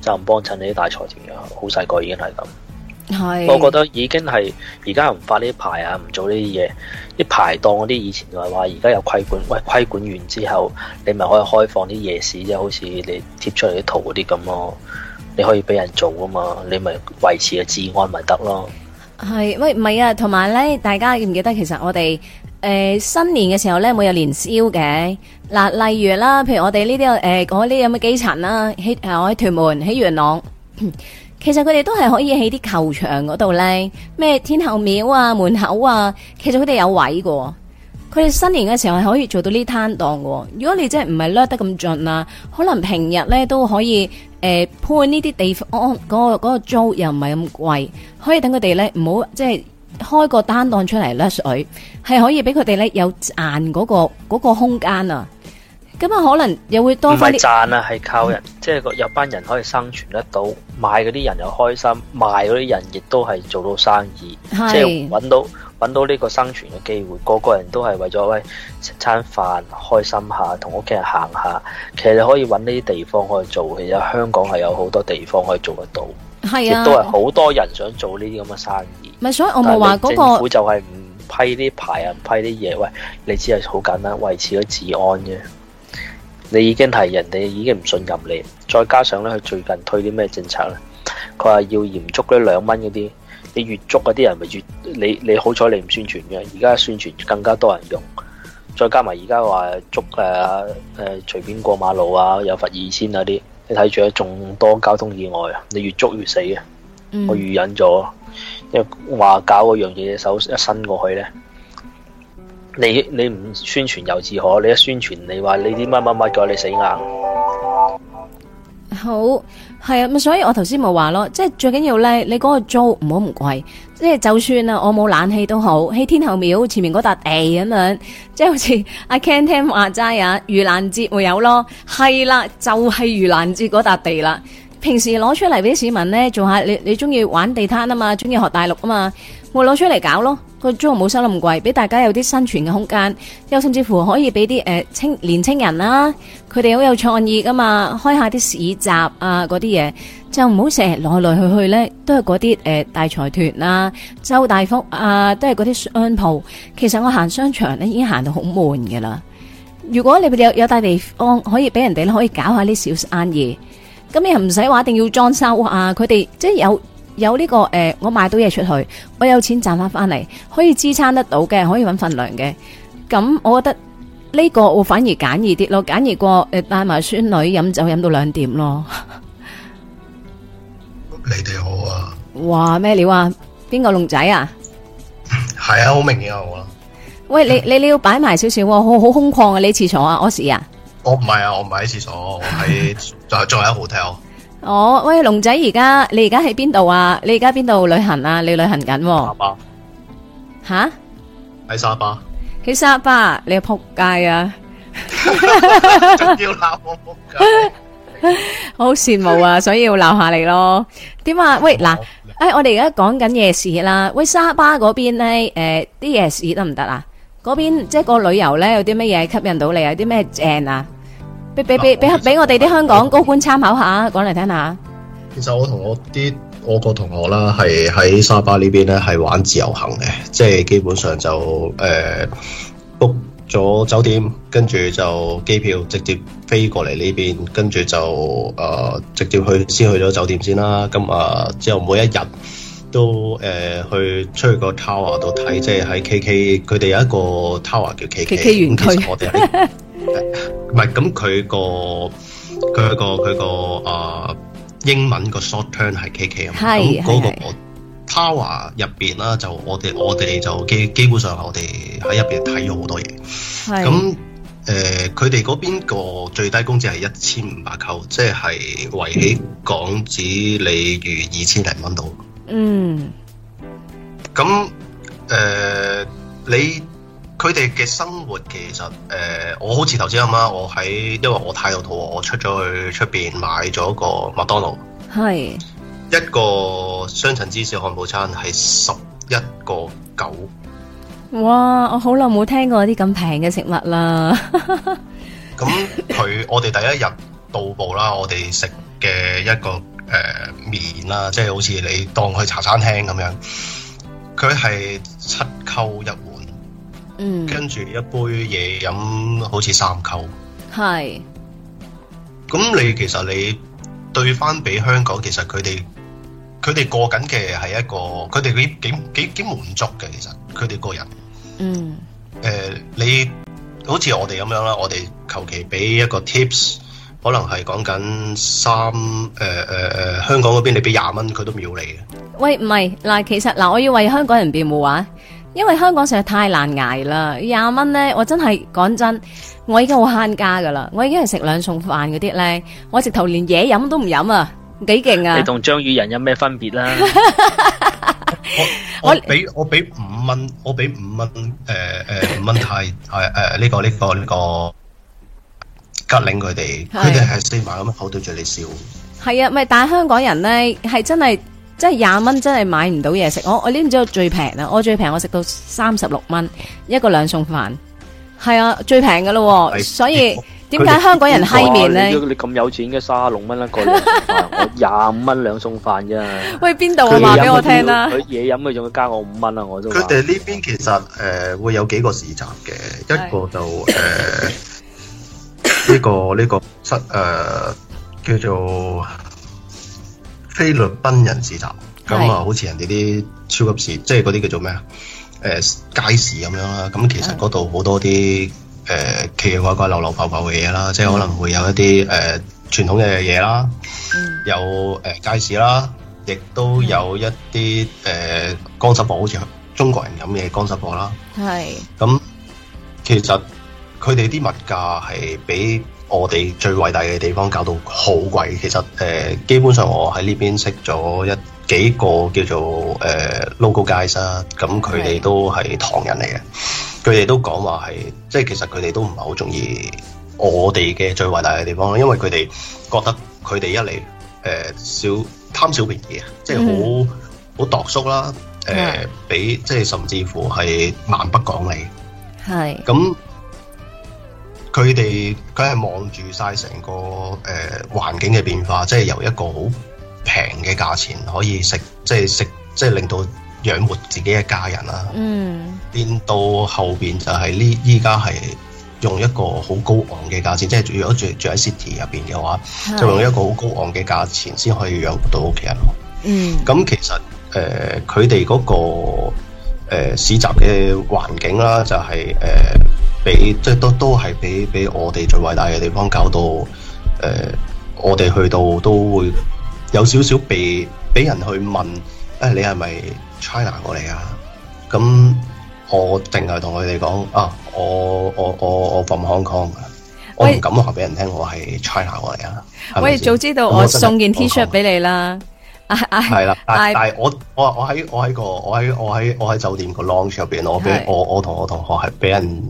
就唔幫襯你啲大財團，好細個已經係咁。係，我覺得已經係而家唔發呢啲牌啊，唔做呢啲嘢。啲排檔嗰啲以前就係話，而家有規管。喂，規管完之後，你咪可以開放啲夜市即係，好似你貼出嚟啲圖嗰啲咁咯。你可以俾人做啊嘛，你咪維持個治安咪得咯。係，喂唔係啊，同埋咧，大家記唔記得其實我哋誒、呃、新年嘅時候咧，會有，有年宵嘅嗱，例如啦，譬如我哋呢啲誒，我呢有冇基層啦、啊？喺誒、喺、呃、屯門，喺元朗。 其實佢哋都係可以喺啲球場嗰度咧，咩天后廟啊、門口啊，其實佢哋有位喎。佢哋新年嘅時候係可以做到呢啲攤檔喎。如果你真係唔係甩得咁盡啊，可能平日咧都可以誒，判呢啲地方，嗰個嗰個租又唔係咁貴，可以等佢哋咧唔好即係開個攤檔出嚟甩水，係可以俾佢哋咧有賺嗰個嗰個空間啊。咁啊，可能又會多翻啲賺啊，係靠人，嗯、即係有班人可以生存得到，買嗰啲人又開心，賣嗰啲人亦都係做到生意，是即係搵到搵到呢個生存嘅機會。個個人都係為咗喂食餐飯，開心下，同屋企人行下。其實你可以搵呢啲地方可以做，其實香港係有好多地方可以做得到，係啊，也都係好多人想做呢啲咁嘅生意。唔咪所以我說、那個，我話嗰個政府就係唔批啲牌啊，唔批啲嘢，喂，你只係好簡單維持咗治安啫。你已經係人哋已經唔信任你，再加上咧佢最近推啲咩政策咧？佢話要嚴捉呢兩蚊嗰啲，你越捉嗰啲人咪越你你，你好彩你唔宣傳嘅，而家宣傳更加多人用，再加埋而家話捉誒、啊啊、隨便過馬路啊有罰二千嗰啲，你睇住啊仲多交通意外啊，你越捉越死嘅，我預忍咗，因為話搞嗰樣嘢手一伸過去咧。你你唔宣傳又自可，你一宣傳你話你啲乜乜乜嘅，你死硬。好，係啊，咁所以我頭先咪話咯，即係最緊要咧，你嗰個租唔好唔貴，即係就算啊，我冇冷氣都好，喺天后廟前面嗰笪地咁樣，即係好似阿 Ken 聽話齋啊，盂蘭節會有咯，係啦、啊，就係、是、盂蘭節嗰笪地啦。平時攞出嚟俾啲市民呢，做下你你中意玩地攤啊嘛，中意學大陸啊嘛，我攞出嚟搞咯，個租又冇收咁貴，俾大家有啲生存嘅空間，又甚至乎可以俾啲誒青年青人啦、啊，佢哋好有創意噶嘛，開下啲市集啊嗰啲嘢，就唔好成日來來去去呢，都係嗰啲誒大財團啦、周大福啊，都係嗰啲商鋪。其實我行商場呢已經行到好悶噶啦，如果你有有大地方可以俾人哋可以搞下啲小生意。咁你又唔使話一定要裝修啊！佢哋即係有有呢、這個誒、呃，我賣到嘢出去，我有錢賺翻翻嚟，可以支撐得到嘅，可以搵份糧嘅。咁我覺得呢個我反而簡易啲咯，簡易過誒帶埋孫女飲酒飲到兩點咯。你哋好啊！哇咩料啊？邊個龍仔啊？係 啊，好明顯啊我啊。 喂你你你要擺埋少少，好好空曠啊你廁所啊，屙屎啊。我唔係啊，我唔係喺廁所，喺。 就係仲係好睇哦！哦，喂龍仔，而家你而家喺邊度啊？你而家邊度旅行啊？你在旅行緊、啊？沙巴吓喺沙巴？喺沙巴，你仆街啊！仲 要鬧我仆街，我 好羨慕啊！所以要鬧下你咯。點 啊？喂，嗱，誒、 哎，我哋而家講緊夜市啦。喂，沙巴嗰邊咧，誒、呃，啲夜市得唔得啊？嗰邊即係個旅遊咧，有啲乜嘢吸引到你？有啲咩正啊？俾俾俾俾俾我哋啲香港高官參考下，講嚟聽下。其實我同我啲我個同學啦，係喺沙巴呢邊咧，係玩自由行嘅，即係基本上就誒 book 咗酒店，跟住就機票直接飛過嚟呢邊，跟住就誒、呃、直接去先去咗酒店先啦。咁、嗯、啊，之後每一日都誒去、呃、出去個 tower 度睇，即係喺 KK 佢哋有一個 tower 叫 KK，KK 其實我哋 唔係咁，佢、嗰個佢、嗰個佢、嗰個啊、呃、英文個 short term 係 K K 啊，咁嗰個我 tower 入邊啦，就我哋我哋就基基本上我哋喺入邊睇咗好多嘢。咁誒，佢哋嗰邊個最低工資係一千五百扣，即係維起港紙你如二千零蚊度。嗯，咁誒、嗯呃，你。佢哋嘅生活其實，誒、呃，我好似頭先咁啦，我喺因為我太肚餓，我出咗去出邊買咗個麥當勞，係一個雙層芝士漢堡餐，係十一個九。哇！我好耐冇聽過啲咁平嘅食物啦。咁 佢、嗯、我哋第一日到步啦，我哋食嘅一個誒麵啦，即係好似你當去茶餐廳咁樣，佢係七溝一碗。嗯、跟住一杯嘢飲，好似三扣。係。咁你其實你對翻俾香港，其實佢哋佢哋過緊嘅係一個，佢哋幾幾幾幾滿足嘅。其實佢哋個人。嗯。誒、呃，你好似我哋咁樣啦，我哋求其俾一個 tips，可能係講緊三誒誒誒，香港嗰邊你俾廿蚊，佢都秒你嘅。喂，唔係嗱，其實嗱，我要為香港人辯護話。因為香港實在太難挨啦，廿蚊咧，我真係講真，我已經好慳家噶啦，我已經係食兩餸飯嗰啲咧，我直頭連嘢飲都唔飲啊，幾勁啊！你同張宇人有咩分別啦？我我俾我俾五蚊，我俾五蚊，誒誒五蚊泰誒誒呢個呢個呢個吉領佢哋，佢哋係四萬咁樣口對住你笑。係啊，唔係但係香港人咧係真係。真係廿蚊真係買唔到嘢食，我我呢唔知道最平啦，我最平我食到三十六蚊一個兩餸飯，係啊最平噶咯，所以點解香港人閪面咧？你咁有錢嘅卅六蚊一個，我廿五蚊兩餸飯啫。喂，邊度話俾我聽啊？佢嘢飲佢仲要加我五蚊啊！我都佢哋呢邊其實誒會有幾個市集嘅，一個就誒呢個呢個室誒叫做。菲律賓人市集，咁啊，好似人哋啲超級市是，即係嗰啲叫做咩啊？誒、呃，街市咁樣，呃、怪怪流流流流流流啦。咁其實嗰度好多啲誒奇奇怪怪、流流浮浮嘅嘢啦。即係可能會有一啲誒傳統嘅嘢啦，嗯、有誒、呃、街市啦，亦都有一啲誒乾濕貨，好似中國人咁嘅乾濕貨啦。係。咁其實佢哋啲物價係比。我哋最偉大嘅地方搞到好貴，其實誒、呃、基本上我喺呢邊識咗一幾個叫做誒、呃、local guys 啦、啊，咁佢哋都係唐人嚟嘅，佢哋都講話係即係其實佢哋都唔係好中意我哋嘅最偉大嘅地方，因為佢哋覺得佢哋一嚟誒、呃、小貪小便宜啊、就是呃，即係好好度縮啦，誒俾即係甚至乎係蠻不講理，係咁。嗯。佢哋佢係望住晒成個誒環境嘅變化，即係由一個好平嘅價錢可以食，即係食，即係令到養活自己嘅家人啦。嗯，變到後邊就係呢，依家係用一個好高昂嘅價錢，即係如果住住喺 city 入邊嘅話，嗯，就用一個好高昂嘅價錢先可以養活到屋企人。嗯，咁其實誒，佢哋嗰個誒市集嘅環境啦，就係誒。俾即係都都係俾俾我哋最偉大嘅地方搞到，誒、呃，我哋去到都會有少少被俾人去問，誒、哎，你係咪 China 過嚟呀、啊？」咁我淨係同佢哋講啊，我我我我 from Hong Kong 噶，我唔敢話俾人聽我係 China 過嚟啊喂是是。喂，早知道我送件 T-shirt 俾你啦。係、啊、啦，啊、I, 但係 I... 我我我喺我喺個我喺我喺我喺酒店個 lounge 入邊，我俾我我同我同學係俾人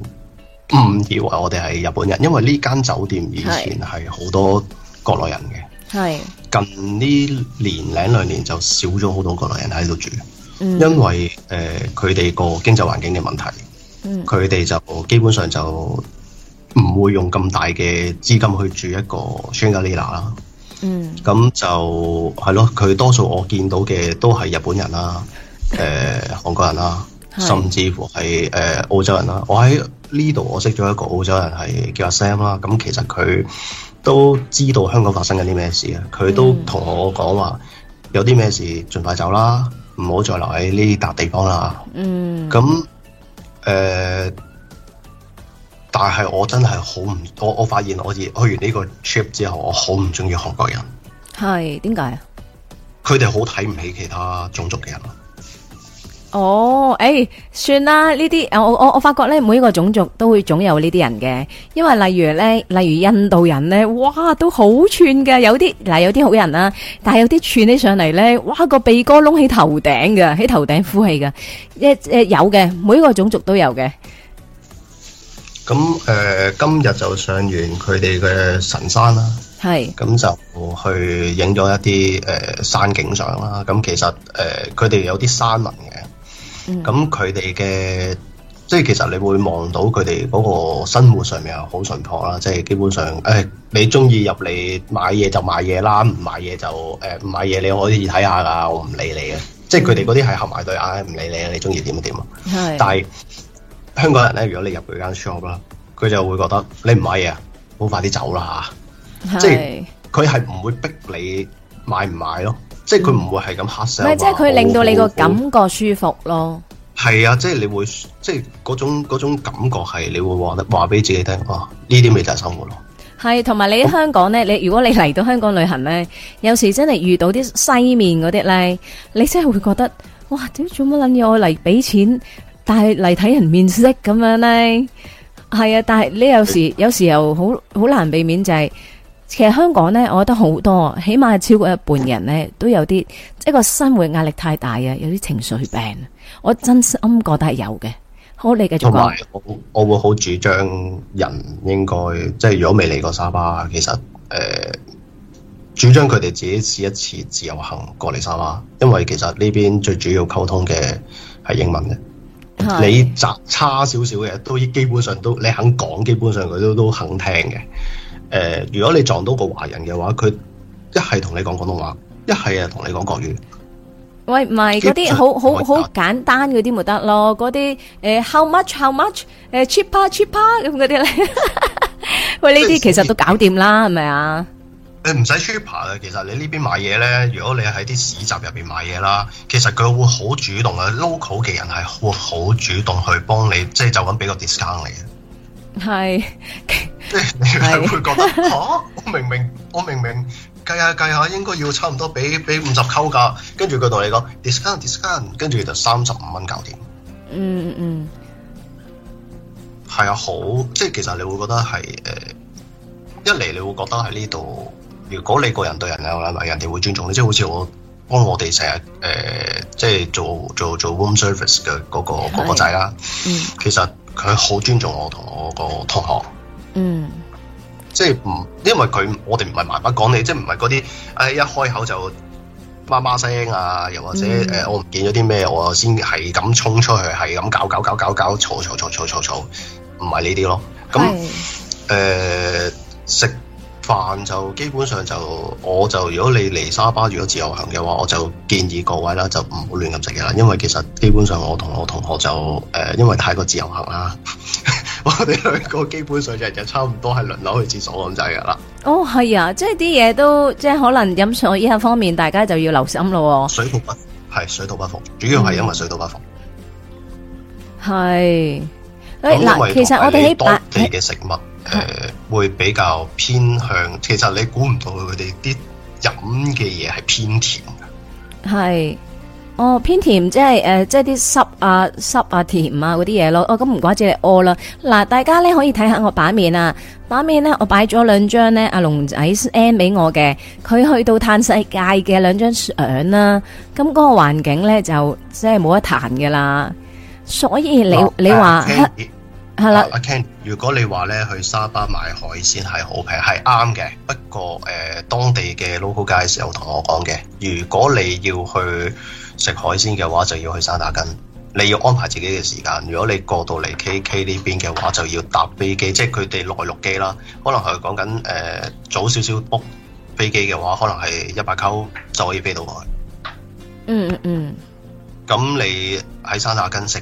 誤以為我哋係日本人，因為呢間酒店以前係好多國內人嘅。係近呢年兩兩年就少咗好多國內人喺度住，嗯，因為誒佢哋個經濟環境嘅問題佢哋，嗯、就基本上就唔會用咁大嘅資金去住一個 Shangri-La 啦。嗯，咁就係咯，佢多數我見到嘅都係日本人啦，誒、呃、韓國人啦。 是甚至乎係誒、呃、澳洲人啦，我喺呢度我識咗一個澳洲人係叫阿 Sam 啦，咁其實佢都知道香港發生緊啲咩事啊，佢都同我講話、嗯、有啲咩事盡快走啦，唔好再留喺呢笪地方啦。嗯，咁誒、呃，但係我真係好唔，我我發現我而去完呢個 trip 之後，我好唔中意韓國人。係點解啊？佢哋好睇唔起其他種族嘅人。哦，誒，算啦，呢啲，誒，我我我發覺咧，每一個種族都會總有呢啲人嘅，因為例如咧，例如印度人咧，哇，都好串嘅，有啲嗱，有啲好人啦，但係有啲串起上嚟咧，哇，個鼻哥窿起頭頂嘅，喺頭頂呼氣嘅，一誒有嘅，每一個種族都有嘅。咁誒，今日就上完佢哋嘅神山啦，係，咁就去影咗一啲誒山景相啦。咁其實誒，佢哋有啲山林嘅。咁佢哋嘅，即係其實你會望到佢哋嗰個生活上面好淳樸啦，即係基本上，誒，你中意入嚟買嘢就買嘢啦，唔買嘢就誒唔、呃、買嘢你可以睇下噶，我唔理你啊，即係佢哋嗰啲係合埋對眼，唔、嗯、理你啊，你中意點就點啊。但係香港人咧，如果你入佢間 shop 啦，佢就會覺得你唔買嘢啊，好快啲走啦吓，即係佢係唔會逼你買唔買咯。嗯、即係佢唔會係咁黑色，唔係即係佢令到你個感覺舒服咯。係啊，即係你會，即係嗰種種感覺係你會話得話俾自己聽啊。呢啲咪就係生活咯。係同埋你喺香港咧，你如果你嚟到香港旅行咧，有時真係遇到啲西面嗰啲咧，你真係會覺得，哇！點解做乜撚嘢？我嚟俾錢，但係嚟睇人面色咁樣咧。係啊，但係你有時有時候好好難避免就係、是。其實香港咧，我覺得好多，起碼係超過一半人咧都有啲一個生活壓力太大啊，有啲情緒病。我真心覺得係有嘅，好，你繼續講。同埋，我我會好主張人應該，即係如果未嚟過沙巴，其實誒、呃，主張佢哋自己試一次自由行過嚟沙巴，因為其實呢邊最主要溝通嘅係英文嘅，你雜差少少嘅都基本上都你肯講，基本上佢都都肯聽嘅。誒、呃，如果你撞到個華人嘅話，佢一係同你講廣東話，一係啊同你講國語。喂，唔係嗰啲好好好簡單嗰啲咪得咯，嗰啲誒 how much how much 誒 cheaper cheaper 咁嗰啲咧，喂呢啲其實都搞掂啦，係咪啊？誒唔使 cheaper 啊，其實你呢邊買嘢咧，如果你喺啲市集入邊買嘢啦，其實佢會好主動嘅 local 嘅人係會好主動去幫你，即係就咁俾個 discount 你。係，即 係 你會覺得吓、 啊？我明明我明明計下計下，應該要差唔多俾俾五十溝價，跟住佢同你講 discount discount，跟住就三十五蚊搞掂。嗯嗯，係啊，好即係，其實你會覺得係誒、呃，一嚟你會覺得喺呢度，如果你個人對人有禮貌，人哋會尊重你我我、呃。即係好似我，我我哋成日誒，即係做做做 room service 嘅嗰、嗰個、嗰個仔啦、嗯，其實。佢好尊重我同我個同學，嗯，即係唔，因為佢我哋唔係慢慢講你，即係唔係嗰啲誒一開口就媽媽聲啊，又或者誒我唔見咗啲咩，我，我先係咁衝出去，係咁搞搞搞搞搞，嘈嘈嘈嘈嘈嘈，唔係呢啲咯，咁誒、嗯呃、食。飯就基本上就，我就如果你嚟沙巴如果自由行嘅話，我就建議各位啦，就唔好亂咁食嘢啦。因為其實基本上我同我同學就、呃、因為太過自由行啦， 我哋兩個基本上日日差唔多係輪流去廁所咁滯噶啦。哦，係啊，即係啲嘢都即係可能飲水呢一方面，大家就要留心咯、哦。水土不係水土不服，主要係因為水土不服。係、嗯。其實我哋喺當地嘅食物，誒，會比較偏向。其實你估唔到佢哋啲飲嘅嘢係偏甜嘅。係，哦，偏甜即係誒，即係啲濕啊、濕啊、甜啊嗰啲嘢咯。哦，咁唔怪之係屙啦。嗱，大家咧可以睇下我版面啊，版面咧我擺咗兩張咧阿龍仔 send 俾我嘅，佢去到嘆世界嘅兩張相啦。咁嗰個環境咧就即係冇得彈噶啦。所以你 no, 你話係啦，阿、uh, Ken, uh, uh, Ken, uh, Ken，如果你話咧去沙巴買海鮮係好平，係啱嘅。不過誒、呃，當地嘅 local 街時候同我講嘅，如果你要去食海鮮嘅話，就要去山打根。你要安排自己嘅時間。如果你過到嚟 K K 呢邊嘅話，就要搭飛機，即係佢哋內陸機啦。可能係講緊誒早少少 book 飛機嘅話，可能係一百九就可以飛到去。嗯嗯嗯。咁你喺山打根食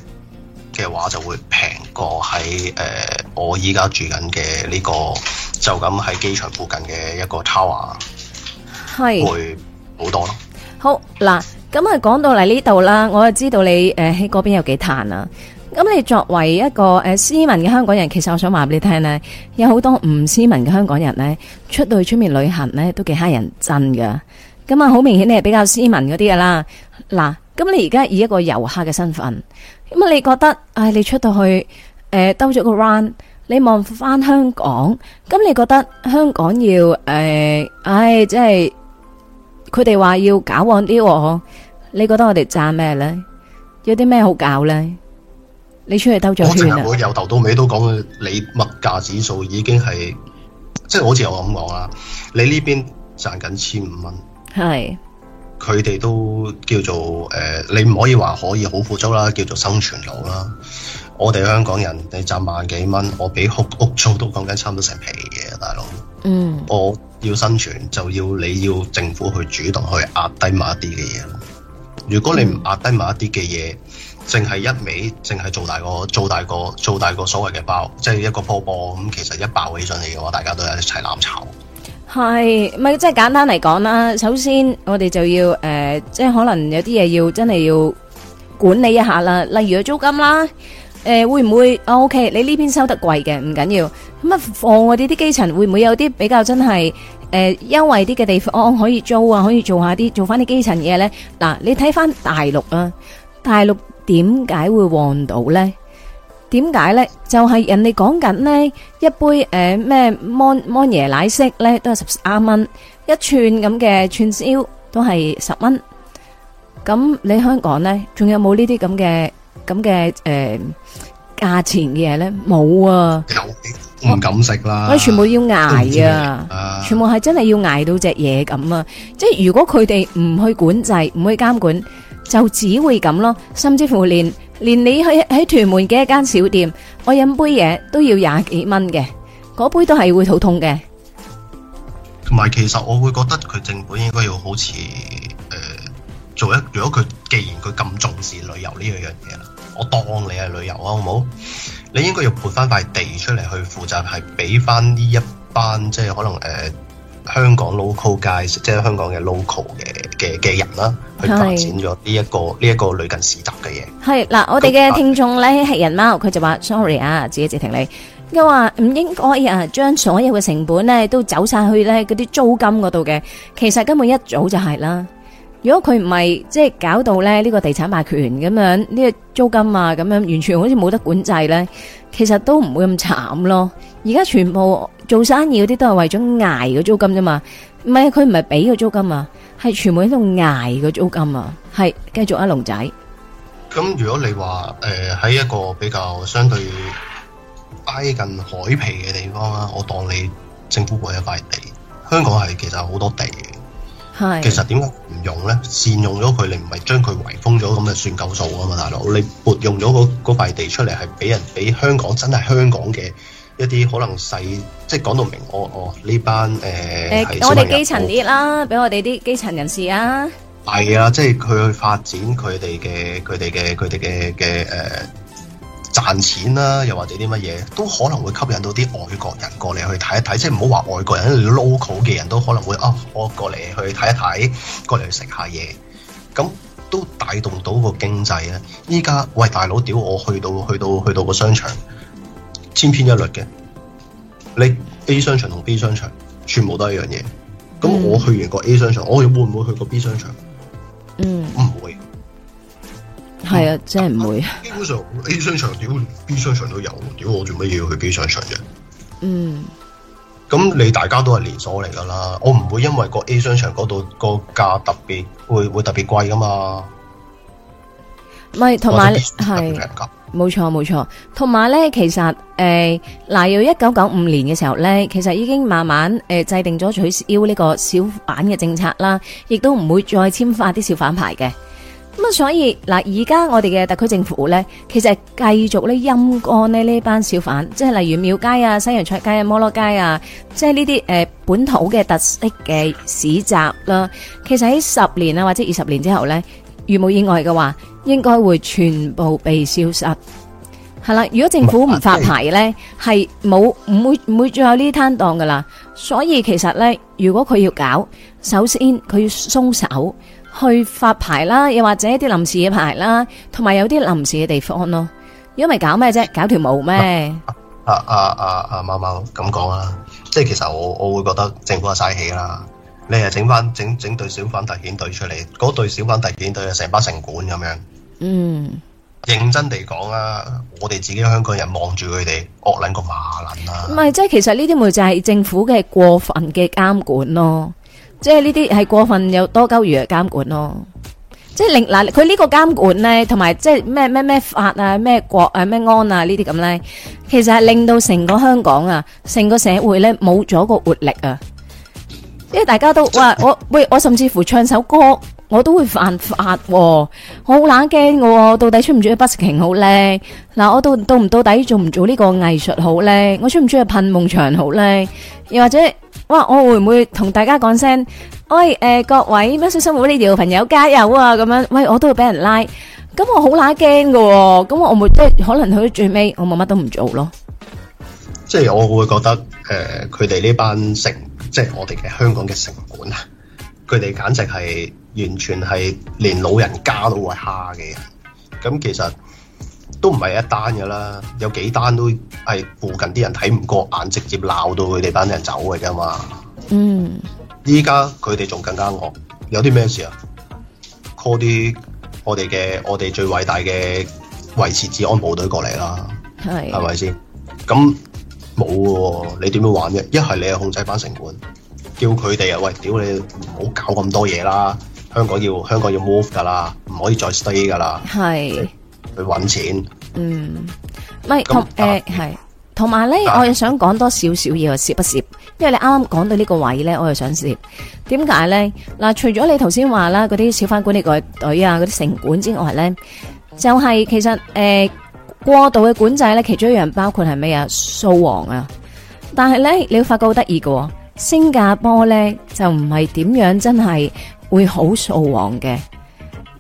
嘅話就會平過喺誒、呃、我依家住緊嘅呢個就咁喺機場附近嘅一個 tower，會好多咯。好嗱，咁啊講到嚟呢度啦，我就知道你誒喺嗰邊有幾嘆啊。咁你作為一個誒、呃、斯文嘅香港人，其實我想話俾你聽呢，有好多唔斯文嘅香港人呢，出到去出面旅行呢，都幾乞人憎㗎。咁啊好明顯你係比較斯文嗰啲噶啦。嗱，咁你而家以一個遊客嘅身份。咁啊，你覺得？唉、哎，你出到去，誒、哎，兜咗個 round 你望翻香港，咁你覺得香港要，誒、哎，唉、哎，即、就、係、是，佢哋話要搞旺啲喎，你覺得我哋賺咩咧？有啲咩好搞咧？你出去兜咗圈，我由頭到尾都講嘅、就是，你物價指數已經係，即係我好似又咁講啊，你呢邊賺緊千五蚊。係。佢哋都叫做、呃、你唔可以話可以好富足啦，叫做生存佬啦。我哋香港人，你賺萬幾蚊，我俾屋屋租都講緊差唔多成皮嘅，大佬。嗯，我要生存就要你要政府去主動去壓低埋一啲嘅嘢。如果你唔壓低埋一啲嘅嘢，淨係一味淨係做大個做大個做大個所謂嘅包，即係一個波波咁，其實一爆起上嚟嘅話，大家都係一齊攬炒。係，咪即係簡單嚟講啦？首先，我哋就要誒、呃，即係可能有啲嘢要真係要管理一下啦。例如租金啦，誒、呃，會唔會？哦，OK，你呢邊收得貴嘅唔緊要。咁啊，放我哋啲基層會唔會有啲比較真係誒優惠啲嘅地方，可以租啊，可以做下啲，做翻啲基層嘢咧？嗱，你睇翻大陸啊，大陸點解會旺到咧？點解呢？就係人哋講緊呢？一杯，呃，咩，芒，芒椰奶昔呢？都係十三蚊。一串咁嘅串燒都係十蚊。咁，你香港呢？仲有冇呢啲咁嘅，咁嘅，呃，價錢嘅嘢呢?冇啊。有，唔敢食啦。喂，全部要捱呀。連你喺喺屯門嘅一間小店，我飲杯嘢，都要廿幾蚊嘅，嗰杯都係會肚痛嘅。同埋，其實我會覺得佢政府應該要好似誒、呃，做一，如果佢既然佢咁重視旅遊呢樣嘢啦，我當你係旅遊啊，好唔好？你應該要撥翻塊地出嚟去負責，係俾翻呢一班即係可能誒。呃香港 local 街，即係香港嘅 local 嘅嘅嘅人啦，去發展咗呢一個呢一個類近市集嘅嘢。係嗱，我哋嘅聽眾咧係人貓，佢就話：sorry 啊，自己截停你。佢話唔應該啊，將所有嘅成本咧都走晒去咧嗰啲租金嗰度嘅。其實根本一早就係啦。如果佢唔係即係搞到咧呢個地產霸權咁樣，呢個租金啊咁樣完全好似冇得管制咧，其實都唔會咁慘咯。而家全部做生意嗰啲都係為咗捱個租金啫嘛，唔係，佢唔係俾個租金啊，係全部喺度捱個租金啊，係繼續阿龍仔。咁如果你話喺一個比較相對挨近海皮嘅地方啊，我當你政府嗰一塊地。香港係其實好多地嘅，係其實點解唔用呢？善用咗佢，你唔係將佢圍封咗咁就算夠數啊嘛，大佬，你撥用咗嗰塊地出嚟，係俾人俾香港真係香港嘅。一啲可能細，即係講到明我哦。呢、哦、班誒、呃、我哋基層啲啦，俾、哦、我哋啲基層人士啊。係啊，即係佢去發展佢哋嘅佢哋嘅佢哋嘅嘅誒賺錢啦、啊，又或者啲乜嘢都可能會吸引到啲外國人過嚟去睇一睇。即係唔好話外國人，local 嘅人都可能會啊，我過嚟去睇一睇，過嚟去食下嘢，咁都帶動到個經濟啊！依家喂大佬屌，我去到去到去到個商場。千篇一律嘅，你 A 商場同 B 商場全部都係一樣嘢。咁、嗯、我去完個 A 商場，我會唔會去個 B 商場？嗯，唔會，係啊，即係唔會。基本上 A 商場屌 B 商場都有，屌我做乜嘢要去 B 商場啫？嗯，咁你大家都係連鎖嚟噶啦，我唔會因為個 A 商場嗰度個價特別會會特別貴噶嘛。唔係，同埋係。冇錯冇錯，同埋咧，其實誒，嗱、呃，要一九九五年嘅時候咧，其實已經慢慢誒、呃、制定咗取消呢個小販嘅政策啦，亦都唔會再簽發啲小販牌嘅。咁啊，所以嗱，而家我哋嘅特區政府咧，其實係繼續咧，陰乾呢呢班小販，即係例如廟街啊、西洋菜街啊、摩羅街啊，即係呢啲誒本土嘅特色嘅市集啦。其實喺十年啊或者二十年之後咧，如冇意外嘅話。應該會全部被消失，係啦。如果政府唔發牌咧，係冇唔會唔會再有呢啲攤檔噶啦。所以其實咧，如果佢要搞，首先佢要鬆手去發牌啦，又或者啲臨時嘅牌啦，同埋有啲臨時嘅地方咯。因為搞咩啫？搞條毛咩？啊啊啊啊！貓貓咁講啦，即係其實我我會覺得政府係嘥氣啦。你係整翻整整隊小販特遣隊出嚟，嗰隊小販特遣隊係成班城管咁樣。嗯，認真地講啊，我哋自己香港人望住佢哋惡捻個馬捻啦。唔係，即係其實呢啲咪就係政府嘅過分嘅監管咯，即係呢啲係過分有多鳩餘嘅監管咯。即係令嗱佢呢個監管咧，同埋即係咩咩咩法啊，咩國啊，咩安啊呢啲咁咧，其實係令到成個香港啊，成個社會咧冇咗個活力啊，因為大家都哇我喂，我甚至乎唱首歌。我都會犯法，我好乸驚嘅。到底出唔出去 busking 好咧？嗱，我到到唔到底做唔做呢個藝術好咧？我出唔出去噴夢場好咧？又或者，哇！我會唔會同大家講聲，喂，誒，各位喵式生活呢條朋友加油啊！咁樣，喂，我都會俾人拉，咁我好乸驚嘅，咁我會即係可能去到最尾，我冇乜都唔做咯。即係我會覺得，誒，佢哋呢班成，即係我哋嘅香港嘅城管啊，佢哋簡直係。完全係連老人家都會蝦嘅人，咁其實都唔係一單噶啦，有幾單都係附近啲人睇唔過眼，直接鬧到佢哋班人走嘅啫嘛。嗯，依家佢哋仲更加惡，有啲咩事啊？call 啲我哋嘅我哋最偉大嘅維持治安部隊過嚟啦，係係咪先？咁冇你點樣玩啫？一係你又控制班城管，叫佢哋啊喂，屌你，唔好搞咁多嘢啦。香港要香港要 move 噶啦，唔可以再 stay 噶啦。係去揾錢，嗯，同誒係同埋咧，我又想講多少少嘢啊，涉不涉？因為你啱啱講到呢個位咧，我又想涉。點解咧嗱？除咗你頭先話啦，嗰啲小販管理隊啊，嗰啲城管之外咧，就係、是、其實誒、呃、過度嘅管制咧，其中一樣包括係咩啊？掃黃啊，但係咧，你要發覺好得意喎，新加坡咧就唔係點樣真係。會好掃黃嘅，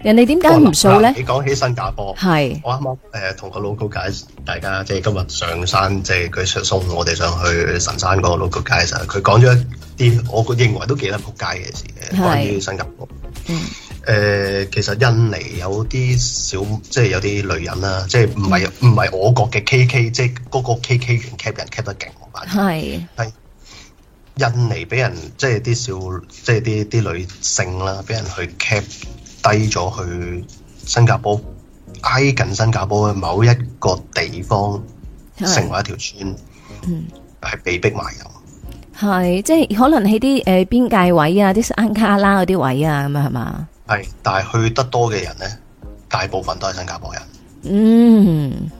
人哋點解唔掃咧？你講起新加坡，係我啱啱誒同個 local guide，大家即係今日上山，即係佢送送我哋上去神山嗰個 local guide，其實佢講咗一啲我個認為都幾得撲街嘅事嘅，關於新加坡。誒、嗯呃，其實印尼有啲小，即係有啲女人啦，即係唔係唔係我國嘅 K K，即係嗰個 K K 員 cap 人 cap 得勁啊，係係。印尼俾人即係啲少，即係啲啲女性啦，俾人去 cap 低咗去新加坡，挨近新加坡嘅某一個地方成為一條村，嗯，係被逼埋入，係即係可能喺啲誒邊界位啊，啲山卡拉嗰啲位啊咁樣，係嘛？係，但係去得多嘅人咧，大部分都係新加坡人，嗯。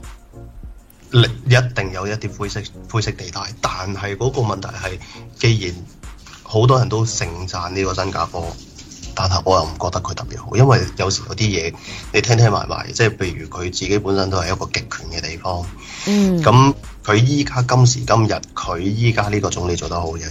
一定有一啲灰色灰色地帶，但係嗰個問題係，既然好多人都盛讚呢個新加坡，但係我又唔覺得佢特別好，因為有時有啲嘢你聽聽埋埋，即係譬如佢自己本身都係一個極權嘅地方，嗯，咁佢依家今時今日，佢依家呢個總理做得好啫，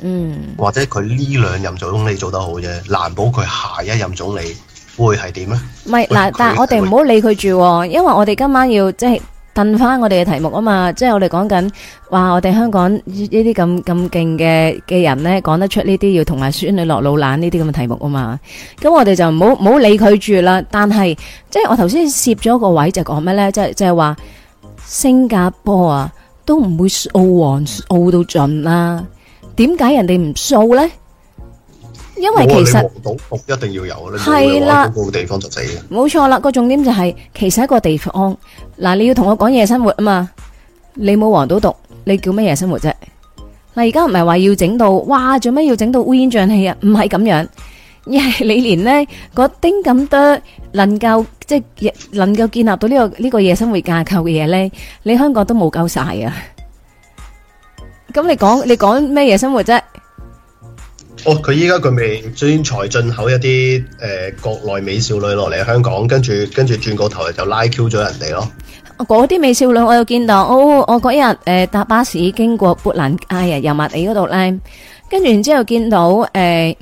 嗯，或者佢呢兩任總理做得好啫，難保佢下一任總理會係點呢？唔係嗱，但係我哋唔好理佢住，因為我哋今晚要即係。就是頓翻我哋嘅題目啊嘛，即係我哋講緊，話我哋香港呢啲咁咁勁嘅嘅人咧，講得出呢啲要同埋孫女落老蘭呢啲咁嘅題目啊嘛，咁我哋就唔好唔好理佢住啦。但係即係我頭先攝咗個位就講咩咧，即係即係話新加坡啊，都唔會掃黃掃到盡啦，點解人哋唔掃咧？因為其實，黃賭毒一定要有咧，係啦，冇地方就死嘅。冇錯啦，個重點就係其實一個地方嗱，你要同我講夜生活啊嘛，你冇黃賭毒，你叫咩夜生活啫？嗱，而家唔係話要整到哇，做咩要整到烏煙瘴氣啊？唔係咁樣，而係你連呢個丁咁多能夠即係能夠建立到呢個呢個夜生活架構嘅嘢咧，你香港都冇夠晒啊！咁你講你講咩嘢生活啫？哦，佢依家佢未專才進口一啲誒、呃、國內美少女落嚟香港，跟住跟住轉個頭就拉 Q 咗人哋咯。嗰啲美少女，我又見到，哦，我嗰日誒搭巴士經過砵蘭街啊，油麻地嗰度咧，跟住然之後見到誒、呃、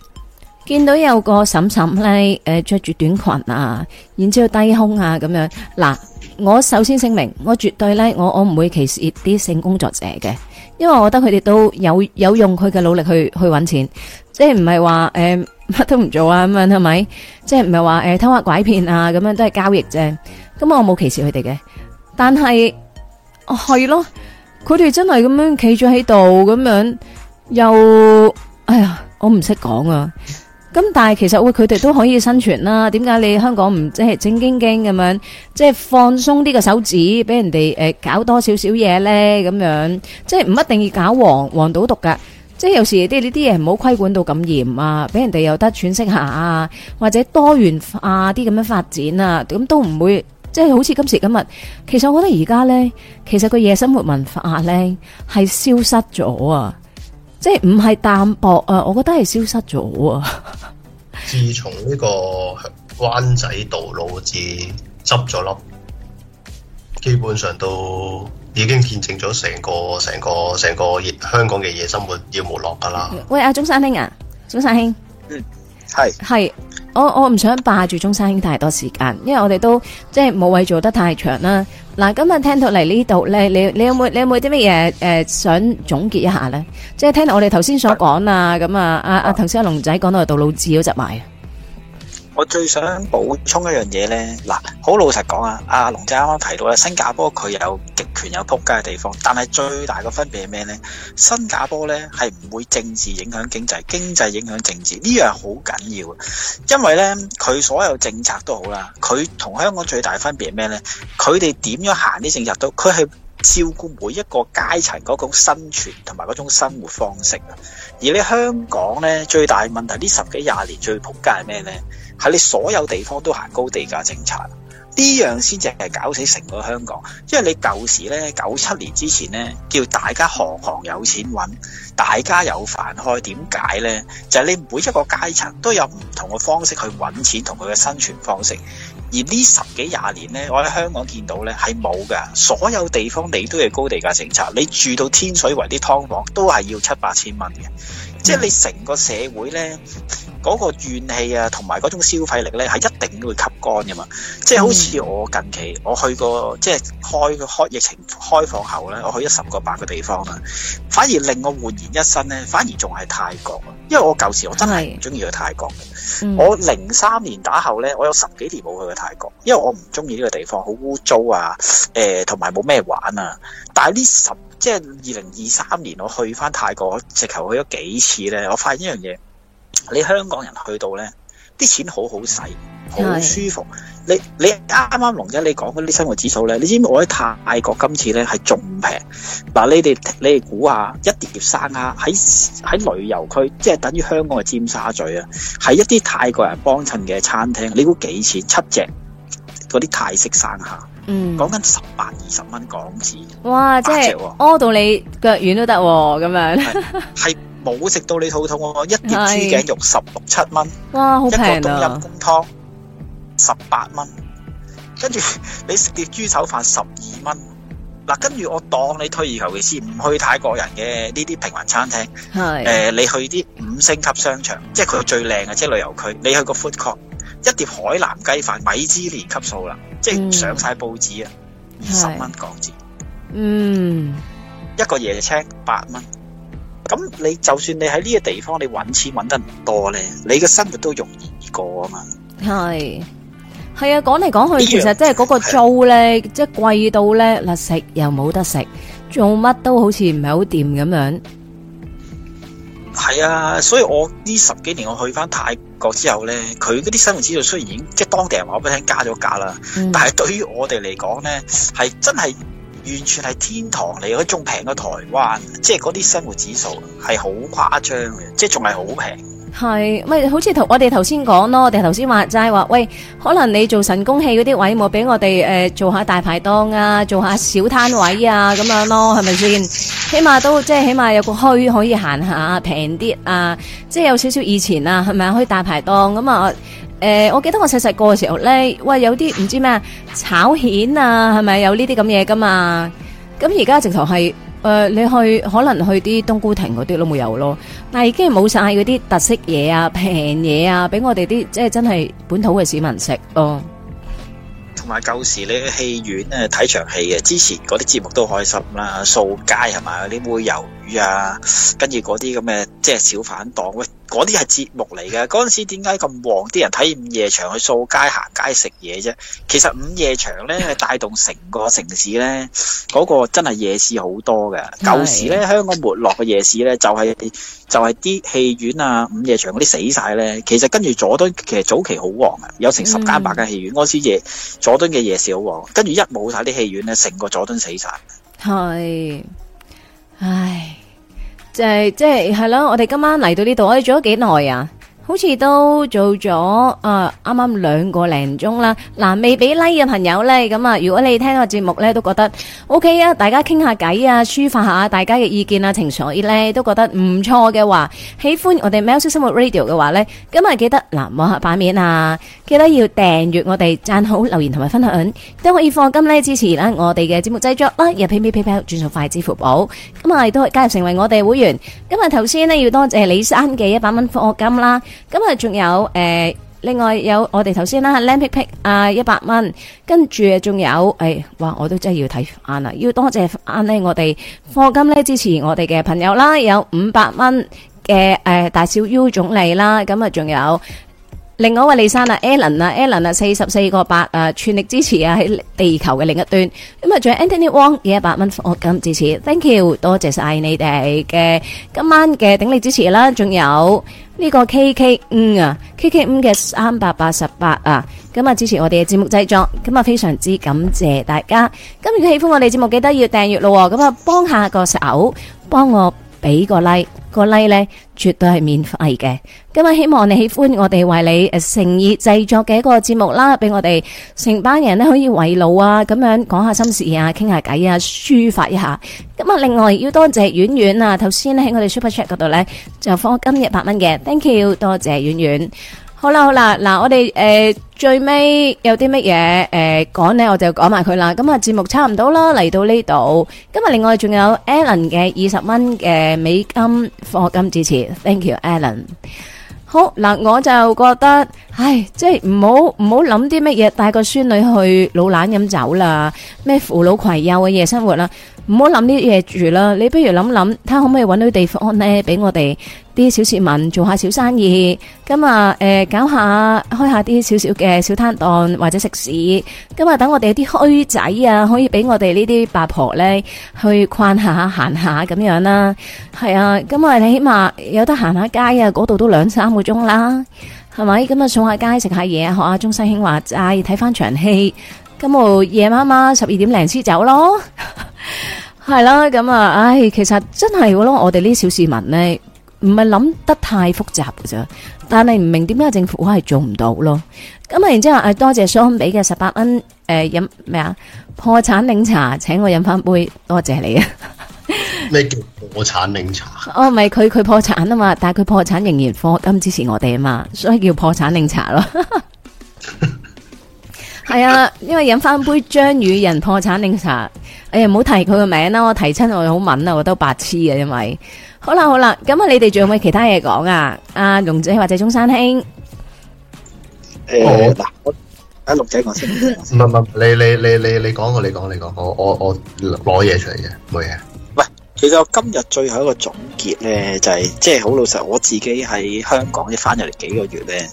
見到有個嬸嬸咧誒著住短裙啊，然之後低胸啊咁樣。嗱，我首先聲明，我絕對咧我我唔會歧視啲性工作者嘅，因為我覺得佢哋都有有用佢嘅努力去去揾錢。即係唔係話誒乜都唔做啊咁樣，係咪？即係唔係話誒偷下拐騙啊咁樣，都係交易啫。咁我冇歧視佢哋嘅，但係係咯，佢哋真係咁樣企咗喺度咁樣，又哎呀，我唔識講啊。咁但係其實會佢哋都可以生存啦，啊。點解你香港唔即係正經經咁樣，即係放鬆啲個手指，俾人哋誒、呃、搞多少少嘢咧？咁樣即係唔一定要搞黃黃賭毒噶。即係有時啲呢啲嘢唔好規管到咁嚴啊，俾人哋有得喘息下啊，或者多元化啲咁樣發展啊，咁都唔會即係好似今時今日。其實我覺得而家咧，其實個夜生活文化咧係消失咗啊，即係唔係淡薄啊，我覺得係消失咗啊。自從呢個灣仔道路字執咗笠，基本上都。已經見證咗成個成個成個香港嘅夜生活要沒落噶啦。喂，阿中山兄啊，中山兄，嗯，係，係，我我唔想霸住中山兄太多時間，因為我哋都即係冇位做得太長啦。嗱、啊，今日聽到嚟呢度咧，你你，你有冇你有冇啲乜嘢誒想總結一下咧？即係聽到我哋頭先所講啊，咁啊，啊頭先小龍仔講到係杜老誌都執埋。我最想補充一樣嘢咧，嗱，好老實講啊，阿龍仔啱啱提到咧，新加坡佢有極權有撲街嘅地方，但係最大嘅分別係咩呢？新加坡咧係唔會政治影響經濟，經濟影響政治，呢樣好緊要。因為咧，佢所有政策都好啦，佢同香港最大分別係咩呢？佢哋點樣行啲政策都，佢係照顧每一個階層嗰種生存同埋嗰種生活方式啊。而你香港咧最大問題呢，十幾廿年最撲街係咩呢？喺你所有地方都行高地價政策，呢樣先至係搞死成個香港。因為你舊時呢，九七年之前呢，叫大家行行有錢揾，大家有飯開。點解呢？就係你每一個階層都有唔同嘅方式去揾錢同佢嘅生存方式。而呢十幾廿年呢，我喺香港見到呢係冇㗎。所有地方你都係高地價政策，你住到天水圍啲劏房都係要七八千蚊嘅。嗯、即係你成個社會呢，嗰、那個怨氣啊，同埋嗰種消費力呢，係一定會吸乾噶嘛。即係好似我近期、嗯、我去過即係開開疫情開放後呢，我去咗十個八個地方啦，反而令我煥然一新呢，反而仲係泰國。因為我舊時我真係唔中意去泰國嘅、嗯。我零三年打後呢，我有十幾年冇去過泰國，因為我唔中意呢個地方，好污糟啊，誒、呃，同埋冇咩玩啊。但係呢十。即係二零二三年，我去翻泰國，直頭去咗幾次咧。我發現一樣嘢，你香港人去到咧，啲錢好好使，好舒服。你你啱啱龍仔你講嗰啲生活指數咧，你知唔知我喺泰國今次咧係仲平？嗱，你哋你哋估下一碟生蝦喺喺旅遊區，即係等於香港嘅尖沙咀啊，喺一啲泰國人幫襯嘅餐廳，你估幾錢？七隻嗰啲泰式生蝦。嗯，講緊十八二十蚊港紙，哇，即係屙、啊、到你腳軟都得咁樣，係冇食到你肚痛。一碟豬頸肉十六七蚊，哇，好平、啊、一個冬陰公湯十八蚊，跟住你食碟豬手飯十二蚊。嗱、啊，跟住我當你推而求其次，唔去泰國人嘅呢啲平民餐廳，係誒、呃，你去啲五星級商場，即係佢最靚嘅，即、就、係、是、旅遊區，你去個 food court。一碟海南雞飯，米芝蓮級數啦，即係上晒報紙啊！二十蚊港紙，嗯，一個椰青八蚊，咁你就算你喺呢個地方，你搵錢搵得唔多咧，你嘅生活都容易過啊嘛。係係啊，講嚟講去，其實即係嗰個租咧、啊，即係貴到咧，嗱，食又冇得食，做乜都好似唔係好掂咁樣。係啊，所以我呢十幾年我去翻泰國之後呢，佢嗰啲生活指數雖然已經即係當地人話俾我聽加咗價啦，但係對於我哋嚟講呢，係真係完全係天堂嚟，嗰種平過台灣，即係嗰啲生活指數係好誇張嘅，即係仲係好平。係，咪好似我哋頭先講咯，我哋頭先話，就係話，喂，可能你做神功戲嗰啲位，冇俾我哋誒做下大排檔啊，做下小攤位啊，咁樣咯，係咪先？起碼都即係起碼有個墟可以行下，平啲啊，即係有少少以前啊，係咪去大排檔咁啊？誒、欸，我記得我細細個嘅時候咧，喂，有啲唔知咩啊炒蜆啊，係咪有呢啲咁嘢噶嘛？咁而家直頭係。誒、呃，你去可能去啲冬菇亭嗰啲都冇有咯，但係已經冇晒嗰啲特色嘢啊、平嘢啊，俾我哋啲即係真係本土嘅市民食咯。同埋舊時你喺戲院咧睇場戲啊，之前嗰啲節目都開心啦，掃街係埋你會魷魚啊，跟住嗰啲咁嘅即係小販檔。嗰啲係節目嚟嘅，嗰陣時點解咁旺？啲人睇午夜場去掃街、行街、食嘢啫。其實午夜場咧，帶動成個城市咧，嗰 個真係夜市好多嘅。舊時咧，香港沒落嘅夜市咧，就係、是、就係、是、啲戲院啊、午夜場嗰啲死晒咧。其實跟住佐敦，其實早期好旺啊。有成十間、百間戲院。嗰 時夜佐敦嘅夜市好旺，跟住一冇晒啲戲院咧，成個佐敦死晒。係，唉。就係即係係咯，我哋今晚嚟到呢度，我哋做咗幾耐啊？好似都做咗啊！啱、呃、啱兩個零鐘啦。嗱，未俾 like 嘅朋友呢，咁啊，如果你聽個節目呢，都覺得 OK 啊，大家傾下偈啊，抒發下大家嘅意見啊，情緒呢都覺得唔錯嘅話，喜歡我哋喵式生活 Radio 嘅話呢，今日記得嗱，摸下版面啊，記得要訂閱我哋，讚好留言同埋分享，都可以課金呢支持啦我哋嘅節目製作啦，入 P P P P 轉數快支付寶，咁啊都加入成為我哋會員。今日頭先呢，要多謝李生嘅一百蚊課金啦。咁啊，仲有誒，另外有我哋頭先啦，l a 靚撇撇啊，一百蚊，跟住仲有，誒、哎，哇，我都真係要睇返啦，要多謝返呢我哋課金呢支持我哋嘅朋友啦，有五百蚊嘅誒大小 U 總理啦，咁啊仲有。另外一位李生啊，Alan 啊，Alan 啊，四十四個八啊，全力支持啊，喺地球嘅另一端。咁啊，仲有 Anthony Wong 嘅一百蚊課金支持，thank you，多謝晒你哋嘅今晚嘅鼎力支持啦。仲有呢個 KK 五啊，KK 五嘅三百八十八啊，咁啊支持我哋嘅節目製作，咁啊非常之感謝大家。咁如果喜歡我哋節目，記得要訂閱咯。咁啊，幫下個手，幫我。俾個 like，個 like 呢絕對係免費嘅。今日希望你喜歡我哋為你誒誠意製作嘅一個節目啦，俾我哋成班人呢可以慰勞啊，咁樣講下心事啊，傾下偈啊，抒發一下。咁啊，另外要多謝婉婉啊，頭先呢喺我哋 super chat 嗰度呢，就放今日百蚊嘅，thank you，多謝婉婉。好啦好啦，嗱我哋誒、呃、最尾有啲乜嘢誒講呢我就講埋佢啦。咁啊，節目差唔多啦，嚟到呢度。今日另外仲有 Alan 嘅二十蚊嘅美金課金支持，thank you Alan。好嗱，我就覺得唉，即係唔好唔好諗啲乜嘢，帶個孫女去老蘭飲酒啦，咩扶老攜幼嘅夜生活啦。唔好諗呢啲嘢住啦，你不如諗諗，睇下可唔可以搵到地方咧，俾我哋啲小市民做下小生意。咁、嗯、啊，誒、嗯，搞下開下啲少少嘅小攤檔或者食肆。咁、嗯、啊，等我哋啲墟仔啊，可以俾我哋呢啲八婆咧去逛下、行下咁樣、嗯嗯嗯、逛逛啦。係啊，咁、嗯、啊，你起碼有得行下街啊，嗰度都兩三個鐘啦，係咪？咁啊，上下街食下嘢。阿鍾西興話齋睇翻場戲。咁我夜晚晚十二點零先走咯，係 啦，咁啊，唉、哎，其實真係咯，我哋呢小市民咧，唔係諗得太複雜嘅啫，但係唔明點解政府係做唔到咯。咁啊，然之後誒，多謝 Sean 俾嘅十八蚊誒，飲咩啊？破產檸茶，請我飲翻杯，多謝你啊！咩 叫破產檸茶？哦，唔係佢佢破產啊嘛，但係佢破產仍然課金支持我哋啊嘛，所以叫破產檸茶咯.。 係 啊，因為飲翻杯章魚人破產檸茶，哎呀，唔好提佢個名啦，我提親我好敏感啊，我都白痴啊，因為好啦好啦，咁啊，你哋仲有冇其他嘢講啊？阿龍仔或者中山兄，誒我，阿龍仔講先，唔係唔係，你你你你你講個，你講你講，我我我攞嘢出嚟嘅冇嘢。沒事。其實我今日最後一個總結咧，就係即係好老實，我自己喺香港一翻入嚟幾個月咧，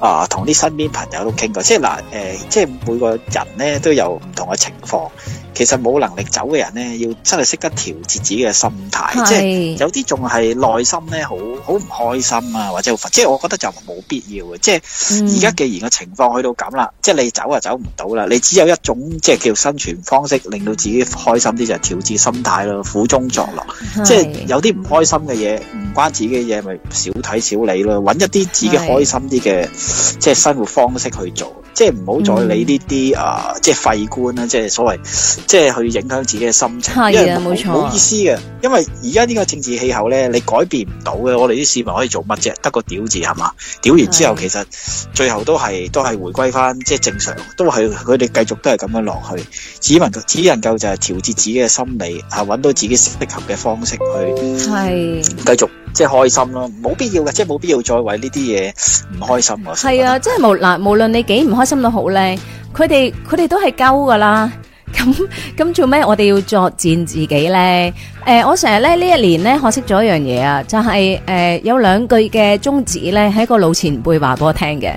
啊，同啲身邊朋友都傾過，即係嗱，誒、呃，即係每個人咧都有唔同嘅情況。其實冇能力走嘅人咧，要真係識得調節自己嘅心態，即係有啲仲係內心咧好好唔開心啊，或者即係我覺得就冇必要嘅，即係而家既然個情況去到咁啦，即係你走啊走唔到啦，你只有一種即係叫生存方式，令到自己開心啲就係調節心態咯，苦中。作即係有啲唔開心嘅嘢，唔、嗯、關自己嘅嘢，咪少睇少理咯。揾一啲自己開心啲嘅，即係生活方式去做，即係唔好再理呢啲啊，即係廢官啦，即係所謂，即係去影響自己嘅心情。係啊，冇錯。冇意思嘅，因為而家呢個政治氣候咧，你改變唔到嘅。我哋啲市民可以做乜啫？得個屌字係嘛？屌完之後，其實最後都係都係回歸返即係正常，都係佢哋繼續都係咁樣落去。只能夠只能夠就係調節自己嘅心理，嚇、啊、揾到自己嘅方式去係繼續，即係開心咯，冇必要嘅，即係冇必要再為呢啲嘢唔開心啊。係啊，即係無嗱，無論你幾唔開心都好咧，佢哋佢哋都係鳩噶啦。咁咁做咩？我哋要作戰自己咧？誒，我成日咧呢一年咧學識咗一樣嘢啊，就係誒有兩句嘅宗旨咧，喺個老前輩話俾我聽嘅，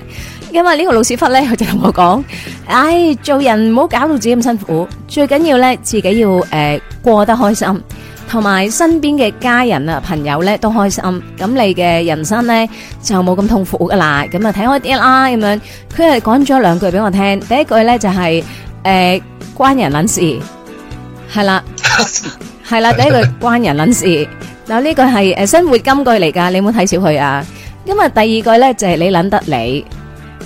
因為呢個老屎忽咧佢就同我講，唉，做人唔好搞到自己咁辛苦，最緊要咧自己要誒過得開心。同埋身邊嘅家人啊、朋友咧都開心，咁你嘅人生咧就冇咁痛苦噶啦，咁啊睇開啲啦咁樣。佢係講咗兩句俾我聽，第一句咧就係誒關人捻事，係啦，係啦，第一句關人捻事。嗱呢個係誒生活金句嚟噶，你有冇睇少佢啊？今日第二句咧就係你捻得你。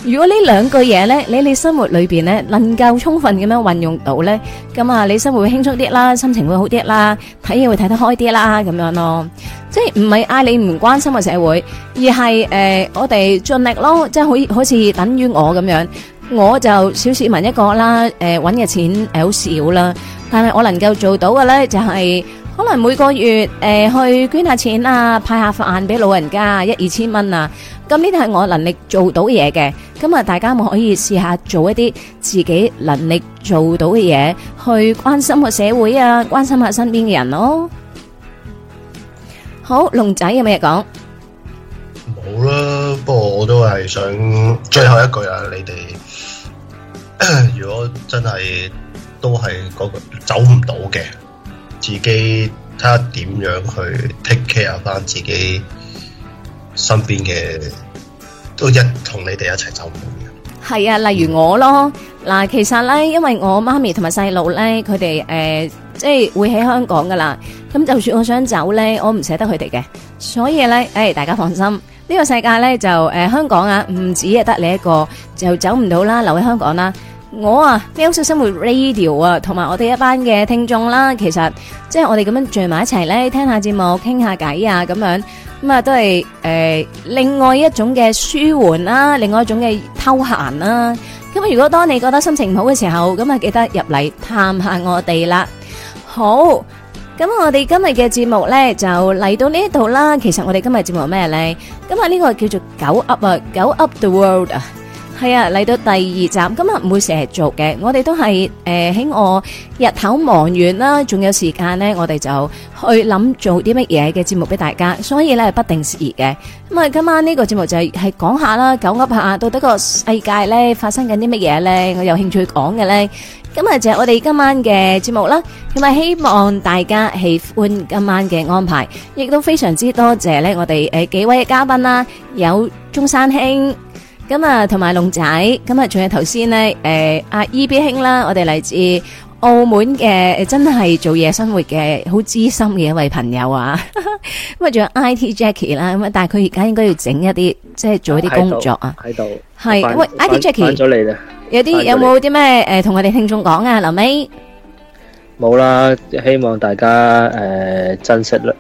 如果呢兩句嘢咧，你你生活裏邊咧，能夠充分咁樣運用到咧，咁啊，你生活會輕鬆啲啦，心情會好啲啦，睇嘢會睇得開啲啦，咁樣咯，即係唔係嗌你唔關心個社會，而係誒、呃、我哋盡力咯，即係好好似等於我咁樣，我就小市民一個啦，誒揾嘅錢好少啦，但係我能夠做到嘅咧就係、是、可能每個月誒、呃、去捐下錢啊，派下飯俾老人家一二千蚊啊。咁呢啲係我能力做到嘅嘢嘅，咁啊，大家咪可以試下做一啲自己能力做到嘅嘢，去關心個社會啊，關心下身邊嘅人咯。好，龍仔有咩講？冇啦，不過我都係想最後一句啊，你哋如果真係都係嗰個走唔到嘅，自己睇下點樣去 take care 翻自己。身邊嘅都一同你哋一齊走唔到嘅，係啊，例如我咯，嗱，其實咧，因為我媽咪同埋細路咧，佢哋誒，即係會喺香港噶啦，咁就算我想走咧，我唔捨得佢哋嘅，所以咧，誒，大家放心，呢個世界咧就誒，香港啊，唔止係得你一個，就走唔到啦，留喺香港啦。我啊，喵式生活 radio 啊，同埋我哋一班嘅聽眾啦，其實即係我哋咁樣聚埋一齊咧，聽下節目，傾下偈啊，咁樣咁啊，都係誒另外一種嘅舒緩啦，另外一種嘅偷閒啦。咁啊，如果當你覺得心情唔好嘅時候，咁啊，記得入嚟探下我哋啦。好，咁我哋今日嘅節目咧就嚟到呢一度啦。其實我哋今日節目咩咧？咁啊，呢個叫做九 up 啊，九 up the world 啊。係啊，嚟到第二集，今日唔會成日做嘅。我哋都係誒喺我日頭忙完啦，仲有時間咧，我哋就去諗做啲乜嘢嘅節目俾大家。所以咧係不定時嘅。咁啊，今晚呢個節目就係係講下啦，講下到底個世界咧發生緊啲乜嘢咧，我有興趣講嘅咧。咁啊就係我哋今晚嘅節目啦。咁啊，希望大家喜歡今晚嘅安排，亦都非常之多謝咧我哋誒幾位嘅嘉賓啦，有中山兄。咁啊，同埋龍仔，咁啊，仲有頭先咧，誒，阿 E B 兄啦，我哋嚟自澳門嘅，真係做夜生活嘅，好資深嘅一位朋友啊。咁啊，仲有 I T Jacky 啦，咁啊，但係佢而家應該要整一啲，即係做一啲工作啊。喺度，係喂，I T Jacky，煩咗你啦。有啲有冇啲咩誒，同我哋聽眾講啊，林尾。冇啦，希望大家誒珍惜咧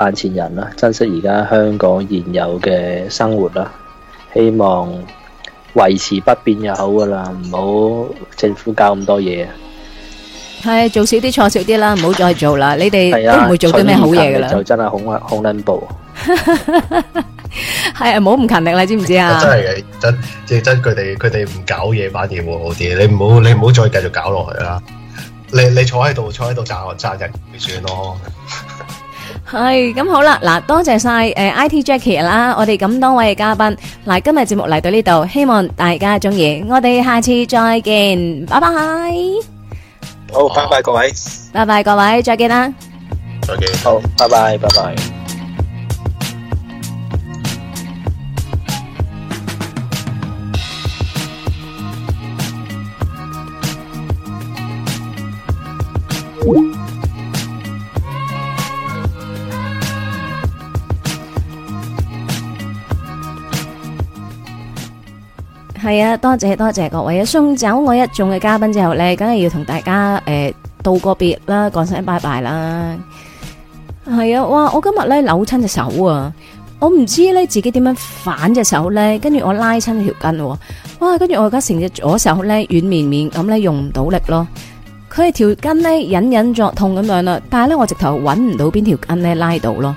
眼前人啦，珍惜而家香港現有嘅生活啦。希望維持不變又好噶啦，唔好政府搞咁多嘢。係做少啲錯少啲啦，唔好再做啦。你哋都唔會做啲咩好嘢噶啦。就真係恐啊，恐怖。係啊，唔好咁勤力啦，知唔知啊？真係真即係真，佢哋佢哋唔搞嘢反而會好啲。你唔好你唔好再繼續搞落去啦。你你坐喺度坐喺度賺我賺人咪算咯。係咁好啦，嗱，多謝晒，誒，IT Jackie 啦，我哋咁多位嘅嘉賓，嗱，今日節目嚟到呢度，希望大家中意，我哋下次再見，拜拜。好，拜拜各位，拜拜各位，再見啦。再見，好，拜拜，拜拜。係啊，多謝多謝各位啊！送走我一眾嘅嘉賓之後咧，梗係要同大家誒、呃、道個別啦，講聲拜拜啦。係啊，哇！我今日咧扭親隻手啊，我唔知咧自己點樣反隻手咧，跟住我拉親條筋喎！哇！跟住我而家成隻左手咧軟綿綿咁咧用唔到力咯。佢係條筋咧隱隱作痛咁樣啦，但係咧我直頭揾唔到邊條筋咧拉到咯。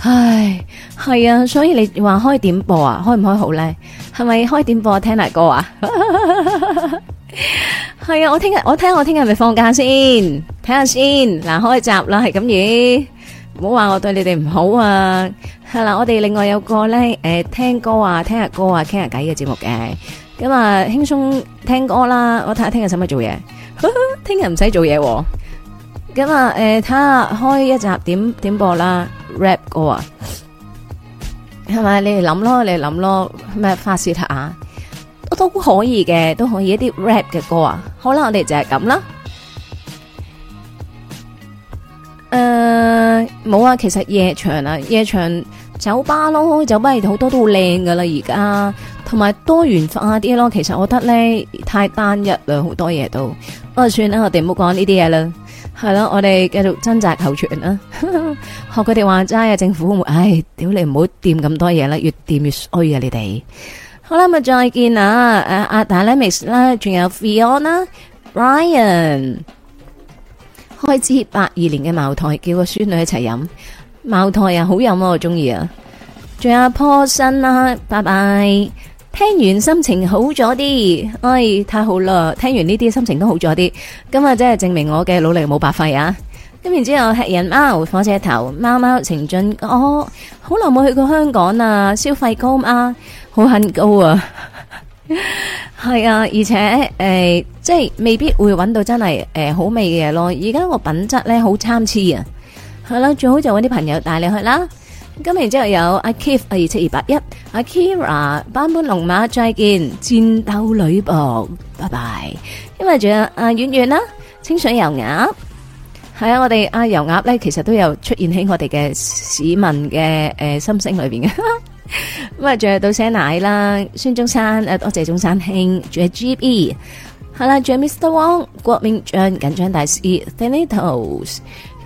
唉，係啊，所以你話開點播啊，開唔開好咧？係咪開點播、啊、聽下歌啊？係 啊，我聽日我聽我聽日係咪放假先？睇下先，嗱開集啦，係咁樣，唔好話我對你哋唔好啊！係啦、啊，我哋另外有個咧，誒、呃、聽歌啊，聽下歌啊，傾下偈嘅節目嘅，咁啊輕鬆聽歌啦。我睇下聽日使唔使做嘢？聽日唔使做嘢。咁啊，誒、呃，睇下開一集點點播啦，rap 歌啊，係咪？你哋諗咯，你哋諗咯，咩發洩啊？都都可以嘅，都可以一啲 rap 嘅歌啊。好啦，我哋就係咁啦。誒、呃，冇啊，其實夜場啊，夜場酒吧咯，酒吧好多都好靚噶啦。而家同埋多元化啲咯，其實我覺得咧太單一啦，好多嘢都，都、啊、係算啦。我哋唔好講呢啲嘢啦。係啦，我哋繼續掙扎求存啦。學佢哋話齋啊，政府，唉，屌你唔好掂咁多嘢啦，越掂越衰啊，你哋。好啦，咪再見啊！誒，阿達拉米斯啦，仲有 Fiona 啦，Brian，開支八二年嘅茅台，叫個孫女一齊飲。茅台啊，好飲啊，我中意啊。仲有 Pauline 啦，拜拜。聽完心情好咗啲，唉、哎，太好啦！聽完呢啲心情都好咗啲，今日真係證明我嘅努力冇白費啊！咁然之後，吃人貓火車頭貓貓情俊，哦，好耐冇去過香港啊，消費高，高啊，好很高啊，係啊，而且誒、欸，即係未必會搵到真係誒、欸、好味嘅嘢咯。而家個品質咧好參差啊，係啦，最好就搵啲朋友帶你去啦。今日之後有阿 Kiff 二七二八一，阿 Kira《坂本龍馬再見戰鬥女僕》，拜拜。因為仲有阿婉婉啦，清水油鴨，係啊，我哋阿油鴨咧,其實都有出現喺我哋嘅市民嘅誒心聲裏邊嘅。咁啊，仲有杜莎奶啦，孫中山，誒多謝中山兄，仲有 G B，係啦，仲有 Mr. 王，國民將緊張大師，喺呢度。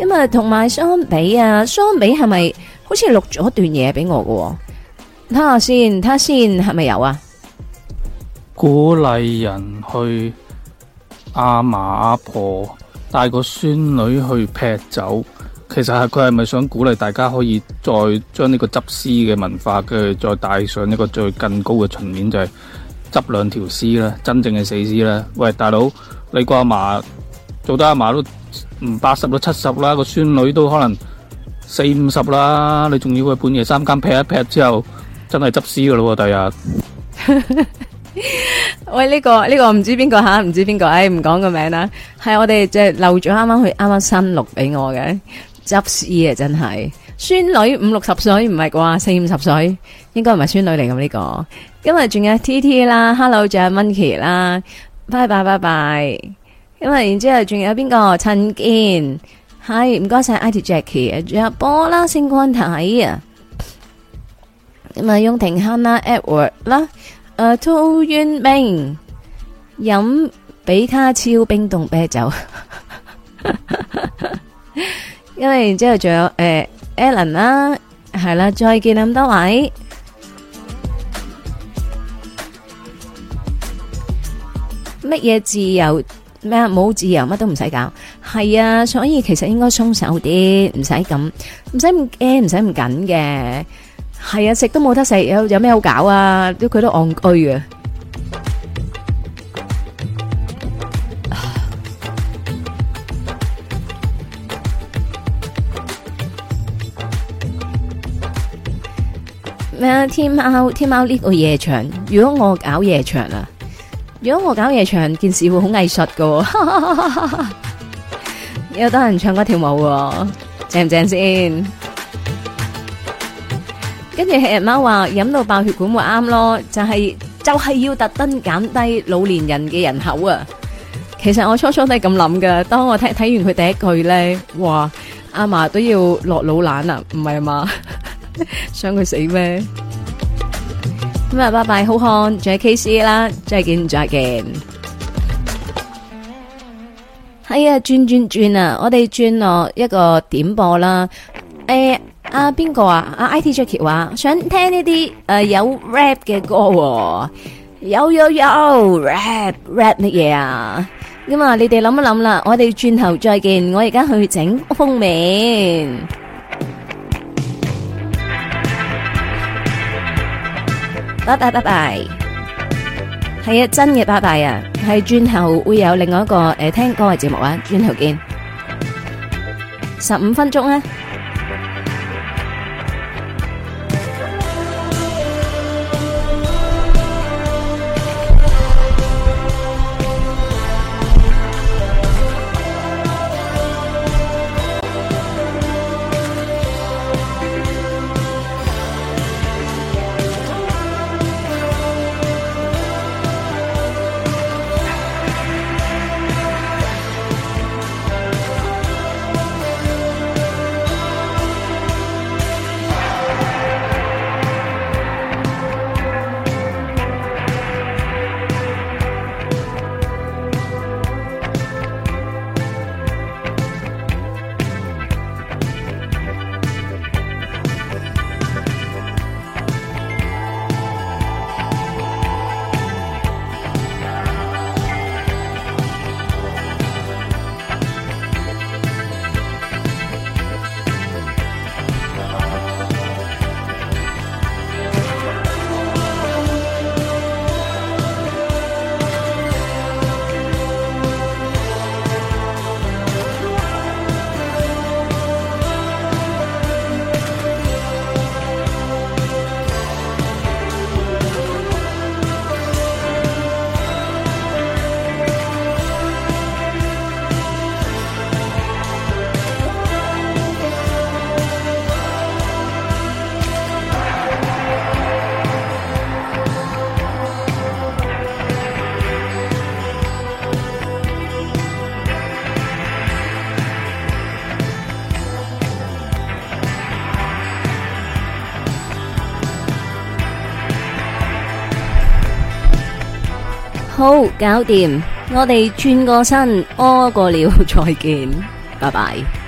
因為，同埋相比啊，相比係咪好似錄咗段嘢俾我噶？睇下先，睇下先，係咪有啊？鼓勵人去阿嫲阿婆帶個孫女去劈酒，其實係佢係咪想鼓勵大家可以再將呢個執屍嘅文化嘅再帶上一個最更高嘅層面，就係執兩條絲啦，真正嘅死屍啦。喂，大佬，你個阿嫲做得阿嫲都？唔八十到七十啦，個孫女都可能四五十啦，你仲要佢半夜三更劈一劈之後，真係執屎噶咯喎，第日。喂，呢、這個呢、這個唔知邊個吓，唔、啊、知邊個，哎，唔講個名啦。係我哋即係漏咗，啱啱去，啱啱新錄俾我嘅執屎啊，真係孫女五六十歲唔係啩，四五十歲應該唔係孫女嚟咁呢個。今日仲有 T T 啦，Hello 仲有 Monkey 啦，拜拜拜拜。因為然之後仲有邊個陳健係，唔該晒 Ity Jackie 仲有波啦，星光體啊咁，啊永廷康啦 Edward 啦誒陶淵明飲比卡超冰凍啤酒，因 為然之後仲有誒 Ellen 啦係啦，再見咁多位乜嘢自由？咩啊，冇自由，乜都唔使搞，係啊，所以其實應該鬆手啲，唔使咁，唔使咁驚，唔使咁緊嘅，係啊，食都冇得食，有有咩好搞啊？都佢都戇居啊。咩啊，天貓天貓呢個夜場，如果我搞夜場啊？如果我搞夜場，件事會好藝術噶，有得人唱歌跳舞，正唔正先？跟住黑人貓話飲到爆血管會啱咯，就係就係要特登減低老年人嘅人口啊！其實我初初都係咁諗噶，當我睇睇完佢第一句咧，哇！阿嫲都要落老蘭啊，唔係嘛？想佢死咩？.咁啊，拜拜，好漢，再見仲有 KC 啦，再見？係啊，轉轉轉，我哋轉落一個點播啦。咦，呃,邊個啊，阿 IT Jackie 話想聽呢啲誒有 rap 嘅歌喎。有有有，rap, rap 乜嘢啊？Rap 拜拜拜拜，係啊，真嘅拜拜啊！係轉頭會有另外一個誒聽歌嘅節目啊，轉頭見，十五分鐘啊！搞掂，我哋轉個身，屙過了，再見，拜拜。